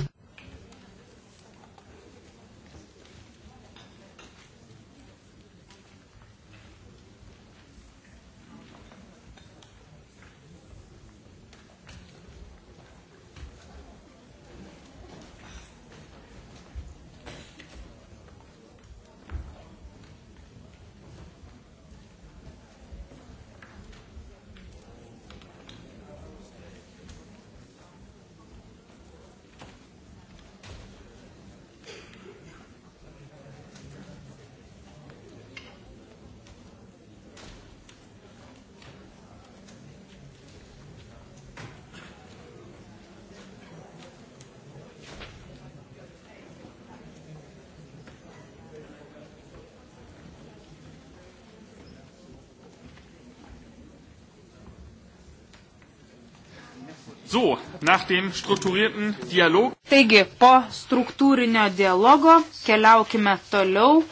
So, nach dem strukturierten Dialog. Taigi, po struktūrinio dialogo keliaukime toliau.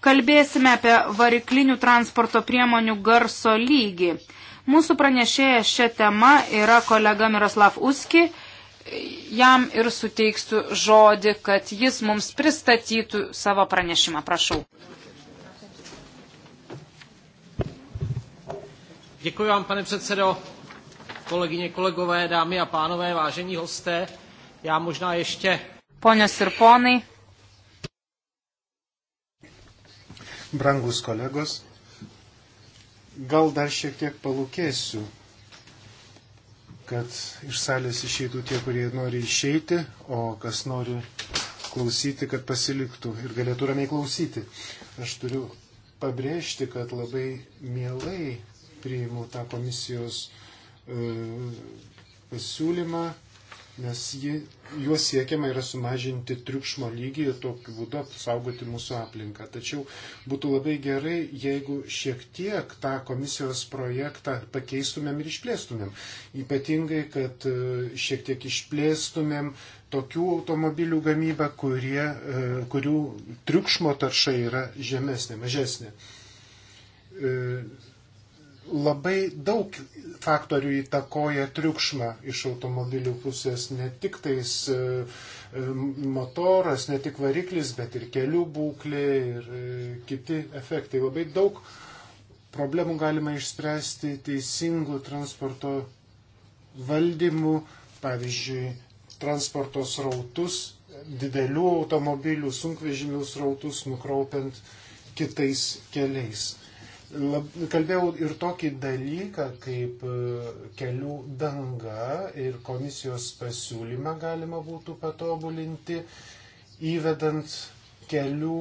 Kalbėsime apie variklinių transporto priemonių garso lygį. Mūsų pranešėja šią temą yra kolega Miroslav Uski. Jam ir suteiksiu žodį, kad jis mums pristatytų savo pranešimą. Prašau. Děkuji vám, pane předsedo kolegyně, kolegové, dámy a pánové, vážení hosté, já možná ještě. Ponios ir ponai. Brangus kolegos, gal dar šiek tiek palūkėsiu, kad iš salės išeitų tie, kurie nori išeiti, o kas nori klausyti, kad pasiliktų ir galėtų ramiai klausyti. Aš turiu pabrėžti, kad labai mielai priimu tą komisijos uh, pasiūlymą, e, nes jį, juo siekiama yra sumažinti triukšmo lygį ir tokiu būdu apsaugoti mūsų aplinką. Tačiau būtų labai gerai, jeigu šiek tiek tą komisijos projektą pakeistumėm ir išplėstumėm. Ypatingai, kad e, šiek tiek išplėstumėm tokių automobilių gamybą, kurie, e, kurių triukšmo tarša yra žemesnė, mažesnė labai daug faktorių įtakoja triukšmą iš automobilių pusės, ne tik tais e, e, motoras, ne tik variklis, bet ir kelių būklė ir e, kiti efektai. Labai daug problemų galima išspręsti teisingų transporto valdymų, pavyzdžiui, transporto srautus, didelių automobilių, sunkvežimių srautus nukraupiant kitais keliais Lab, kalbėjau ir tokį dalyką kaip e, kelių danga ir komisijos pasiūlymą galima būtų patobulinti, įvedant kelių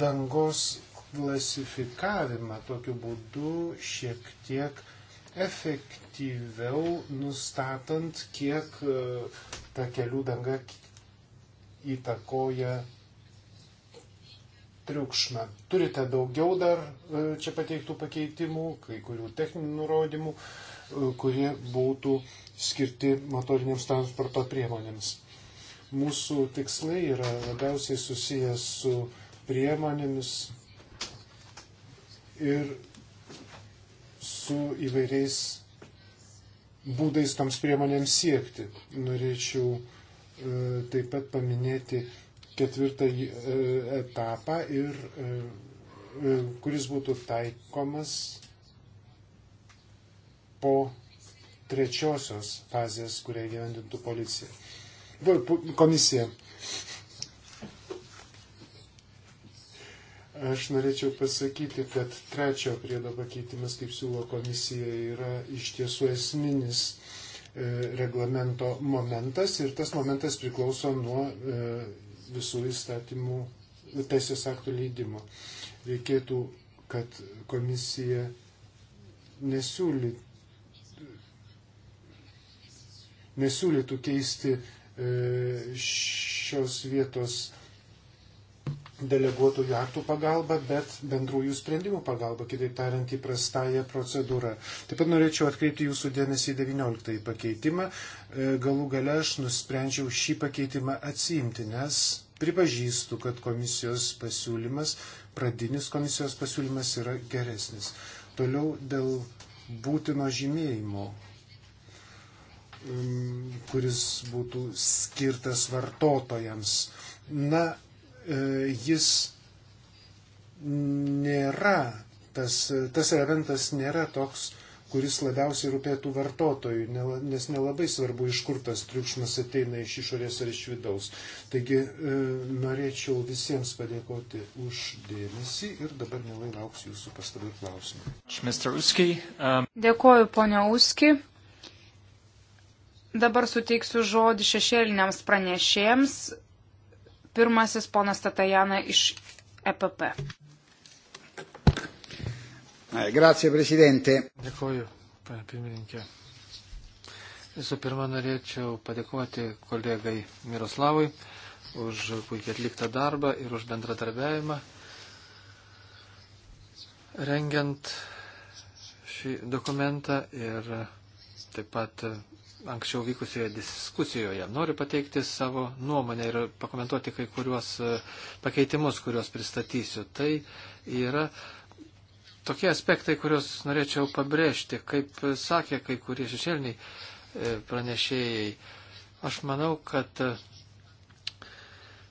dangos klasifikavimą. Tokiu būdu šiek tiek efektyviau nustatant, kiek e, ta kelių danga įtakoja triukšmą. Turite daugiau dar e, čia pateiktų pakeitimų, kai kurių techninių nurodymų, e, kurie būtų skirti motoriniams transporto priemonėms. Mūsų tikslai yra labiausiai susijęs su priemonėmis ir su įvairiais būdais toms priemonėms siekti. Norėčiau e, taip pat paminėti ketvirtąjį e, etapą ir e, e, kuris būtų taikomas po trečiosios fazės, kurią gyvendintų policija. Komisija. Aš norėčiau pasakyti, kad trečio priedo pakeitimas, kaip siūlo komisija, yra iš tiesų esminis e, reglamento momentas ir tas momentas priklauso nuo e, visų įstatymų teisės aktų leidimo. Reikėtų, kad komisija nesiūlytų, nesiūlytų keisti e, šios vietos deleguotųjų aktų pagalba, bet bendrųjų sprendimų pagalba, kitaip tariant, įprastąją procedūrą. Taip pat norėčiau atkreipti jūsų dėmesį į 19 pakeitimą. E, galų gale aš nusprendžiau šį pakeitimą atsiimti, nes pripažįstu, kad komisijos pasiūlymas, pradinis komisijos pasiūlymas yra geresnis. Toliau dėl būtino žymėjimo, um, kuris būtų skirtas vartotojams. Na, e, jis nėra, tas, tas elementas nėra toks kuris labiausiai rūpėtų vartotojui, nes nelabai svarbu, iš kur tas triukšmas ateina iš išorės ar iš vidaus. Taigi e, norėčiau visiems padėkoti už dėmesį ir dabar nelai lauksiu jūsų pastabų ir klausimų. Um, Dėkoju, ponia Uski. Dabar suteiksiu žodį šešėliniams pranešėjams. Pirmasis ponas Tatajana iš EPP. Eh, grazie, prezidentė. Dėkuoju, pane pirmininkė. Visų pirma, norėčiau padėkoti kolegai Miroslavui už puikiai atliktą darbą ir už bendradarbiavimą rengiant šį dokumentą ir taip pat anksčiau vykusioje diskusijoje. Noriu pateikti savo nuomonę ir pakomentuoti kai kuriuos pakeitimus, kuriuos pristatysiu. Tai yra tokie aspektai, kuriuos norėčiau pabrėžti, kaip sakė kai kurie šešėliniai e, pranešėjai. Aš manau, kad e,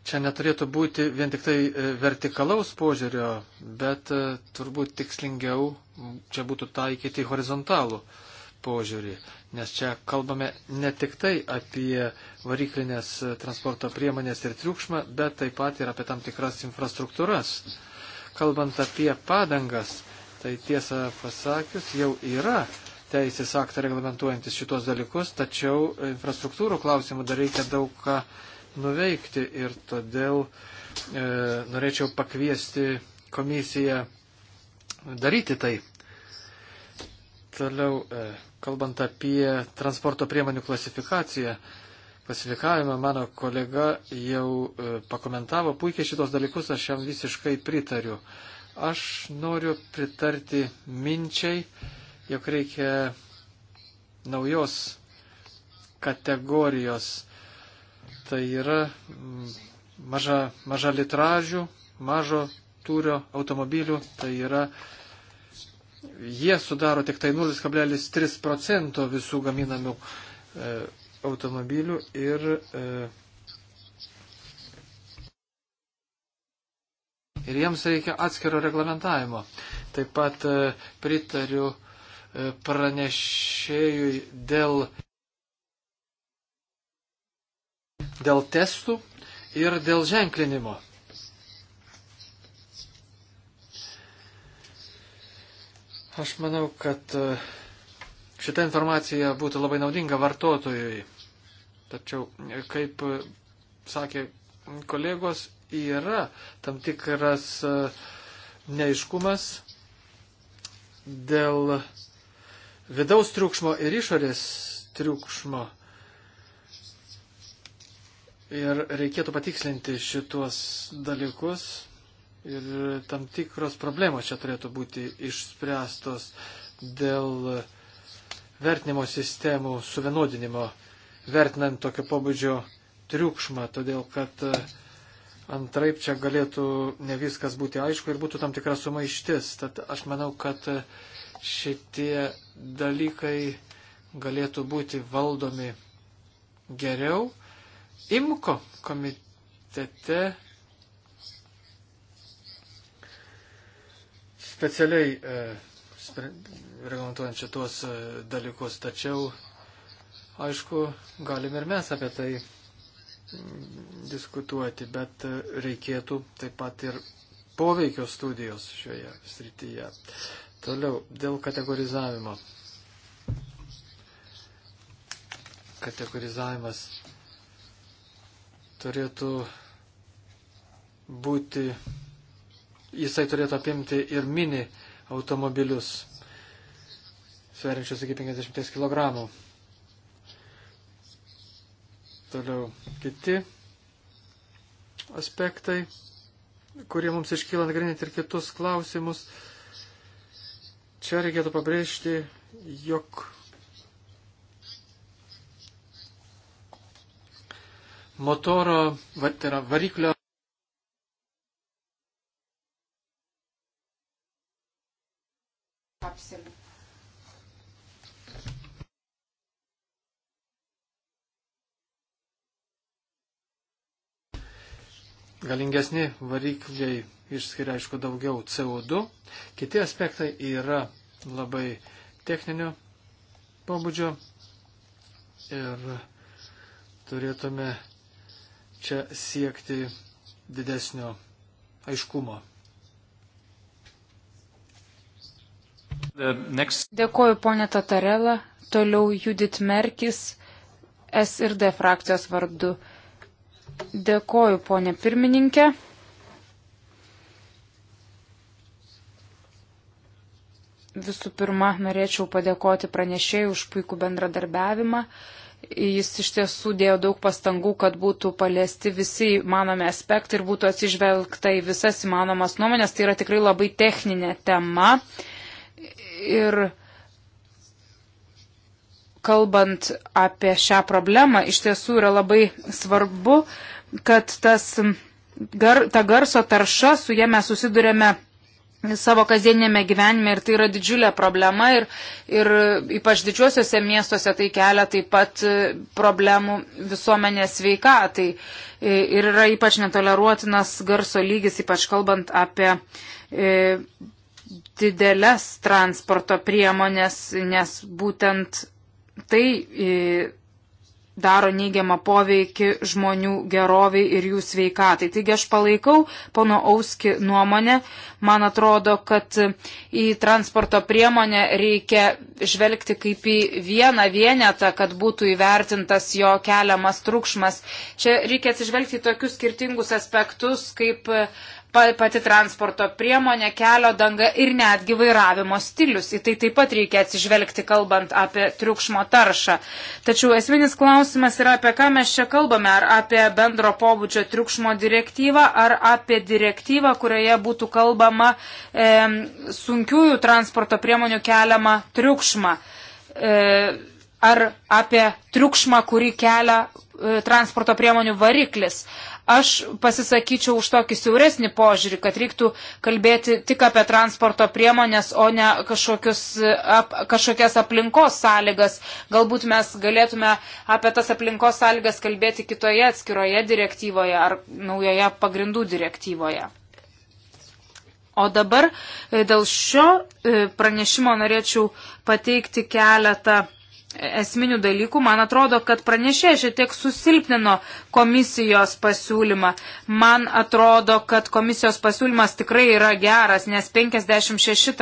čia neturėtų būti vien tik tai e, vertikalaus požiūrio, bet turbūt tikslingiau čia būtų taikyti horizontalų požiūrį, nes čia kalbame ne tik tai apie variklinės transporto priemonės ir triukšmą, bet taip pat ir apie tam tikras infrastruktūras. Kalbant apie padangas, Tai tiesą pasakius, jau yra teisės aktą reglamentuojantis šitos dalykus, tačiau infrastruktūrų klausimų dar reikia daug ką nuveikti ir todėl e, norėčiau pakviesti komisiją daryti tai. Toliau, e, kalbant apie transporto priemonių klasifikaciją, klasifikavimą, mano kolega jau e, pakomentavo puikiai šitos dalykus, aš jam visiškai pritariu. E, Aš noriu pritarti minčiai, jog reikia naujos kategorijos. Tai yra mm, maža, maža litražių, mažo tūrio automobilių. Tai yra, jie sudaro tik tai 0,3 procento visų gaminamų e, automobilių ir e, ir jiems reikia atskiro reglamentavimo. Taip pat e, pritariu e, pranešėjui dėl, dėl testų ir dėl ženklinimo. Aš manau, kad e, šita informacija būtų labai naudinga vartotojui. Tačiau, kaip sakė kolegos, yra tam tikras e, neiškumas dėl vidaus triukšmo ir išorės triukšmo. Ir reikėtų patikslinti šitos dalykus ir tam tikros problemos čia turėtų būti išspręstos dėl vertinimo sistemų suvienodinimo, vertinant tokio pobūdžio triukšmą, todėl kad uh, Antraip čia galėtų ne viskas būti aišku ir būtų tam tikra sumaištis. Tad aš manau, kad šitie dalykai galėtų būti valdomi geriau. Imko komitete specialiai e, reglamentuojant šitos e, dalykus, tačiau, aišku, galime ir mes apie tai diskutuoti, bet reikėtų taip pat ir poveikio studijos šioje srityje. Toliau, dėl kategorizavimo. Kategorizavimas turėtų būti, jisai turėtų apimti ir mini automobilius, sveriančius iki 50 kg. Toliau kiti aspektai, kurie mums iškyla nagrinėti ir kitus klausimus. Čia reikėtų pabrėžti, jog motoro, va, tai yra variklio galingesni varikliai išskiria, aišku, daugiau CO2. Kiti aspektai yra labai techninio pobūdžio ir turėtume čia siekti didesnio aiškumo. Next... Dėkuoju, ponė Tatarela. Toliau Judith Merkis, S ir D frakcijos vardu. Dėkoju, ponė pirmininkė. Visų pirma, norėčiau padėkoti pranešėjui už puikų bendradarbiavimą. Jis iš tiesų dėjo daug pastangų, kad būtų paliesti visi manomi aspektai ir būtų atsižvelgta į visas įmanomas nuomonės. Tai yra tikrai labai techninė tema. Ir kalbant apie šią problemą, iš tiesų yra labai svarbu, kad tas, gar, ta garso tarša, su jie mes susidurėme savo kasdienėme gyvenime ir tai yra didžiulė problema ir, ir ypač didžiuosiuose miestuose tai kelia taip pat e, problemų visuomenės sveikatai e, ir yra ypač netoleruotinas garso lygis, ypač kalbant apie e, didelės transporto priemonės, nes būtent tai e, daro neigiamą poveikį žmonių geroviai ir jų sveikatai. Taigi aš palaikau pono Auski nuomonę. Man atrodo, kad į transporto priemonę reikia žvelgti kaip į vieną vienetą, kad būtų įvertintas jo keliamas trukšmas. Čia reikia atsižvelgti tokius skirtingus aspektus, kaip pati transporto priemonė, kelio danga ir netgi vairavimo stilius. Į tai taip pat reikia atsižvelgti, kalbant apie triukšmo taršą. Tačiau esminis klausimas yra, apie ką mes čia kalbame. Ar apie bendro pobūdžio triukšmo direktyvą, ar apie direktyvą, kurioje būtų kalbama e, sunkiųjų transporto priemonių keliamą triukšmą. E, ar apie triukšmą, kurį kelia e, transporto priemonių variklis. Aš pasisakyčiau už tokį siauresnį požiūrį, kad reiktų kalbėti tik apie transporto priemonės, o ne ap, kažkokias aplinkos sąlygas. Galbūt mes galėtume apie tas aplinkos sąlygas kalbėti kitoje atskiroje direktyvoje ar naujoje pagrindų direktyvoje. O dabar e, dėl šio e, pranešimo norėčiau pateikti keletą esminių dalykų, man atrodo, kad pranešė šiek tiek susilpnino komisijos pasiūlymą. Man atrodo, kad komisijos pasiūlymas tikrai yra geras, nes 56, 56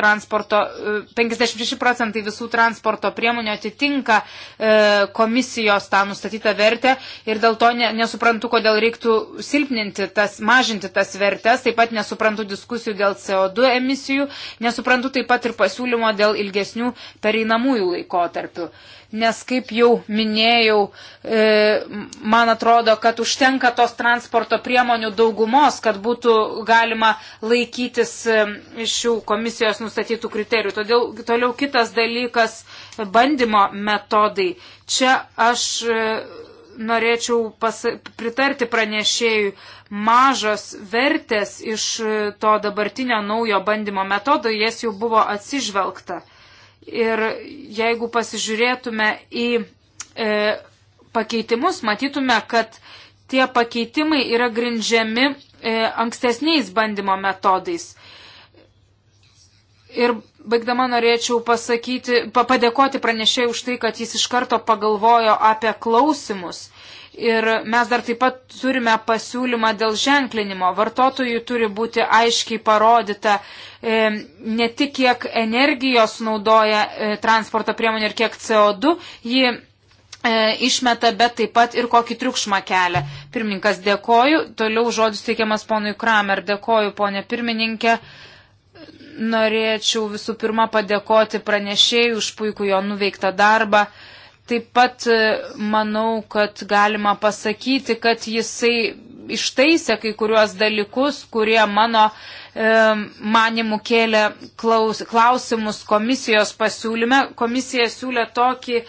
e, procentai visų transporto priemonių atitinka e, komisijos tą nustatytą vertę ir dėl to nesuprantu, kodėl reiktų silpninti tas, mažinti tas vertes, taip pat nesuprantu diskusijų dėl CO2 emisijų, nesuprantu taip pat ir pasiūlymo dėl ilgesnių pereinamųjų laikotarpių nes kaip jau minėjau, e, man atrodo, kad užtenka tos transporto priemonių daugumos, kad būtų galima laikytis e, šių komisijos nustatytų kriterijų. Todėl toliau kitas dalykas - bandymo metodai. Čia aš e, norėčiau pas, pritarti pranešėjui mažos vertės iš to dabartinio naujo bandymo metodo, jas jau buvo atsižvelgta. Ir jeigu pasižiūrėtume į e, pakeitimus, matytume, kad tie pakeitimai yra grindžiami e, ankstesniais bandymo metodais. Ir baigdama norėčiau pasakyti, pa, padėkoti pranešėjui už tai, kad jis iš karto pagalvojo apie klausimus. Ir mes dar taip pat turime pasiūlymą dėl ženklinimo. Vartotojui turi būti aiškiai parodyta e, ne tik kiek energijos naudoja e, transporto priemonė ir kiek CO2 ji e, išmeta, bet taip pat ir kokį triukšmą kelia. Pirmininkas dėkoju. Toliau žodis teikiamas ponui Kramer. Dėkoju, ponė pirmininkė. Norėčiau visų pirma padėkoti pranešėjui už puikų jo nuveiktą darbą. E, Taip pat e, manau, kad galima pasakyti, kad jisai ištaisė kai kuriuos dalykus, kurie mano e, manimų kėlė klaus, klausimus komisijos pasiūlyme. Komisija siūlė tokį e,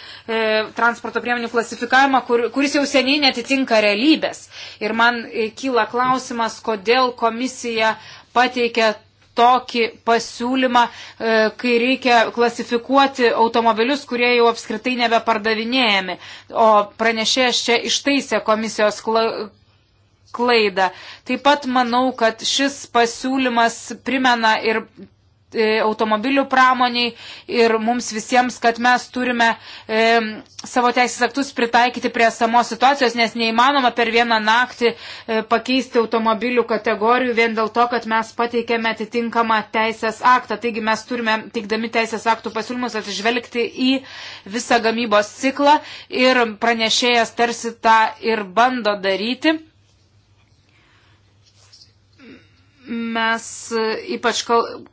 transporto priemonių klasifikavimą, kur, kuris jau seniai netitinka realybės. Ir man e, kyla klausimas, kodėl komisija pateikia tokį pasiūlymą, e, kai reikia klasifikuoti automobilius, kurie jau apskritai nebepardavinėjami. O pranešėjas čia ištaisė komisijos klaidą. Taip pat manau, kad šis pasiūlymas primena ir E, automobilių pramoniai ir mums visiems, kad mes turime e, savo teisės aktus pritaikyti prie samos situacijos, nes neįmanoma per vieną naktį e, pakeisti automobilių kategorijų vien dėl to, kad mes pateikėme atitinkamą teisės aktą. Taigi mes turime, teikdami teisės aktų pasiūlymus, atsižvelgti į visą gamybos ciklą ir pranešėjas tarsi tą ir bando daryti. mes ypač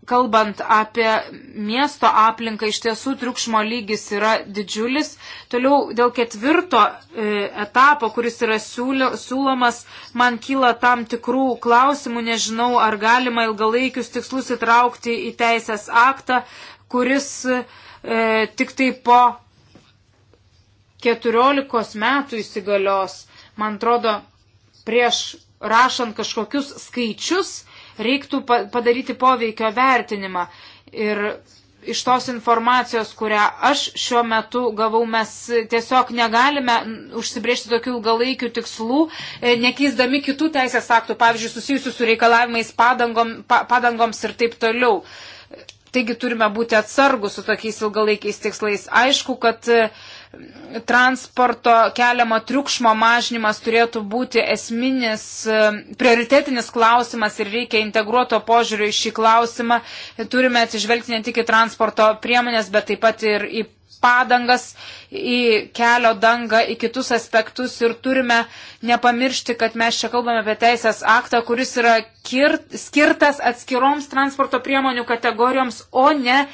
kalbant apie miesto aplinką, iš tiesų triukšmo lygis yra didžiulis. Toliau dėl ketvirto e, etapo, kuris yra siūlomas, man kyla tam tikrų klausimų, nežinau, ar galima ilgalaikius tikslus įtraukti į teisės aktą, kuris e, tik tai po 14 metų įsigalios. Man atrodo, prieš rašant kažkokius skaičius, reiktų padaryti poveikio vertinimą. Ir iš tos informacijos, kurią aš šiuo metu gavau, mes tiesiog negalime užsibriežti tokių ilgalaikių tikslų, e, nekeisdami kitų teisės aktų, pavyzdžiui, susijusių su reikalavimais padangom, pa, padangoms ir taip toliau. E, Taigi turime būti atsargus su tokiais ilgalaikiais tikslais. Aišku, kad e, transporto keliamo triukšmo mažinimas turėtų būti esminis, e, prioritetinis klausimas ir reikia integruoto požiūrio į šį klausimą. Turime atsižvelgti ne tik į transporto priemonės, bet taip pat ir į padangas, į kelio dangą, į kitus aspektus ir turime nepamiršti, kad mes čia kalbame apie teisės aktą, kuris yra kirt, skirtas atskiroms transporto priemonių kategorijoms, o ne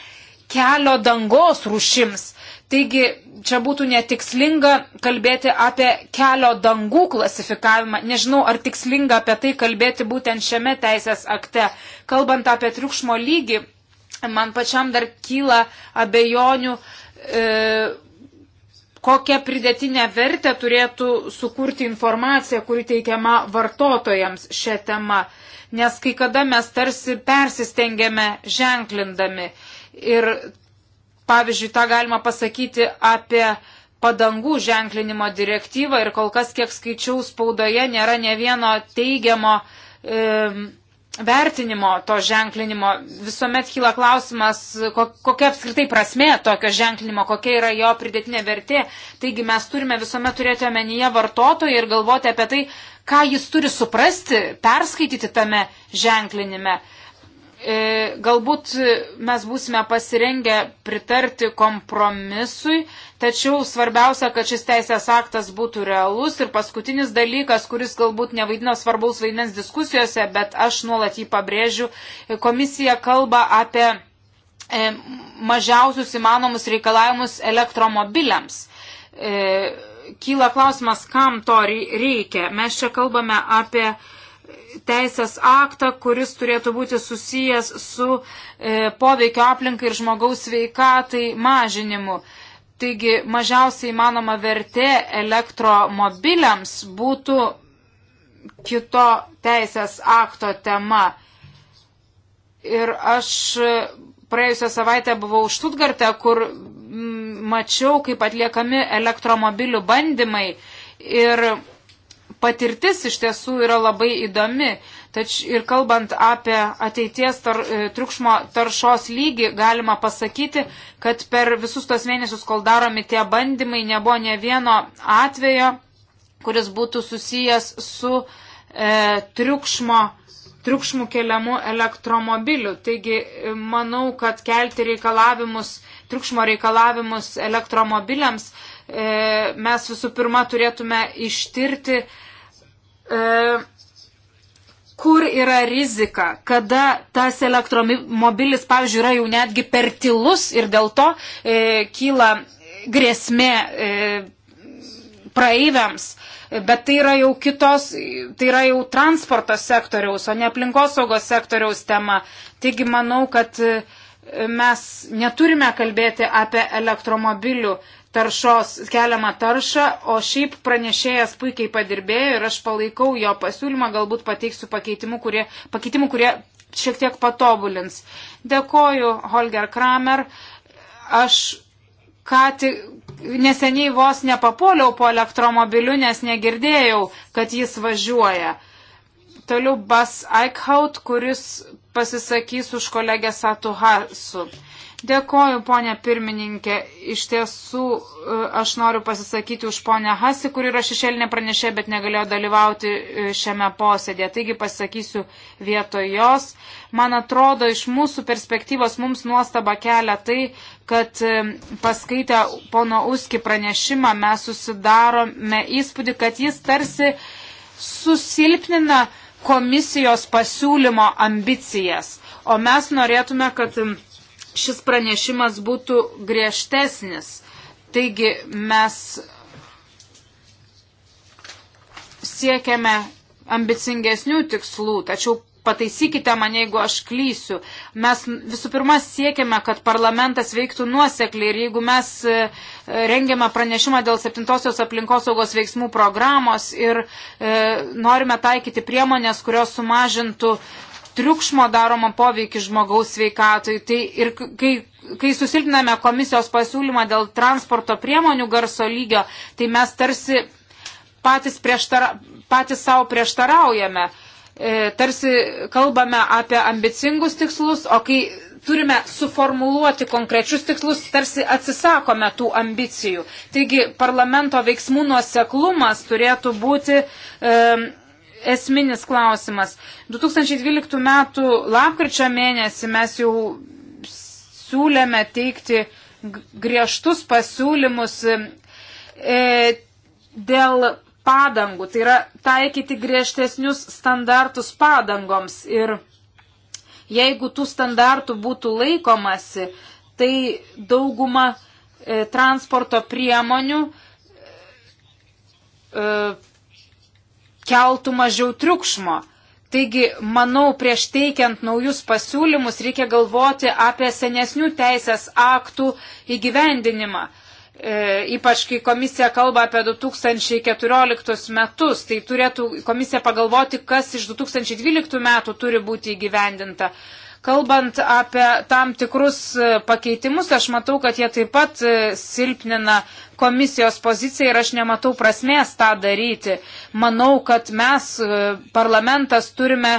kelio dangos rušims. Taigi čia būtų netikslinga kalbėti apie kelio dangų klasifikavimą. Nežinau, ar tikslinga apie tai kalbėti būtent šiame teisės akte. Kalbant apie triukšmo lygį, man pačiam dar kyla abejonių E, kokią pridėtinę vertę turėtų sukurti informacija, kuri teikiama vartotojams šią temą. Nes kai kada mes tarsi persistengiame ženklindami. Ir pavyzdžiui, tą galima pasakyti apie padangų ženklinimo direktyvą ir kol kas, kiek skaičiau spaudoje, nėra ne vieno teigiamo. E, vertinimo to ženklinimo visuomet kyla klausimas, kokia apskritai prasme tokio ženklinimo, kokia yra jo pridėtinė vertė. Taigi mes turime visuomet turėti omenyje vartotoją ir galvoti apie tai, ką jis turi suprasti, perskaityti tame ženklinime. E, galbūt mes būsime pasirengę pritarti kompromisui, tačiau svarbiausia, kad šis teisės aktas būtų realus. Ir paskutinis dalykas, kuris galbūt nevaidino svarbaus vaidmens diskusijose, bet aš nuolat jį pabrėžiu, komisija kalba apie e, mažiausius įmanomus reikalavimus elektromobiliams. E, kyla klausimas, kam to reikia. Mes čia kalbame apie teisės aktą, kuris turėtų būti susijęs su e, poveikio aplinkai ir žmogaus sveikatai mažinimu. Taigi mažiausiai manoma vertė elektromobiliams būtų kito teisės akto tema. Ir aš praėjusią savaitę buvau Štutgarte, kur mačiau, kaip atliekami elektromobilių bandymai. Ir patirtis iš tiesų yra labai įdomi. Tač, ir kalbant apie ateities tar, e, triukšmo taršos lygį, galima pasakyti, kad per visus tos mėnesius, kol daromi tie bandymai, nebuvo ne vieno atvejo, kuris būtų susijęs su e, triukšmo triukšmų keliamų elektromobilių. Taigi, e, manau, kad kelti reikalavimus, triukšmo reikalavimus elektromobiliams e, mes visų pirma turėtume ištirti E, kur yra rizika, kada tas elektromobilis, pavyzdžiui, yra jau netgi per tylus ir dėl to e, kyla grėsmė e, praeiviams. Bet tai yra jau kitos, tai yra jau transporto sektoriaus, o ne aplinkosaugos sektoriaus tema. Taigi manau, kad e, mes neturime kalbėti apie elektromobilių taršos, keliamą taršą, o šiaip pranešėjas puikiai padirbėjo ir aš palaikau jo pasiūlymą, galbūt pateiksiu pakeitimų, kurie, pakeitimų, kurie šiek tiek patobulins. Dėkoju, Holger Kramer. Aš ką tik neseniai vos nepapuoliau po elektromobiliu, nes negirdėjau, kad jis važiuoja. Toliau Bas Eichhaut, kuris pasisakys už kolegę Satuhasu. Dėkoju, ponė pirmininkė. Iš tiesų, e, aš noriu pasisakyti už ponę Hasi, kuri yra šešėlinė pranešė, bet negalėjo dalyvauti e, šiame posėdėje. Taigi pasakysiu vietoj jos. Man atrodo, iš mūsų perspektyvos mums nuostaba kelia tai, kad e, paskaitę pono Uski pranešimą mes susidarome įspūdį, kad jis tarsi susilpnina komisijos pasiūlymo ambicijas. O mes norėtume, kad šis pranešimas būtų griežtesnis. Taigi mes siekiame ambicingesnių tikslų, tačiau pataisykite mane, jeigu aš klysiu. Mes visų pirma siekiame, kad parlamentas veiktų nuosekliai ir jeigu mes e, rengiame pranešimą dėl septintosios aplinkosaugos veiksmų programos ir e, norime taikyti priemonės, kurios sumažintų triukšmo daroma poveikį žmogaus sveikatai. Tai ir kai, kai susilpiname komisijos pasiūlymą dėl transporto priemonių garso lygio, tai mes tarsi patys, prieštara, patys savo prieštaraujame. E, tarsi kalbame apie ambicingus tikslus, o kai turime suformuluoti konkrečius tikslus, tarsi atsisakome tų ambicijų. Taigi parlamento veiksmų nuoseklumas turėtų būti. E, esminis klausimas. 2012 m. lapkričio mėnesį mes jau siūlėme teikti griežtus pasiūlymus e, dėl padangų, tai yra taikyti griežtesnius standartus padangoms. Ir jeigu tų standartų būtų laikomasi, tai dauguma e, transporto priemonių e, keltų mažiau triukšmo. Taigi, manau, prieš teikiant naujus pasiūlymus reikia galvoti apie senesnių teisės aktų įgyvendinimą. E, ypač kai komisija kalba apie 2014 metus, tai turėtų komisija pagalvoti, kas iš 2012 metų turi būti įgyvendinta. E, Kalbant apie tam tikrus e, pakeitimus, aš matau, kad jie taip pat e, silpnina komisijos poziciją ir aš nematau prasmės tą daryti. Manau, kad mes, e, parlamentas, turime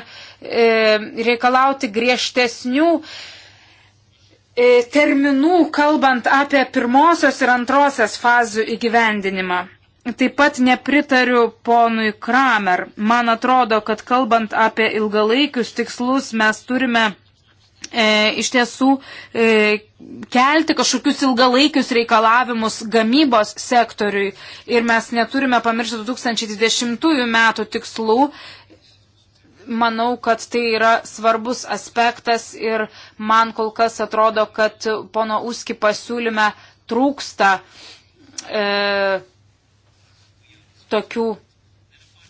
reikalauti griežtesnių terminų, kalbant apie pirmosios ir antrosios fazių įgyvendinimą. Taip pat nepritariu ponui Kramer. Man atrodo, kad kalbant apie ilgalaikius tikslus, mes turime e, iš tiesų e, kelti kažkokius ilgalaikius reikalavimus gamybos sektoriui ir mes neturime pamiršti 2020 metų tikslų. Manau, kad tai yra svarbus aspektas ir man kol kas atrodo, kad pono Uski pasiūlyme trūksta e, tokių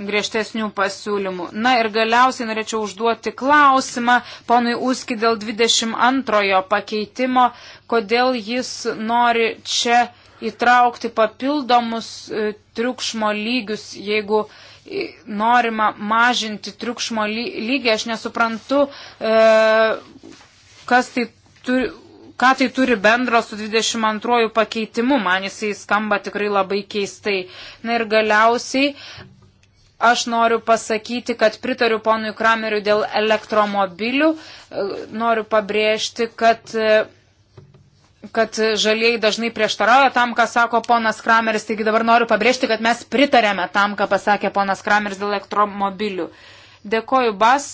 griežtesnių pasiūlymų. Na ir galiausiai norėčiau užduoti klausimą ponui Uski dėl 22 pakeitimo, kodėl jis nori čia įtraukti papildomus e, triukšmo lygius, jeigu e, norima mažinti triukšmo lygį. Aš nesuprantu, e, kas tai turi. Ką tai turi bendro su 22 pakeitimu, man jisai skamba tikrai labai keistai. Na ir galiausiai, Aš noriu pasakyti, kad pritariu ponui Krameriu dėl elektromobilių. E, noriu pabrėžti, kad, e, kad žalieji dažnai prieštarauja tam, ką sako ponas Krameris. Taigi dabar noriu pabrėžti, kad mes pritarėme tam, ką pasakė ponas Krameris dėl elektromobilių. Dėkoju, Bas.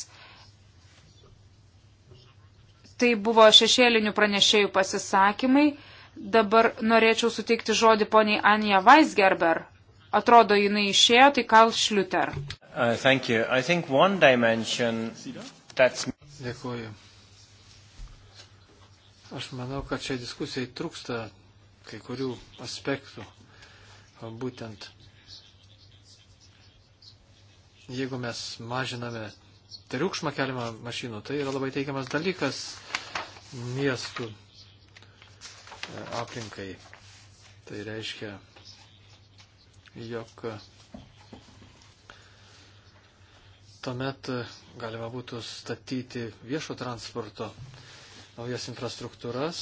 Tai buvo šešėlinių pranešėjų pasisakymai. Dabar norėčiau suteikti žodį poniai Anja Weisgerber. Atrodo, jinai išėjo, tai Karl Schliuter. Uh, Dėkuoju. Aš manau, kad šiai diskusijai trūksta kai kurių aspektų. O būtent, jeigu mes mažiname triukšmą keliamą mašinų, tai yra labai teigiamas dalykas miestų e, aplinkai. Tai reiškia, jog tuomet galima būtų statyti viešo transporto naujas infrastruktūras.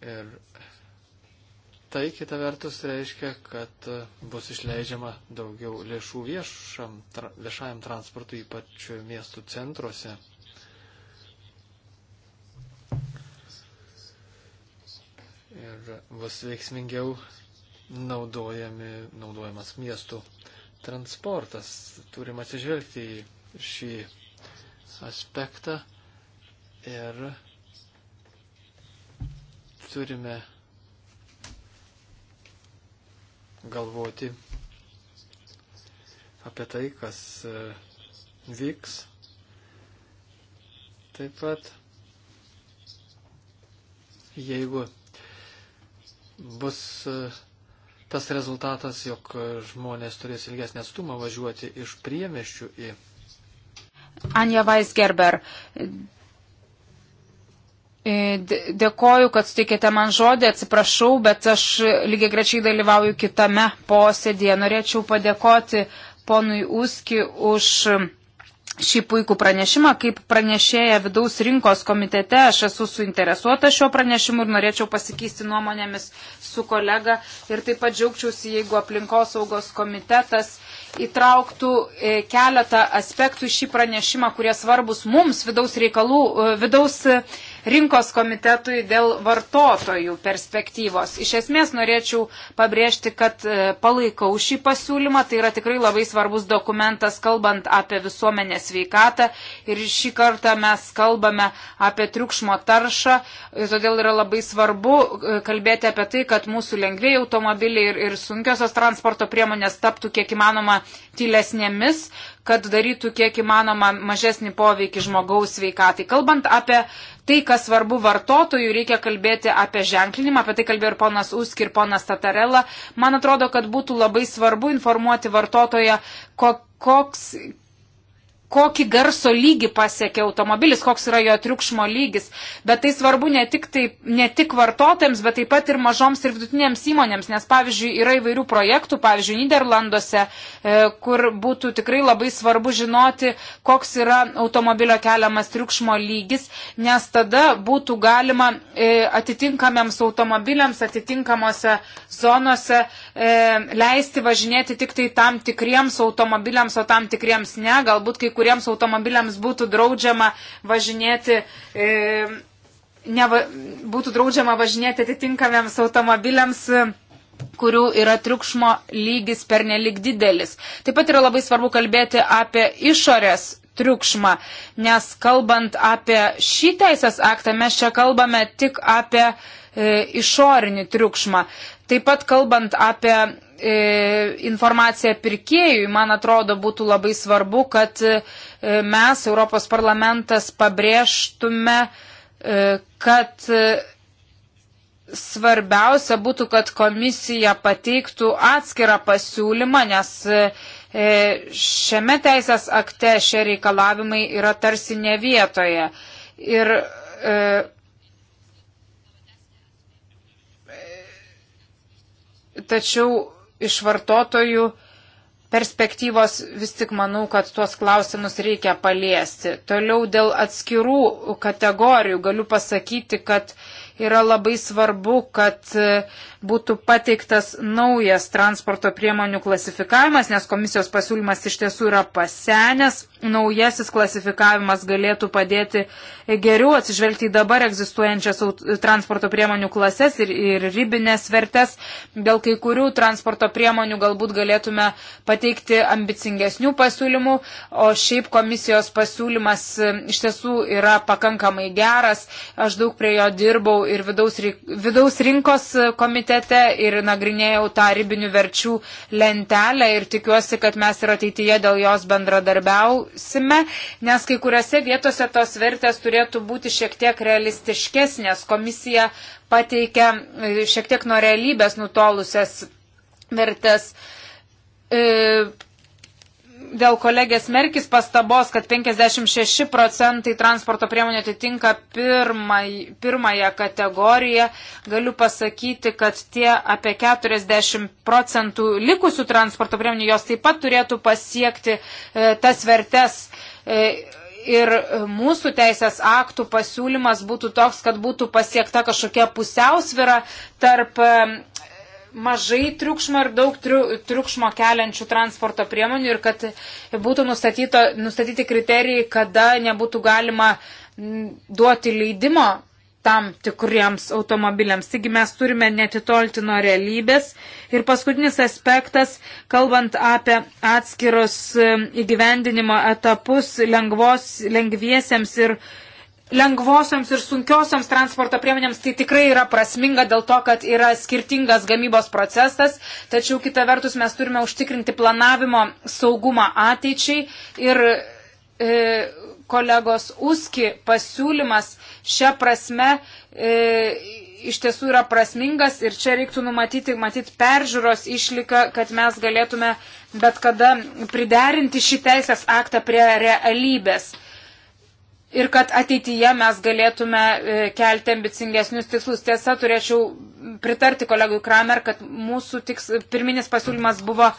Ir tai kita vertus reiškia, kad bus išleidžiama daugiau lėšų viešam, tra, viešajam transportui, ypač miestų centruose. ir bus veiksmingiau naudojami, naudojamas miestų transportas. Turim atsižvelgti į šį aspektą ir turime galvoti apie tai, kas e, vyks. Taip pat, jeigu bus e, tas rezultatas, jog žmonės turės ilgesnį atstumą važiuoti iš priemeščių į. Anja Weisgerber, e, dėkoju, kad sutikėte man žodį, atsiprašau, bet aš lygiai grečiai dalyvauju kitame posėdėje. Norėčiau padėkoti ponui Uski už šį puikų pranešimą. Kaip pranešėja vidaus rinkos komitete, aš esu suinteresuota šiuo pranešimu ir norėčiau pasikeisti nuomonėmis su kolega. Ir taip pat džiaugčiausi, jeigu aplinkosaugos komitetas įtrauktų e, keletą aspektų šį pranešimą, kurie svarbus mums vidaus reikalų, e, vidaus rinkos e, rinkos komitetui dėl vartotojų perspektyvos. Iš esmės norėčiau pabrėžti, kad e, palaikau šį pasiūlymą. Tai yra tikrai labai svarbus dokumentas, kalbant apie visuomenės veikatą. Ir šį kartą mes kalbame apie triukšmo taršą. Todėl yra labai svarbu e, kalbėti apie tai, kad mūsų lengvėjai automobiliai ir, ir sunkiosios transporto priemonės taptų kiek įmanoma tylesnėmis, kad darytų kiek įmanoma mažesnį poveikį žmogaus sveikatai. Kalbant apie tai, kas svarbu vartotojui, reikia kalbėti apie ženklinimą, apie tai kalbėjo ir ponas Uski, ir ponas Tatarela. Man atrodo, kad būtų labai svarbu informuoti vartotoją, koks, kokį garso lygį pasiekia automobilis, koks yra jo triukšmo lygis. Bet tai svarbu ne tik, tai, ne tik vartotojams, bet taip pat ir mažoms ir vidutinėms įmonėms, nes pavyzdžiui yra įvairių projektų, pavyzdžiui, Niderlanduose, e, kur būtų tikrai labai svarbu žinoti, koks yra automobilio keliamas triukšmo lygis, nes tada būtų galima e, atitinkamiams automobiliams atitinkamose zonose e, leisti važinėti tik tai tam tikriems automobiliams, o tam tikriems ne. Galbūt kai kuriems automobiliams būtų draudžiama važinėti. E, Neva, būtų draudžiama važinėti atitinkamiems automobiliams e, kurių yra triukšmo lygis pernelik didelis. Taip pat yra labai svarbu kalbėti apie išorės triukšmą, nes kalbant apie šį teisės aktą, mes čia kalbame tik apie e, išorinį triukšmą. Taip pat kalbant apie e, informaciją pirkėjui, man atrodo, būtų labai svarbu, kad e, mes, Europos parlamentas, pabrėžtume, e, kad svarbiausia būtų, kad komisija pateiktų atskirą pasiūlymą, nes šiame teisės akte šie reikalavimai yra tarsi ne vietoje. Ir tačiau iš vartotojų perspektyvos vis tik manau, kad tuos klausimus reikia paliesti. Toliau dėl atskirų kategorijų galiu pasakyti, kad yra labai svarbu, kad būtų pateiktas naujas transporto priemonių klasifikavimas, nes komisijos pasiūlymas iš tiesų yra pasenęs. Naujasis klasifikavimas galėtų padėti geriau atsižvelgti į dabar egzistuojančias transporto priemonių klases ir, ir ribinės vertes. Dėl kai kurių transporto priemonių galbūt galėtume pateikti ambicingesnių pasiūlymų, o šiaip komisijos pasiūlymas e, iš tiesų yra pakankamai geras. Aš daug prie jo dirbau ir vidaus, vidaus rinkos e, komitete komitete ir nagrinėjau tą ribinių verčių lentelę ir tikiuosi, kad mes ir ateityje dėl jos bendradarbiausime, nes kai kuriuose vietose tos vertės turėtų būti šiek tiek realistiškesnės. Komisija pateikia e, šiek tiek nuo realybės nutolusias vertės. E, dėl kolegės Merkis pastabos, kad 56 procentai transporto priemonių atitinka pirmai, pirmąją kategoriją, galiu pasakyti, kad tie apie 40 procentų likusių transporto priemonių jos taip pat turėtų pasiekti e, tas vertes. E, ir mūsų teisės aktų pasiūlymas būtų toks, kad būtų pasiekta kažkokia pusiausvira tarp e, mažai triukšmo ir daug triukšmo keliančių transporto priemonių ir kad būtų nustatyti kriterijai, kada nebūtų galima duoti leidimo tam tikriems automobiliams. Taigi mes turime netitolti nuo realybės. Ir paskutinis aspektas, kalbant apie atskirus e, įgyvendinimo etapus lengvos, lengviesiems ir lengvosioms ir sunkiosioms transporto priemonėms tai tikrai yra prasminga dėl to, kad yra skirtingas gamybos procesas, tačiau kita vertus mes turime užtikrinti planavimo saugumą ateičiai ir e, kolegos Uski pasiūlymas šią prasme e, iš tiesų yra prasmingas ir čia reiktų numatyti, matyti peržiūros išliką, kad mes galėtume bet kada priderinti šį teisės aktą prie realybės. E, ir kad ateityje mes galėtume e, kelti ambicingesnius tikslus. Tiesa, turėčiau pritarti kolegui Kramer, kad mūsų tiks, pirminis pasiūlymas buvo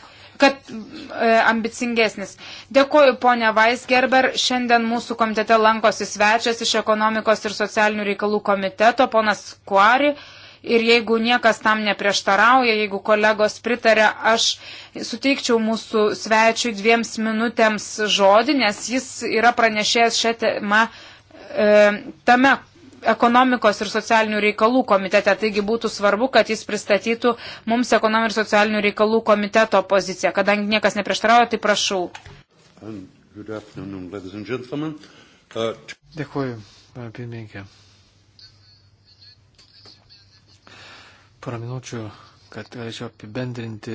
kad e, ambicingesnis. Dėkuoju, ponia Weisgerber. Šiandien mūsų komitete lankosi svečias iš ekonomikos ir socialinių reikalų komiteto, ponas Kuari. E, ir jeigu niekas tam neprieštarauja, jeigu kolegos pritarė, aš suteikčiau mūsų svečiui dviems minutėms žodį, nes jis yra pranešėjęs šią temą e, tame ekonomikos ir socialinių reikalų komitete. Taigi būtų svarbu, kad jis pristatytų mums ekonomikos ir socialinių reikalų komiteto poziciją. Kadangi niekas neprieštarauja, tai prašau. Uh, Dėkuoju, pirmininkė. porą minučių, kad galėčiau apibendrinti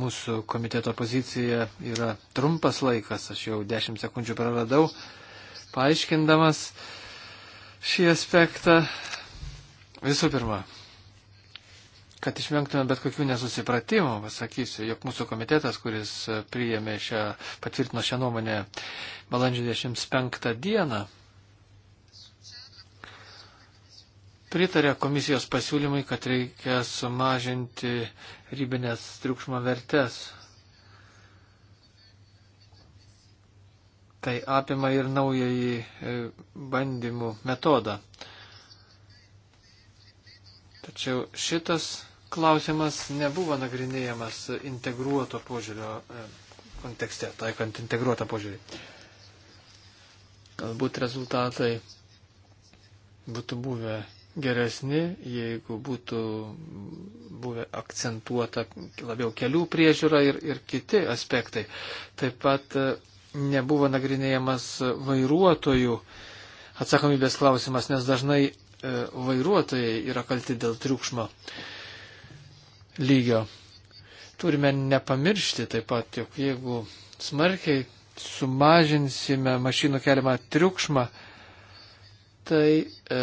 mūsų komiteto poziciją. Yra trumpas laikas, aš jau 10 sekundžių praradau, paaiškindamas šį aspektą. Visų pirma, kad išvengtume bet kokių nesusipratimų, pasakysiu, jog mūsų komitetas, kuris priėmė šią, patvirtino šią nuomonę balandžio 25 dieną, pritarė komisijos pasiūlymui, kad reikia sumažinti ribinės triukšmo vertes. Tai apima ir naująjį e, bandymų metodą. Tačiau šitas klausimas nebuvo nagrinėjamas integruoto požiūrio e, kontekste, taikant integruotą požiūrį. Galbūt rezultatai būtų buvę geresni, jeigu būtų buvę akcentuota labiau kelių priežiūra ir, ir kiti aspektai. Taip pat e, nebuvo nagrinėjamas vairuotojų atsakomybės klausimas, nes dažnai e, vairuotojai yra kalti dėl triukšmo lygio. Turime nepamiršti taip pat, jog jeigu smarkiai sumažinsime mašinų keliamą triukšmą, tai e,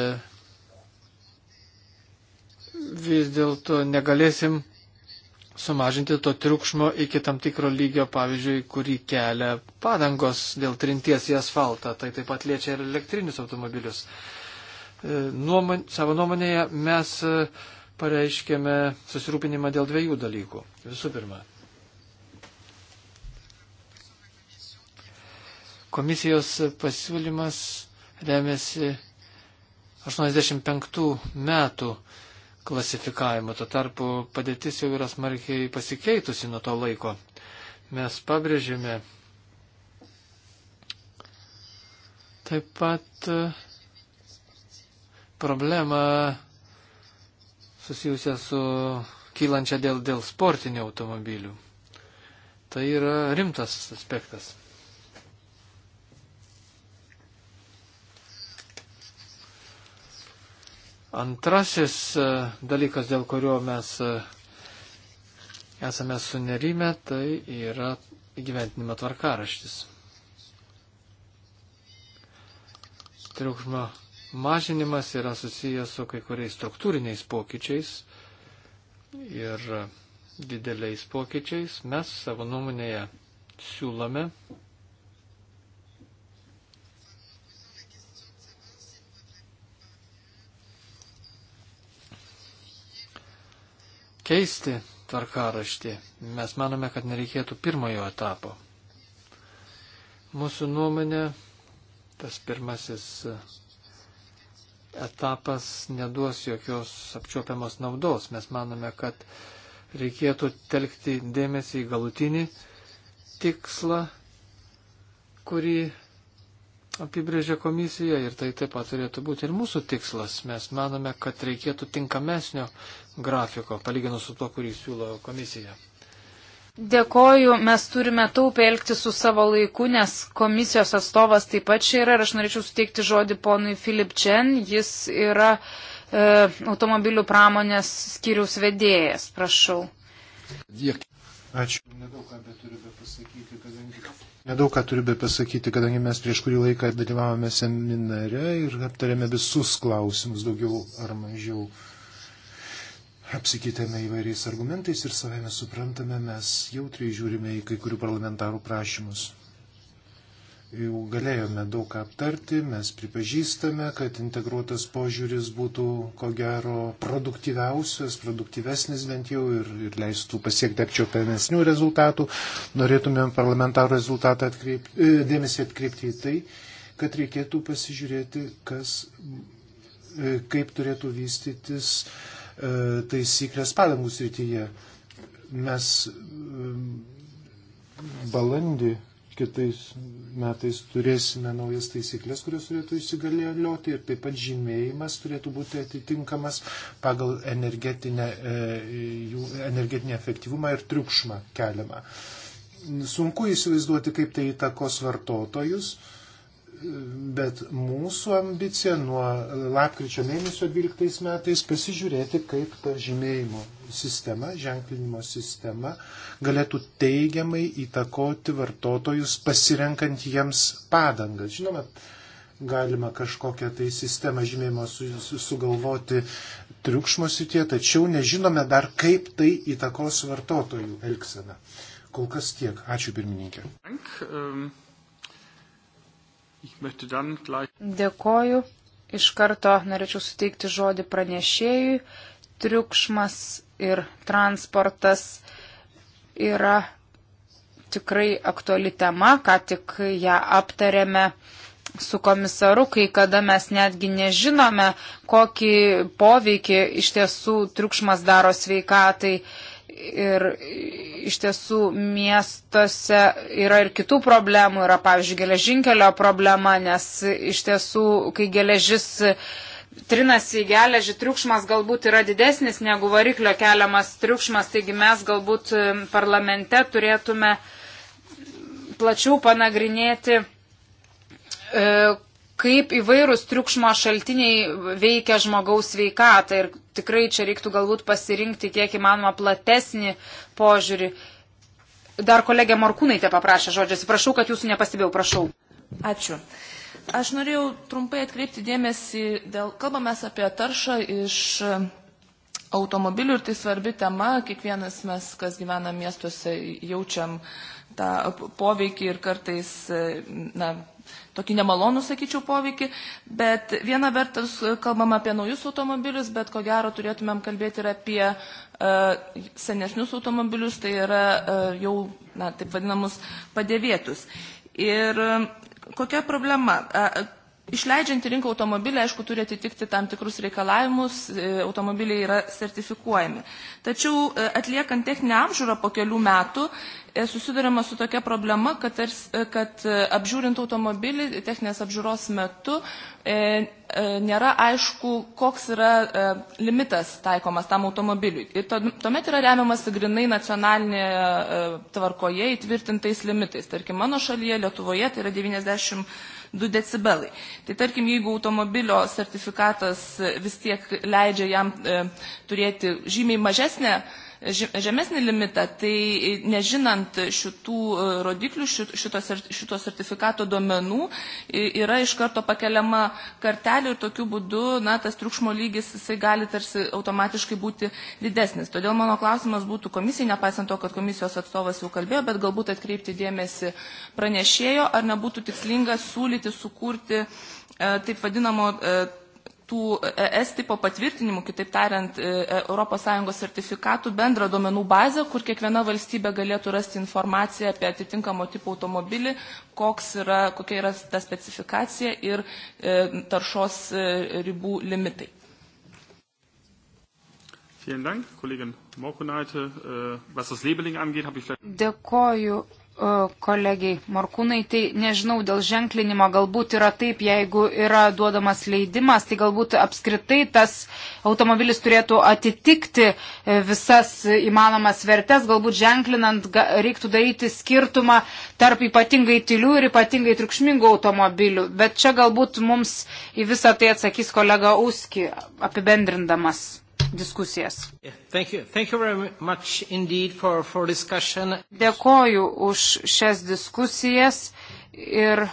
vis dėlto negalėsim sumažinti to triukšmo iki tam tikro lygio, pavyzdžiui, kurį kelia padangos dėl trinties į asfaltą. Tai taip pat liečia ir elektrinius automobilius. E, Nuoman, savo nuomonėje mes e, pareiškėme susirūpinimą dėl dviejų dalykų. Visų pirma, komisijos pasiūlymas remiasi 85 metų klasifikavimo. Tuo tarpu padėtis jau yra smarkiai pasikeitusi nuo to laiko. Mes pabrėžėme taip pat e, problemą susijusią su kylančia dėl, dėl sportinių automobilių. Tai yra rimtas aspektas. Antrasis e, dalykas, dėl kurio mes e, esame sunerime, tai yra gyventinimo tvarkaraštis. Triukšmo mažinimas yra susijęs su kai kuriais struktūriniais pokyčiais ir e, dideliais pokyčiais. Mes savo nuomonėje siūlome keisti tvarkaraštį, mes manome, kad nereikėtų pirmojo etapo. Mūsų nuomonė, tas pirmasis etapas neduos jokios apčiopiamos naudos. Mes manome, kad reikėtų telkti dėmesį į galutinį tikslą, kurį apibrėžia komisija ir tai taip pat turėtų būti ir mūsų tikslas. Mes manome, kad reikėtų tinkamesnio grafiko, palyginus su to, kurį siūlo komisija. Dėkoju, mes turime taupę elgti su savo laiku, nes komisijos atstovas taip pat čia yra ir aš norėčiau suteikti žodį ponui Filip Čen, jis yra e, automobilių pramonės skiriaus vedėjas, prašau. Dirk. Ačiū. Nedaug ką turiu pasakyti, kadangi, nedaug ką turiu pasakyti, kadangi mes prieš kurį laiką dalyvavome seminare ir aptarėme visus klausimus, daugiau ar mažiau. Apsikeitėme įvairiais argumentais ir savame suprantame, mes jautriai žiūrime į kai kurių parlamentarų prašymus jau galėjome daug ką aptarti, mes pripažįstame, kad integruotas požiūris būtų ko gero produktyviausias, produktyvesnis bent jau ir, ir leistų pasiekti apčiopiamesnių rezultatų. Norėtumėm parlamentarų rezultatą atkreipti, e, dėmesį atkreipti į tai, kad reikėtų pasižiūrėti, kas, e, kaip turėtų vystytis e, taisyklės padangų srityje. Mes balandį kitais metais turėsime naujas taisyklės, kurios turėtų įsigalioti ir taip pat žymėjimas turėtų būti atitinkamas pagal energetinę, e, jų energetinį efektyvumą ir triukšmą keliamą. Sunku įsivaizduoti, kaip tai įtakos vartotojus. E, bet mūsų ambicija nuo lapkričio mėnesio 12 metais pasižiūrėti, kaip ta žymėjimo sistema, ženklinimo sistema galėtų teigiamai įtakoti vartotojus pasirenkant jiems padangas. Žinoma, galima kažkokią tai sistemą žymėjimo su, su, sugalvoti triukšmo sitie, tačiau nežinome dar, kaip tai įtakos vartotojų elgseną. Kol kas tiek. Ačiū pirmininkė. Dank, um... Dėkoju. Iš karto norėčiau suteikti žodį pranešėjui. Triukšmas ir transportas yra tikrai aktuali tema, ką tik ją aptarėme su komisaru, kai kada mes netgi nežinome, kokį poveikį iš tiesų triukšmas daro sveikatai. Tai Ir iš tiesų miestuose yra ir kitų problemų, yra pavyzdžiui geležinkelio problema, nes iš tiesų, kai geležis trinasi į geležį, triukšmas galbūt yra didesnis negu variklio keliamas triukšmas, taigi mes galbūt parlamente turėtume plačiau panagrinėti, e, kaip įvairūs triukšmo šaltiniai veikia žmogaus sveikatą ir tikrai čia reiktų galbūt pasirinkti kiek įmanoma platesnį požiūrį. Dar kolegė Morkūnaitė paprašė žodžius. Prašau, kad jūsų nepastebėjau, prašau. Ačiū. Aš norėjau trumpai atkreipti dėmesį, dėl, kalbame apie taršą iš automobilių ir tai svarbi tema, kiekvienas mes, kas gyvena miestuose, jaučiam tą poveikį ir kartais na, tokį nemalonų, sakyčiau, poveikį, bet viena vertus e, kalbam apie naujus automobilius, bet ko gero turėtumėm kalbėti ir apie uh, senesnius automobilius, tai yra uh, jau, na, taip vadinamus, padėvėtus. Ir uh, kokia problema? Uh, Išleidžiant į rinką automobilį, aišku, turi atitikti tam tikrus reikalavimus, e, automobiliai yra sertifikuojami. Tačiau e, atliekant techninę apžiūrą po kelių metų e, susidurima su tokia problema, kad, ars, kad apžiūrint automobilį techninės apžiūros metu e, e, nėra aišku, koks yra e, limitas taikomas tam automobiliui. Ir to, tuomet yra remiamas grinai nacionalinė e, tvarkoje įtvirtintais limitais. Tarkim, mano šalyje, Lietuvoje, tai yra 90 2 decibelai. Tai tarkim, jeigu automobilio sertifikatas vis tiek leidžia jam e, turėti žymiai mažesnę žemesnį limitą, tai nežinant šitų e, rodiklių, šito, šito sertifikato duomenų, yra iš karto pakeliama kartelė ir tokiu būdu na, tas triukšmo lygis jisai gali tarsi automatiškai būti didesnis. Todėl mano klausimas būtų komisijai, nepaisant to, kad komisijos atstovas jau kalbėjo, bet galbūt atkreipti dėmesį pranešėjo, ar nebūtų tikslinga siūlyti sukurti e, taip vadinamo e, tų e, ES tipo patvirtinimų, kitaip tariant, ES e, sertifikatų bendrą duomenų bazę, kur kiekviena valstybė galėtų rasti informaciją apie atitinkamo tipo automobilį, yra, kokia yra ta specifikacija ir e, taršos ribų limitai. Vielen Dank, Kollegin Morkunaite. Äh, was das Labeling angeht, habe ich vielleicht. Dėkoju kolegiai Morkūnai, tai nežinau, dėl ženklinimo galbūt yra taip, jeigu yra duodamas leidimas, tai galbūt apskritai tas automobilis turėtų atitikti e, visas įmanomas vertes, galbūt ženklinant reiktų daryti skirtumą tarp ypatingai tylių ir ypatingai triukšmingų automobilių. Bet čia galbūt mums į visą tai atsakys kolega Uski apibendrindamas diskusijas. Thank you. Thank you for, for discussion. Dėkoju už šias diskusijas ir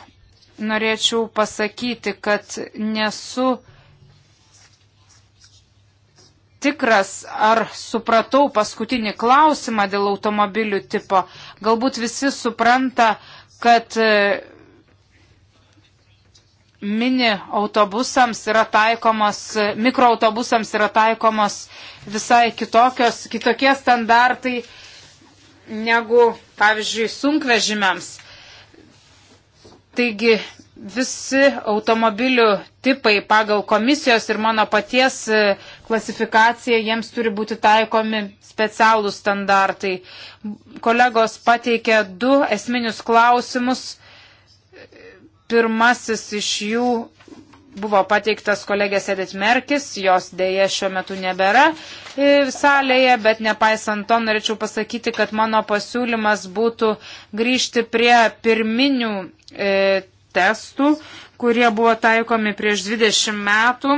norėčiau pasakyti, kad nesu tikras, ar supratau paskutinį klausimą dėl automobilių tipo. Galbūt visi supranta, kad mini autobusams yra taikomos, mikroautobusams yra taikomos visai kitokios, kitokie standartai negu, pavyzdžiui, sunkvežimiams. Taigi visi automobilių tipai pagal komisijos ir mano paties e, klasifikaciją jiems turi būti taikomi specialūs standartai. Kolegos pateikė du esminius klausimus Pirmasis iš jų buvo pateiktas kolegės Edith Merkis, jos dėje šiuo metu nebėra salėje, bet nepaisant to norėčiau pasakyti, kad mano pasiūlymas būtų grįžti prie pirminių e, testų, kurie buvo taikomi prieš 20 metų.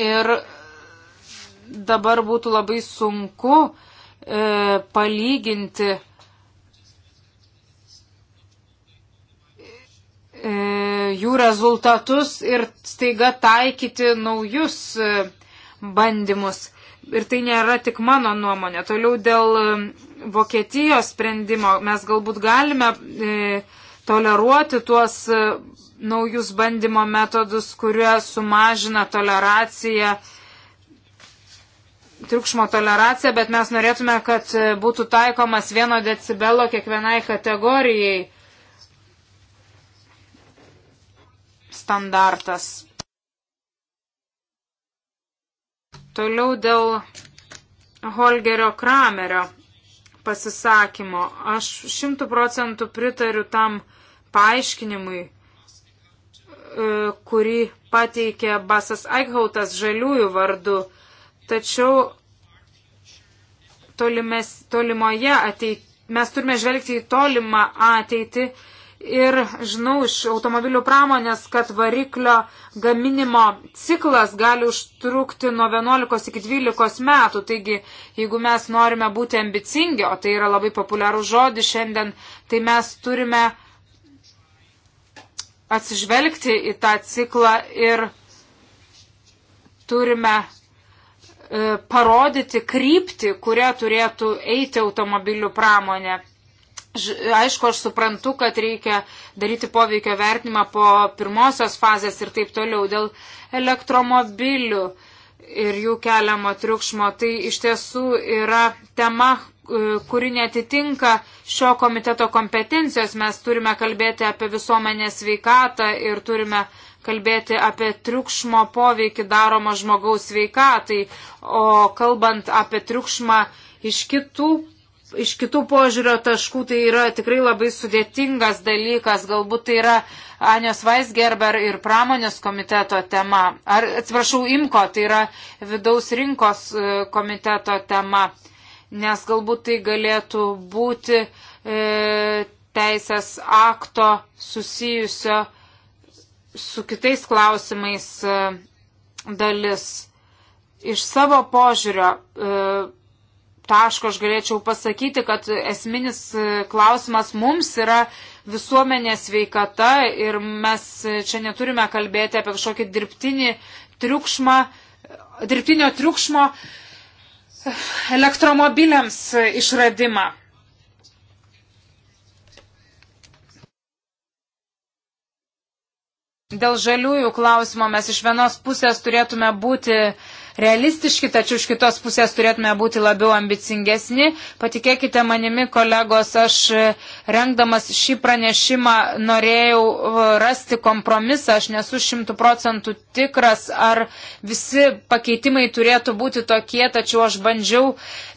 Ir dabar būtų labai sunku e, palyginti E, jų rezultatus ir staiga taikyti naujus e, bandymus. Ir tai nėra tik mano nuomonė. Toliau dėl e, Vokietijos sprendimo mes galbūt galime toleruoti tuos naujus bandymo metodus, kurie sumažina toleraciją, triukšmo toleraciją, bet mes norėtume, kad būtų taikomas vieno decibelo kiekvienai kategorijai standartas. Toliau dėl Holgerio Kramerio pasisakymo. Aš šimtų procentų pritariu tam paaiškinimui, e, kurį pateikė Basas Aikhautas žaliųjų vardu. Tačiau tolimes, tolimoje ateityje mes turime žvelgti į tolimą ateitį Ir žinau iš automobilių pramonės, kad variklio gaminimo ciklas gali užtrukti nuo 11 iki 12 metų. Taigi, jeigu mes norime būti ambicingi, o tai yra labai populiarų žodį šiandien, tai mes turime atsižvelgti į tą ciklą ir turime e, parodyti kryptį, kurią turėtų eiti automobilių pramonė. Aišku, aš suprantu, kad reikia daryti poveikio vertinimą po pirmosios fazės ir taip toliau dėl elektromobilių ir jų keliamo triukšmo. Tai iš tiesų yra tema, e, kuri netitinka šio komiteto kompetencijos. Mes turime kalbėti apie visuomenės veikatą ir turime kalbėti apie triukšmo poveikį daromą žmogaus veikatai. O kalbant apie triukšmą iš kitų iš kitų požiūrio taškų tai yra tikrai labai sudėtingas dalykas, galbūt tai yra Anios Vaisgerber ir pramonės komiteto tema, ar atsiprašau, IMKO, tai yra vidaus rinkos e, komiteto tema, nes galbūt tai galėtų būti e, teisės akto susijusio su kitais klausimais e, dalis. Iš savo požiūrio e, taško aš galėčiau pasakyti, kad esminis e, klausimas mums yra visuomenės veikata ir mes e, čia neturime kalbėti apie kažkokį dirbtinį triukšmą, e, dirbtinio triukšmo elektromobiliams išradimą. Dėl žaliųjų klausimo mes iš vienos pusės turėtume būti uh, realistiški, tačiau iš kitos pusės turėtume būti labiau ambicingesni. Patikėkite manimi, kolegos, aš e, rengdamas šį pranešimą norėjau e, rasti kompromisą. Aš nesu šimtų procentų tikras, ar visi pakeitimai turėtų būti tokie, tačiau aš bandžiau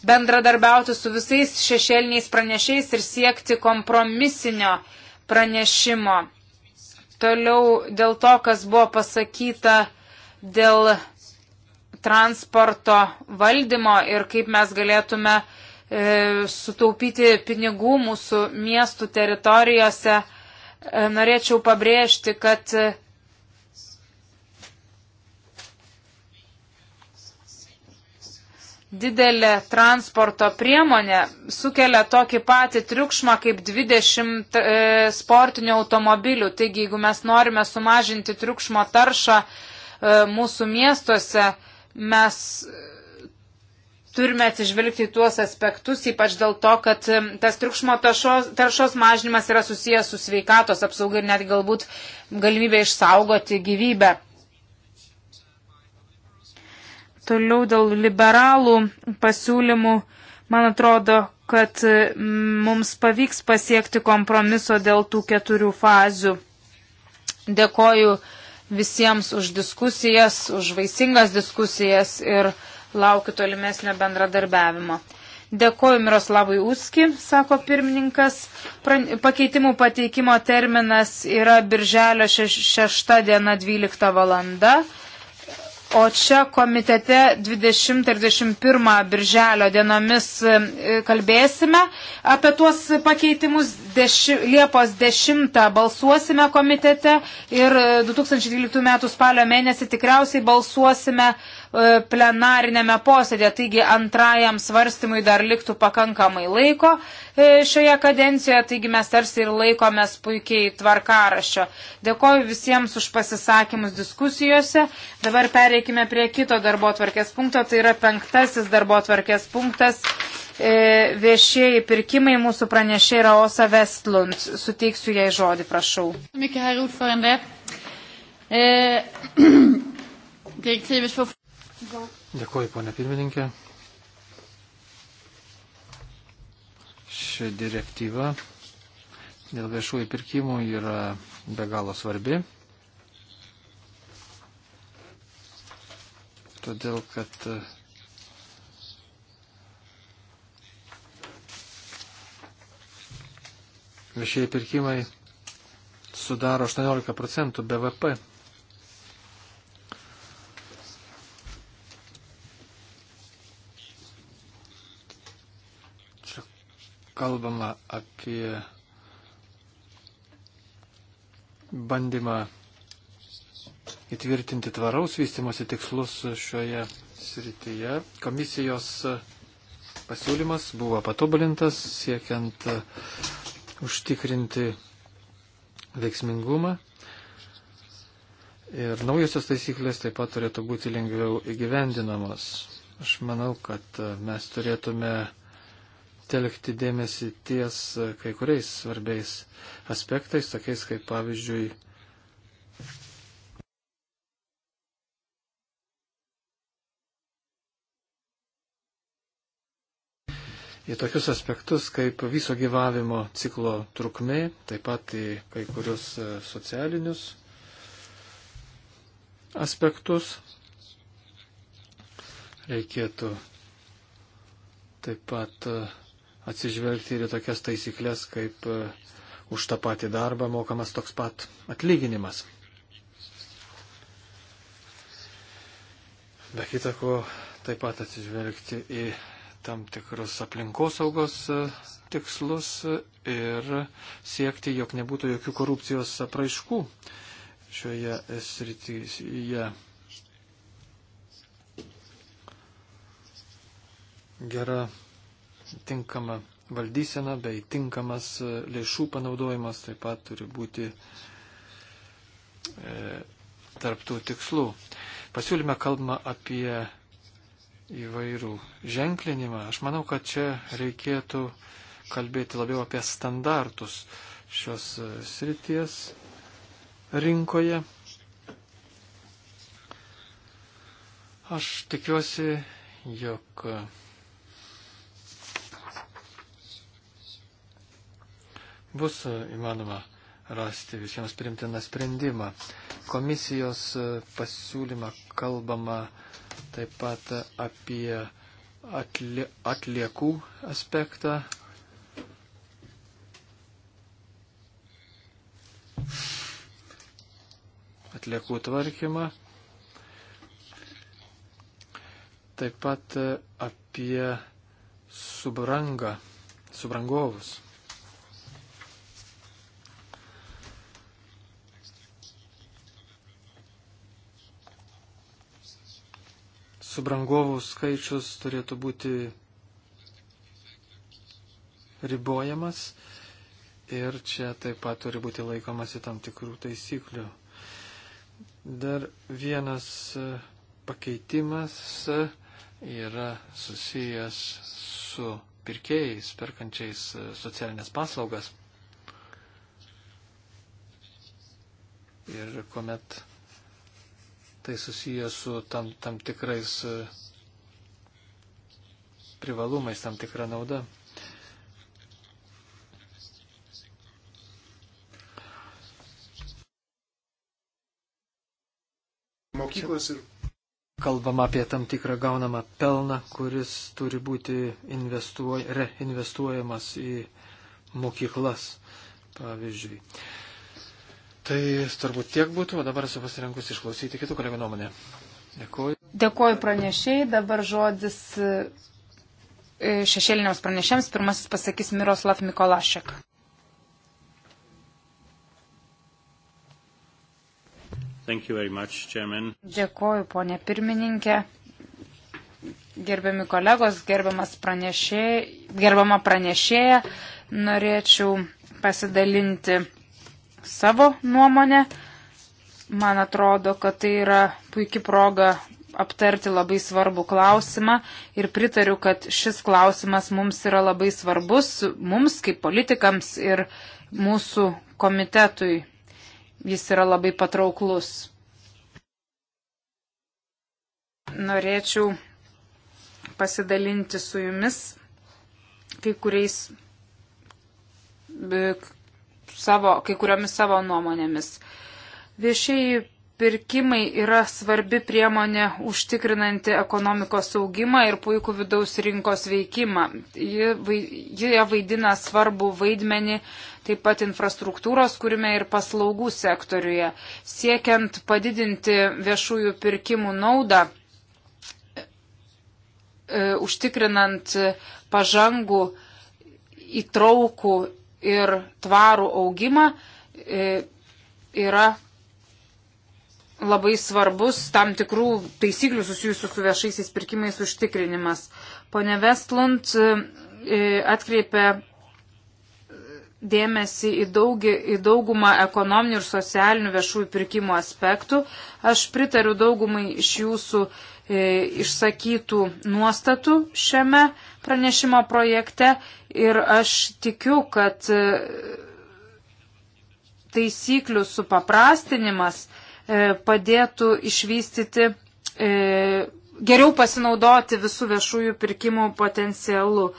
bendradarbiauti su visais šešėliniais pranešiais ir siekti kompromisinio pranešimo toliau dėl to, kas buvo pasakyta dėl transporto valdymo ir kaip mes galėtume e, sutaupyti pinigų mūsų miestų teritorijose, e, norėčiau pabrėžti, kad e, didelė transporto priemonė sukelia tokį patį triukšmą kaip 20 e, sportinių automobilių. Taigi, jeigu mes norime sumažinti triukšmo taršą e, mūsų miestuose, e, mes turime atsižvelgti į tuos aspektus, ypač dėl to, kad tas triukšmo taršos, taršos mažinimas yra susijęs su sveikatos apsauga ir net galbūt galimybė išsaugoti gyvybę. Toliau dėl liberalų pasiūlymų, man atrodo, kad mums pavyks pasiekti kompromiso dėl tų keturių fazių. Dėkoju visiems už diskusijas, už vaisingas diskusijas ir laukiu tolimesnio bendradarbiavimo. Dėkoju Miroslavui Uski, sako pirmininkas. Pakeitimų pateikimo terminas yra birželio 6 diena 12 valanda. O čia komitete 20 ir 21 birželio dienomis e, kalbėsime apie tuos pakeitimus. Deši, Liepos 10 balsuosime komitete ir 2012 e, m. spalio mėnesį tikriausiai balsuosime uh, E, plenarinėme posėdė, taigi antrajam svarstymui dar liktų pakankamai laiko e, šioje kadencijoje, taigi mes tarsi ir laikomės puikiai tvarkaraščio. Dėkoju visiems už pasisakymus diskusijose. Dabar pereikime prie kito darbo tvarkės punkto, tai yra penktasis darbo tvarkės punktas. E, viešieji pirkimai mūsų pranešė yra Osa Vestlund. Suteiksiu jai žodį, prašau. Eh, [clears throat] Direktyvas for Dėkuoju, ponė pirmininkė. Ši direktyva dėl viešųjų pirkimų yra be galo svarbi. Todėl, kad uh, viešieji pirkimai sudaro 18 procentų BVP kalbama apie bandymą įtvirtinti tvaraus vystimosi tikslus šioje srityje. Komisijos pasiūlymas buvo patobulintas siekiant užtikrinti veiksmingumą. Ir naujosios taisyklės taip pat turėtų būti lengviau įgyvendinamos. Aš manau, kad mes turėtume telkti dėmesį ties e, kai kuriais svarbiais aspektais, tokiais kaip pavyzdžiui į tokius aspektus kaip viso gyvavimo ciklo trukmė, taip pat į kai kurius e, socialinius aspektus. Reikėtų taip pat uh, atsižvelgti ir į tokias taisyklės, kaip e, už tą patį darbą mokamas toks pat atlyginimas. Be kitako, taip pat atsižvelgti į tam tikrus aplinkosaugos e, tikslus e, ir siekti, jog nebūtų jokių korupcijos apraiškų šioje srityje. Gera tinkama valdysena bei tinkamas e, lėšų panaudojimas taip pat turi būti e, tarptų tikslų. Pasiūlyme kalbama apie įvairių ženklinimą. Aš manau, kad čia reikėtų kalbėti labiau apie standartus šios e, srities rinkoje. Aš tikiuosi, jog bus įmanoma rasti visiems primtiną sprendimą. Komisijos pasiūlymą kalbama taip pat apie atli atliekų aspektą. Atliekų tvarkymą. Taip pat apie subrangą, subrangovus. subrangovų skaičius turėtų būti ribojamas ir čia taip pat turi būti laikomasi tam tikrų taisyklių. Dar vienas e, pakeitimas e, yra susijęs su pirkėjais, perkančiais e, socialinės paslaugas. Ir kuomet tai susiję su tam, tam tikrais e, privalumais, tam tikra nauda. Mokyklos ir. Kalbam apie tam tikrą gaunamą pelną, kuris turi būti reinvestuojamas į mokyklas, pavyzdžiui. Tai turbūt tiek būtų, o dabar esu pasirenkus išklausyti kitų kolegų nuomonę. Dėkuoju. Dėkuoju pranešiai, dabar žodis e, šešėliniams pranešėms, pirmasis pasakys Miroslav Mikolašek. Much, chairman. Dėkuoju, ponė pirmininkė. Gerbiami kolegos, gerbiamas pranešė, gerbiama pranešėja, norėčiau pasidalinti savo nuomonę. Man atrodo, kad tai yra puikia proga aptarti labai svarbų klausimą ir pritariu, kad šis klausimas mums yra labai svarbus, mums kaip politikams ir mūsų komitetui jis yra labai patrauklus. Norėčiau pasidalinti su jumis kai kuriais savo, kai kuriomis savo nuomonėmis. Viešieji pirkimai yra svarbi priemonė užtikrinanti ekonomikos augimą ir puikų vidaus rinkos veikimą. Ji, jie vaidina svarbų vaidmenį taip pat infrastruktūros kūrime ir paslaugų sektoriuje. Siekiant padidinti viešųjų pirkimų naudą, e, užtikrinant pažangų įtraukų ir tvarų augimą e, yra labai svarbus tam tikrų taisyklių susijusių su viešaisiais pirkimais užtikrinimas. Pone Vestlund e, e, atkreipė dėmesį į, daug, į daugumą ekonominių ir socialinių viešųjų pirkimų aspektų. Aš pritariu daugumai iš jūsų e, išsakytų nuostatų šiame pranešimo projekte ir aš tikiu, kad e, taisyklių supaprastinimas e, padėtų išvystyti, e, geriau pasinaudoti visų viešųjų pirkimų potencialu.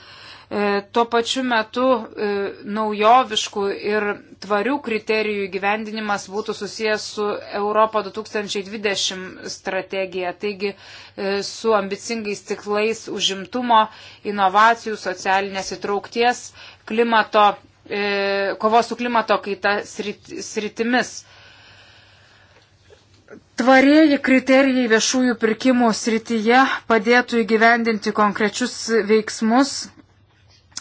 E, tuo pačiu metu e, naujoviškų ir tvarių kriterijų gyvendinimas būtų susijęs su Europo 2020 strategija, taigi e, su ambicingais tiklais užimtumo, inovacijų, socialinės įtraukties, klimato, kovos su klimato kaita sritimis. Tvarieji kriterijai viešųjų pirkimų srityje padėtų įgyvendinti konkrečius veiksmus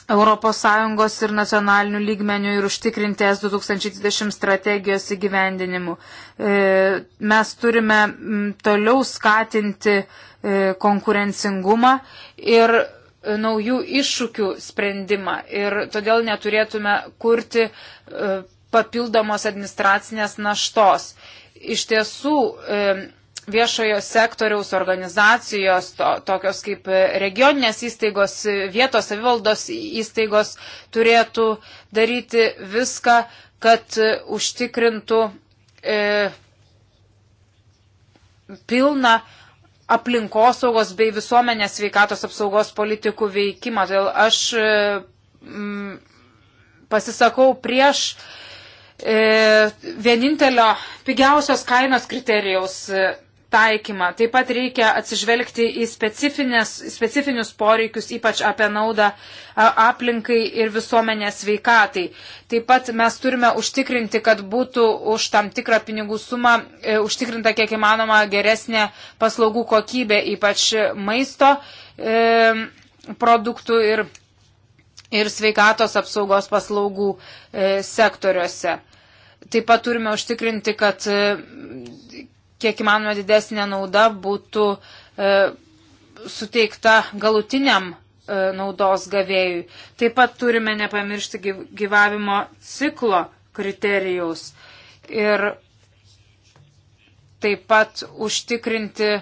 ES ir nacionalinių lygmenių ir užtikrinti S 2020 strategijos įgyvendinimu. E, mes turime toliau skatinti e, konkurencingumą ir e, naujų iššūkių sprendimą ir todėl neturėtume kurti papildomos administracinės naštos. Iš tiesų, viešojo sektoriaus organizacijos, to, tokios kaip regioninės įstaigos, vietos savivaldos įstaigos turėtų daryti viską, kad užtikrintų e, pilną aplinkosaugos bei visuomenės sveikatos apsaugos politikų veikimą. Todėl aš mm, pasisakau prieš e, vienintelio pigiausios kainos kriterijaus e, taikymą. Taip pat reikia atsižvelgti į specifinius poreikius, ypač apie naudą aplinkai ir visuomenės veikatai. Taip pat mes turime užtikrinti, kad būtų už tam tikrą pinigų sumą e, užtikrinta kiek įmanoma geresnė paslaugų kokybė, ypač maisto e, produktų ir, ir sveikatos apsaugos paslaugų e, sektoriuose. Taip pat turime užtikrinti, kad e, kiek įmanoma didesnė nauda būtų e, suteikta galutiniam e, naudos gavėjui. Taip pat turime nepamiršti gyvavimo ciklo kriterijaus ir taip pat užtikrinti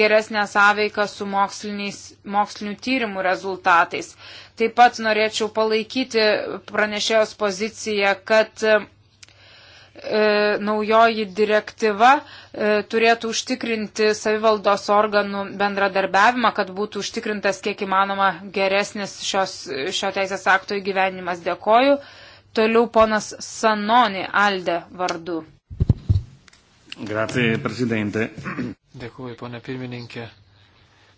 geresnę sąveiką su mokslinių tyrimų rezultatais. Taip pat norėčiau palaikyti pranešėjos poziciją, kad E, naujoji direktyva e, turėtų užtikrinti savivaldos organų bendradarbiavimą, kad būtų užtikrintas kiek įmanoma geresnis šios, šio teisės akto įgyvenimas. Dėkoju. Toliau ponas Sanoni Alde vardu. Grazie, prezidente. Dėkuoju, ponė pirmininkė.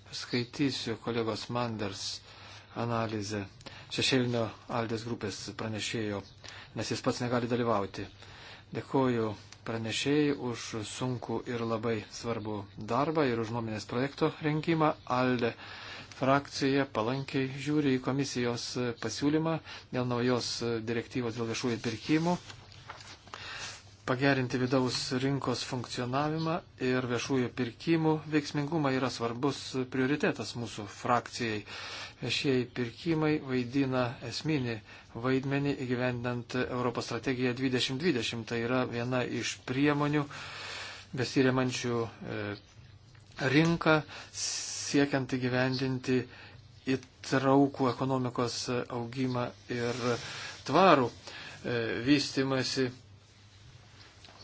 Paskaitysiu kolegos Manders analizę šešėlinio Aldės grupės pranešėjo, nes jis pats negali dalyvauti. Uh, Dėkuoju pranešėjai už sunku ir labai svarbu darbą ir už nuomonės projekto rengimą. Alde frakcija palankiai žiūri į komisijos pasiūlymą dėl naujos direktyvos dėl viešųjų pirkimų pagerinti vidaus rinkos funkcionavimą ir viešųjų pirkimų veiksmingumą yra svarbus prioritetas mūsų frakcijai. Viešieji pirkimai vaidina esminį vaidmenį įgyvendinant Europos strategiją 2020. Tai yra viena iš priemonių besiremančių e, rinką siekiant įgyvendinti įtraukų ekonomikos augimą ir tvarų e, vystimasi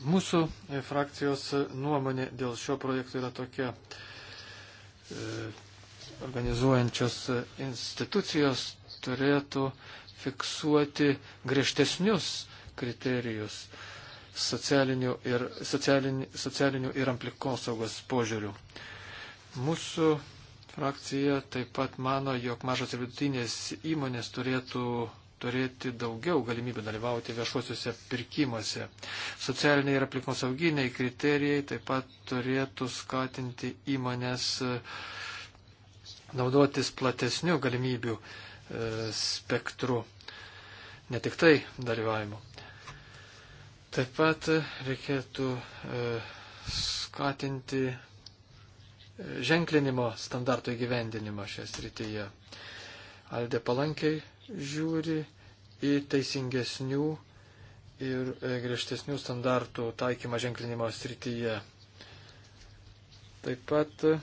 Mūsų e, frakcijos e, nuomonė dėl šio projekto yra tokia. E, organizuojančios institucijos turėtų fiksuoti griežtesnius kriterijus socialinių ir, socialinių, socialinių ir aplinkosaugos požiūrių. Mūsų frakcija taip pat mano, jog mažos ir vidutinės įmonės turėtų turėti daugiau galimybių dalyvauti viešuosiuose pirkimuose. Socialiniai ir aplinkosauginiai kriterijai taip pat turėtų skatinti įmonės e, naudotis platesnių galimybių e, spektru, ne tik tai dalyvavimu. Taip pat e, reikėtų skatinti ženklinimo standarto įgyvendinimą šią srityje. Aldė palankiai žiūri į teisingesnių ir e, griežtesnių standartų taikymą ženklinimo srityje. Taip pat e,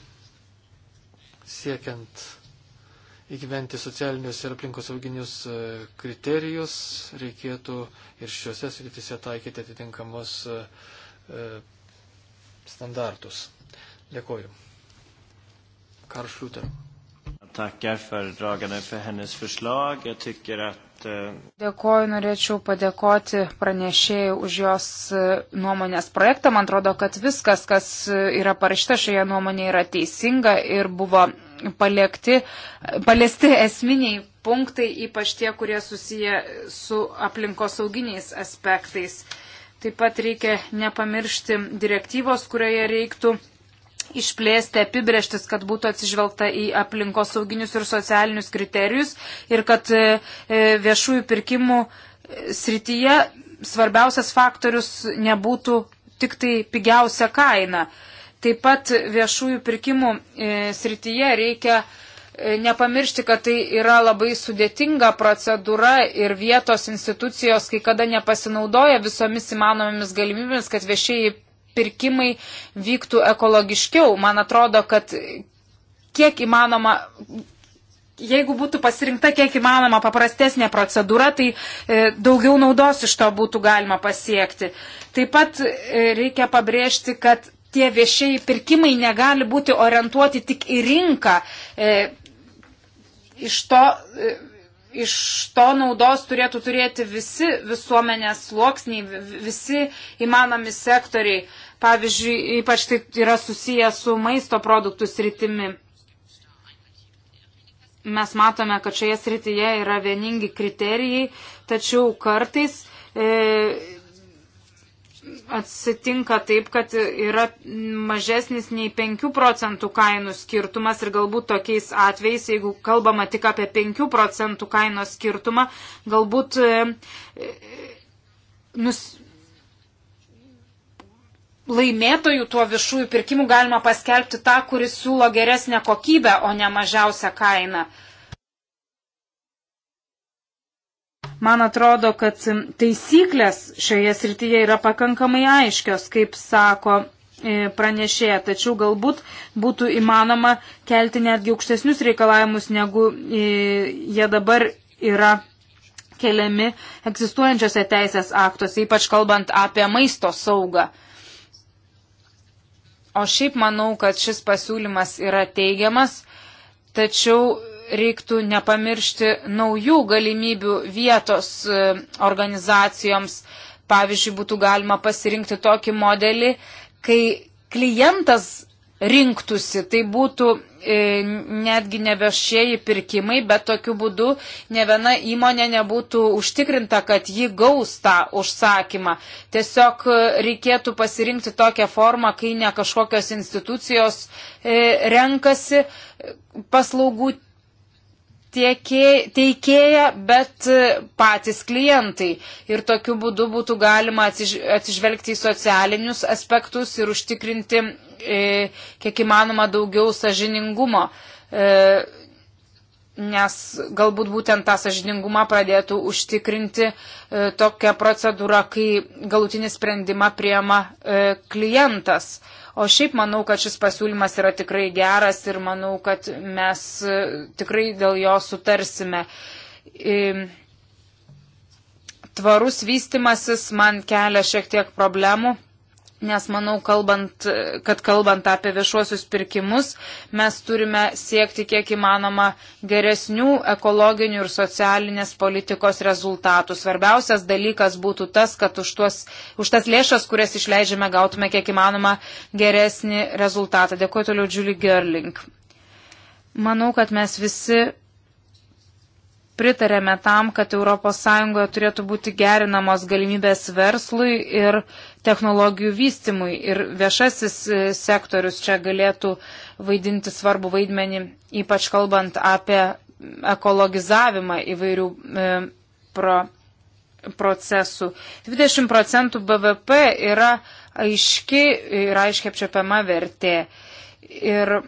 siekiant įgyventi socialinius ir aplinkosauginius e, kriterijus, reikėtų ir šiuose srityse taikyti atitinkamus standartus. Dėkoju. Karšliuter tackar föredragande för hennes förslag. Jag tycker att... Eh, Dėkoju, norėčiau padėkoti pranešėjai už jos eh, nuomonės projektą. Man atrodo, kad viskas, kas eh, yra parašyta šioje nuomonėje, yra teisinga ir buvo paliekti, paliesti esminiai punktai, ypač tie, kurie susiję su aplinkosauginiais aspektais. Taip pat reikia nepamiršti direktyvos, kurioje reiktų išplėsti apibrieštis, kad būtų atsižvelgta į aplinkos sauginius ir socialinius kriterijus ir kad e, e, viešųjų pirkimų e, srityje svarbiausias faktorius nebūtų tik tai pigiausia kaina. Taip pat viešųjų pirkimų srityje reikia nepamiršti, kad tai yra labai sudėtinga procedūra ir vietos institucijos kai kada nepasinaudoja visomis įmanomomis galimybėmis, kad viešieji pirkimai vyktų ekologiškiau. Man atrodo, kad kiek įmanoma. Jeigu būtų pasirinkta kiek įmanoma paprastesnė procedūra, tai e, daugiau naudos iš to būtų galima pasiekti. Taip pat e, reikia pabrėžti, kad tie viešieji pirkimai negali būti orientuoti tik į rinką. E, iš to. E, iš to naudos turėtų turėti visi visuomenės sluoksniai, visi įmanomi sektoriai. Pavyzdžiui, ypač tai yra susiję su maisto produktų sritimi. Mes matome, kad šioje srityje yra vieningi kriterijai, tačiau kartais e, atsitinka taip, kad yra mažesnis nei 5 procentų kainų skirtumas ir galbūt tokiais atvejais, jeigu kalbama tik apie 5 procentų kainos skirtumą, galbūt e, e, nus, laimėtojų tuo viešųjų pirkimų galima paskelbti tą, kuris siūlo geresnę kokybę, o ne mažiausią kainą. Uh, Man atrodo, kad taisyklės šioje srityje yra pakankamai aiškios, kaip sako e, pranešėja, tačiau galbūt būtų įmanoma kelti netgi aukštesnius reikalavimus, negu e, jie dabar yra keliami egzistuojančiose teisės aktuose, ypač kalbant apie maisto saugą. O šiaip manau, kad šis pasiūlymas yra teigiamas, tačiau reiktų nepamiršti naujų galimybių vietos e, organizacijoms. Pavyzdžiui, būtų galima pasirinkti tokį modelį, kai klientas rinktųsi, tai būtų e, netgi nebešieji pirkimai, bet tokiu būdu ne viena įmonė nebūtų užtikrinta, kad ji gaus tą užsakymą. Tiesiog e, reikėtų pasirinkti tokią formą, kai ne kažkokios institucijos e, renkasi e, paslaugų teikėja, bet e, patys klientai. Ir tokiu būdu būtų galima atsiž atsižvelgti į socialinius aspektus ir užtikrinti e, kiek įmanoma daugiau sažiningumo. E, nes galbūt būtent tą sažiningumą pradėtų užtikrinti e, tokia procedūra, kai galutinį sprendimą priema e, klientas. E, O šiaip manau, kad šis pasiūlymas yra tikrai geras ir manau, kad mes e, tikrai dėl jo sutarsime. E, tvarus vystimasis man kelia šiek tiek problemų nes manau, kalbant, kad kalbant apie viešuosius pirkimus, mes turime siekti kiek įmanoma geresnių ekologinių ir socialinės politikos rezultatų. Svarbiausias dalykas būtų tas, kad už, tuos, už tas lėšas, kurias išleidžiame, gautume kiek įmanoma geresnį rezultatą. Dėkuoju toliau, Julie Gerling. Manau, kad mes visi pritarėme tam, kad ES turėtų būti gerinamos galimybės verslui ir verslui technologijų vystimui ir viešasis e, sektorius čia galėtų vaidinti svarbu vaidmenį, ypač kalbant apie ekologizavimą įvairių e, pro, procesų. 20 procentų BVP yra aiški ir aiškiai apčiopiama vertė. Ir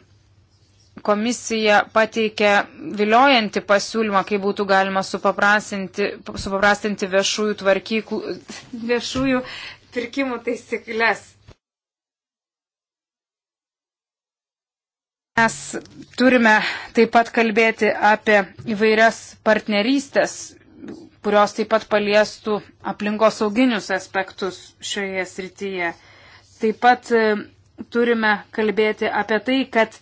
komisija pateikė viliojantį pasiūlymą, kaip būtų galima supaprastinti, supaprastinti viešųjų, tvarkyklų, [laughs] viešųjų pirkimų taisyklės. Mes turime taip pat kalbėti apie įvairias partnerystės, kurios taip pat paliestų aplinkosauginius aspektus šioje srityje. Taip pat e, turime kalbėti apie tai, kad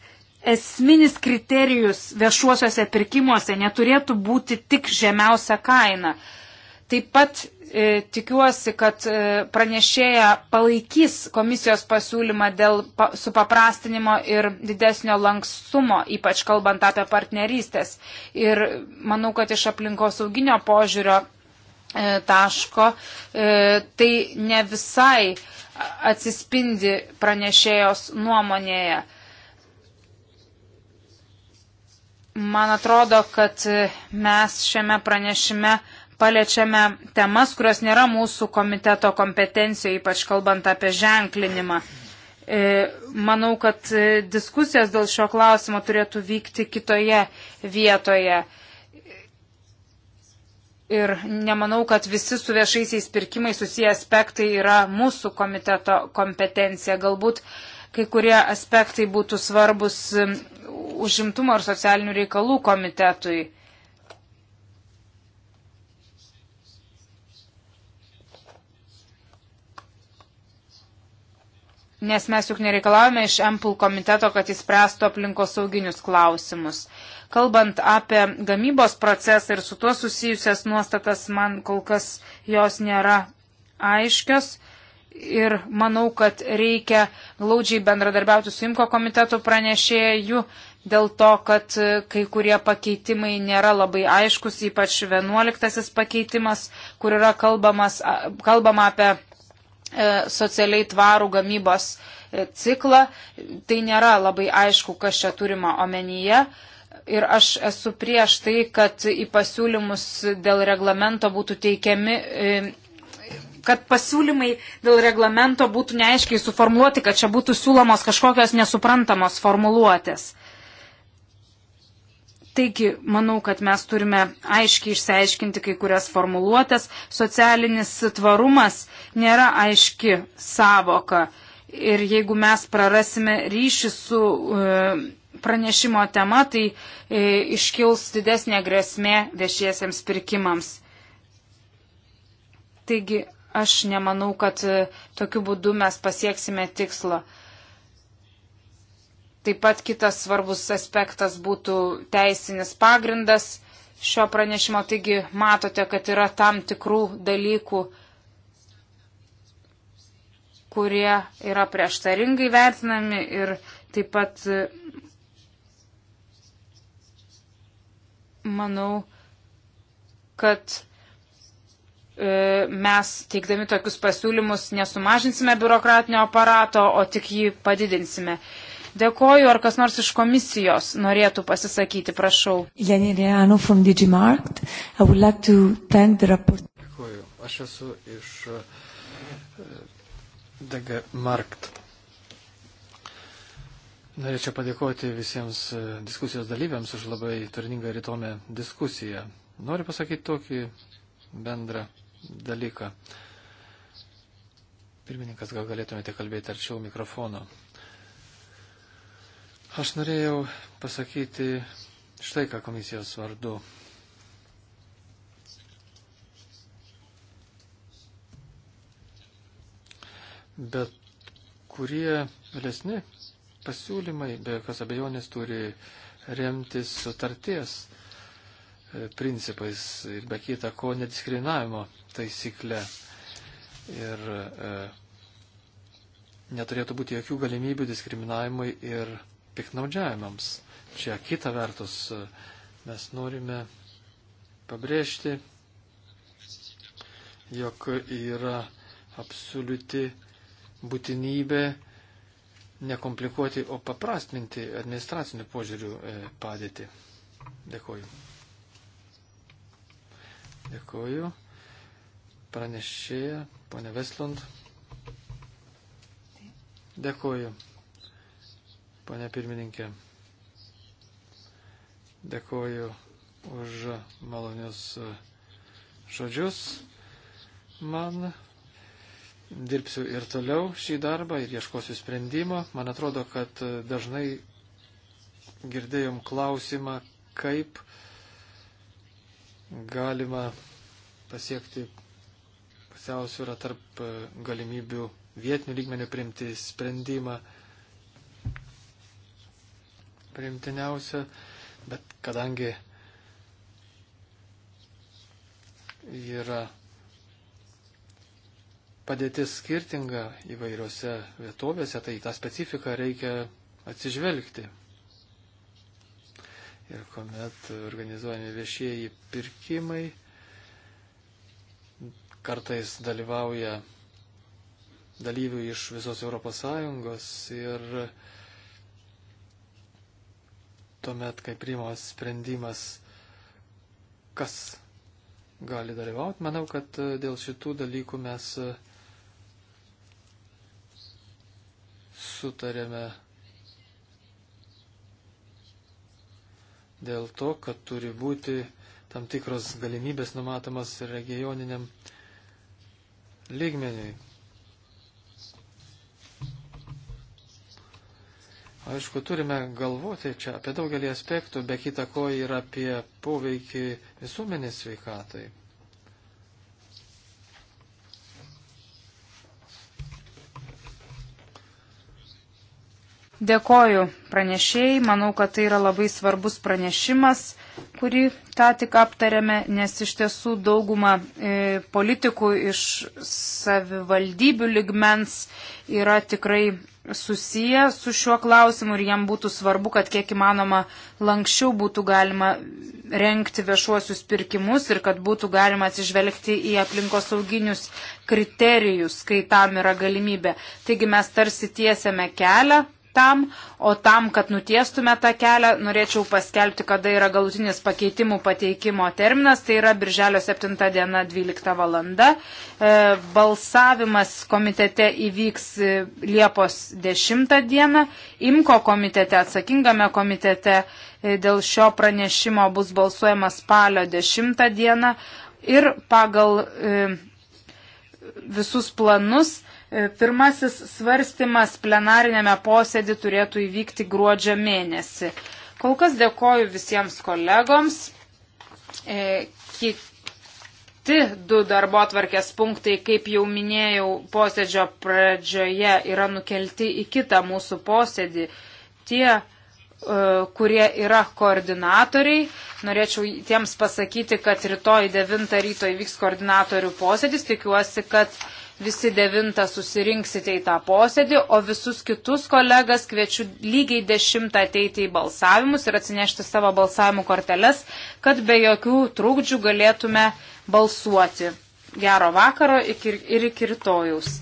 esminis kriterijus viešuosiuose pirkimuose neturėtų būti tik žemiausia kaina. Taip pat e, tikiuosi, kad e, pranešėja palaikys komisijos pasiūlymą dėl pa, supaprastinimo ir didesnio lankstumo, ypač kalbant apie partnerystės. Ir manau, kad iš aplinkos sauginio požiūrio e, taško e, tai ne visai atsispindi pranešėjos nuomonėje. Man atrodo, kad e, mes šiame pranešime e, paliečiame temas, kurios nėra mūsų komiteto kompetencijoje, ypač kalbant apie ženklinimą. E, manau, kad e, diskusijos dėl šio klausimo turėtų vykti kitoje vietoje. Ir nemanau, kad visi su viešaisiais pirkimais susiję aspektai yra mūsų komiteto kompetencija. Galbūt kai kurie aspektai būtų svarbus e, užimtumo ir socialinių reikalų komitetui. nes mes juk nereikalavome iš MPL komiteto, kad jis spręstų aplinkos sauginius klausimus. Kalbant apie gamybos procesą ir su tuo susijusias nuostatas, man kol kas jos nėra aiškios. Ir manau, kad reikia glaudžiai bendradarbiauti su Imko komitetų pranešėjų dėl to, kad e, kai kurie pakeitimai nėra labai aiškus, ypač vienuoliktasis pakeitimas, kur yra kalbamas, kalbama apie E, socialiai tvarų gamybos e, ciklą. Tai nėra labai aišku, kas čia turima omenyje. Ir aš esu prieš tai, kad į pasiūlymus dėl reglamento būtų teikiami e, kad pasiūlymai dėl reglamento būtų neaiškiai suformuoluoti, kad čia būtų siūlomos kažkokios nesuprantamos formuluotės. Taigi, manau, kad mes turime aiškiai išsiaiškinti kai kurias formuluotės. Socialinis tvarumas nėra aiški savoka. Ir jeigu mes prarasime ryšį su e, pranešimo tema, tai e, iškils didesnė grėsmė viešiesiems pirkimams. Taigi, aš nemanau, kad e, tokiu būdu mes pasieksime tikslo. Taip pat kitas svarbus aspektas būtų teisinis pagrindas šio pranešimo. Taigi matote, kad yra tam tikrų dalykų, kurie yra prieštaringai vertinami ir taip pat, manau, kad e, mes teikdami tokius pasiūlymus nesumažinsime biurokratinio aparato, o tik jį padidinsime. Dėkoju, ar kas nors iš komisijos norėtų pasisakyti, prašau. Dėkoju, aš esu iš e, DG Markt. Norėčiau padėkoti visiems e, diskusijos dalyviams už labai turiningą ir įdomią diskusiją. Noriu pasakyti tokį bendrą dalyką. Pirmininkas, gal galėtumėte kalbėti arčiau mikrofono. Aš norėjau pasakyti štai ką komisijos vardu. Bet kurie vėlesni pasiūlymai, be jokios abejonės, turi remtis sutarties e, principais ir be kita ko nediskriminavimo taisyklė. Ir e, neturėtų būti jokių galimybių diskriminavimui ir piknaudžiavimams. Čia kita vertus e, mes norime pabrėžti, jog yra absoliuti būtinybė nekomplikuoti, o paprastinti administracinių požiūrių e, padėtį. Dėkuoju. Dėkuoju. Pranešėja, ponė Veslund. Dėkuoju ponė pirmininkė. Dėkoju už malonius žodžius. Man dirbsiu ir toliau šį darbą ir ieškosiu sprendimo. Man atrodo, kad dažnai girdėjom klausimą, kaip galima pasiekti pusiausvyrą tarp galimybių vietinių lygmenių priimti sprendimą primtiniausia, bet kadangi yra padėtis skirtinga įvairiose vietovėse, tai tą specifiką reikia atsižvelgti. Ir kuomet organizuojami viešieji pirkimai, kartais dalyvauja dalyvių iš visos Europos Sąjungos ir tuomet, kai priimamas sprendimas, kas gali dalyvauti. Manau, kad e, dėl šitų dalykų mes e, sutarėme dėl to, kad turi būti tam tikros galimybės numatomas regioniniam lygmeniui. Aišku, turime galvoti čia apie daugelį aspektų, be kita ko ir apie poveikį visuomenės sveikatai. Dėkoju pranešėjai, manau, kad tai yra labai svarbus pranešimas kurį ką tik aptarėme, nes iš tiesų dauguma e, politikų iš savivaldybių ligmens yra tikrai susiję su šiuo klausimu ir jam būtų svarbu, kad kiek įmanoma lankščiau būtų galima renkti viešuosius pirkimus ir kad būtų galima atsižvelgti į aplinkosauginius kriterijus, kai tam yra galimybė. Taigi mes tarsi tiesiame kelią tam, o tam, kad nutiestume tą kelią, norėčiau paskelbti, kada yra galutinis pakeitimų pateikimo terminas, tai yra birželio 7 diena 12 valanda. E, balsavimas komitete įvyks e, Liepos 10 dieną, IMKO komitete, atsakingame komitete e, dėl šio pranešimo bus balsuojama spalio 10 dieną ir pagal visus planus E, pirmasis svarstymas plenarinėme posėdį turėtų įvykti gruodžio mėnesį. Kol kas dėkoju visiems kolegoms. E, kiti du darbo atvarkės punktai, kaip jau minėjau, posėdžio pradžioje yra nukelti į kitą mūsų posėdį. Tie e, kurie yra koordinatoriai. Norėčiau tiems pasakyti, kad rytoj 9 ryto įvyks koordinatorių posėdis. Tikiuosi, kad visi devinta susirinksite į tą posėdį, o visus kitus kolegas kviečiu lygiai dešimtą ateiti į balsavimus ir atsinešti savo balsavimų korteles, kad be jokių trūkdžių galėtume balsuoti. Gero vakaro ir iki rytojaus.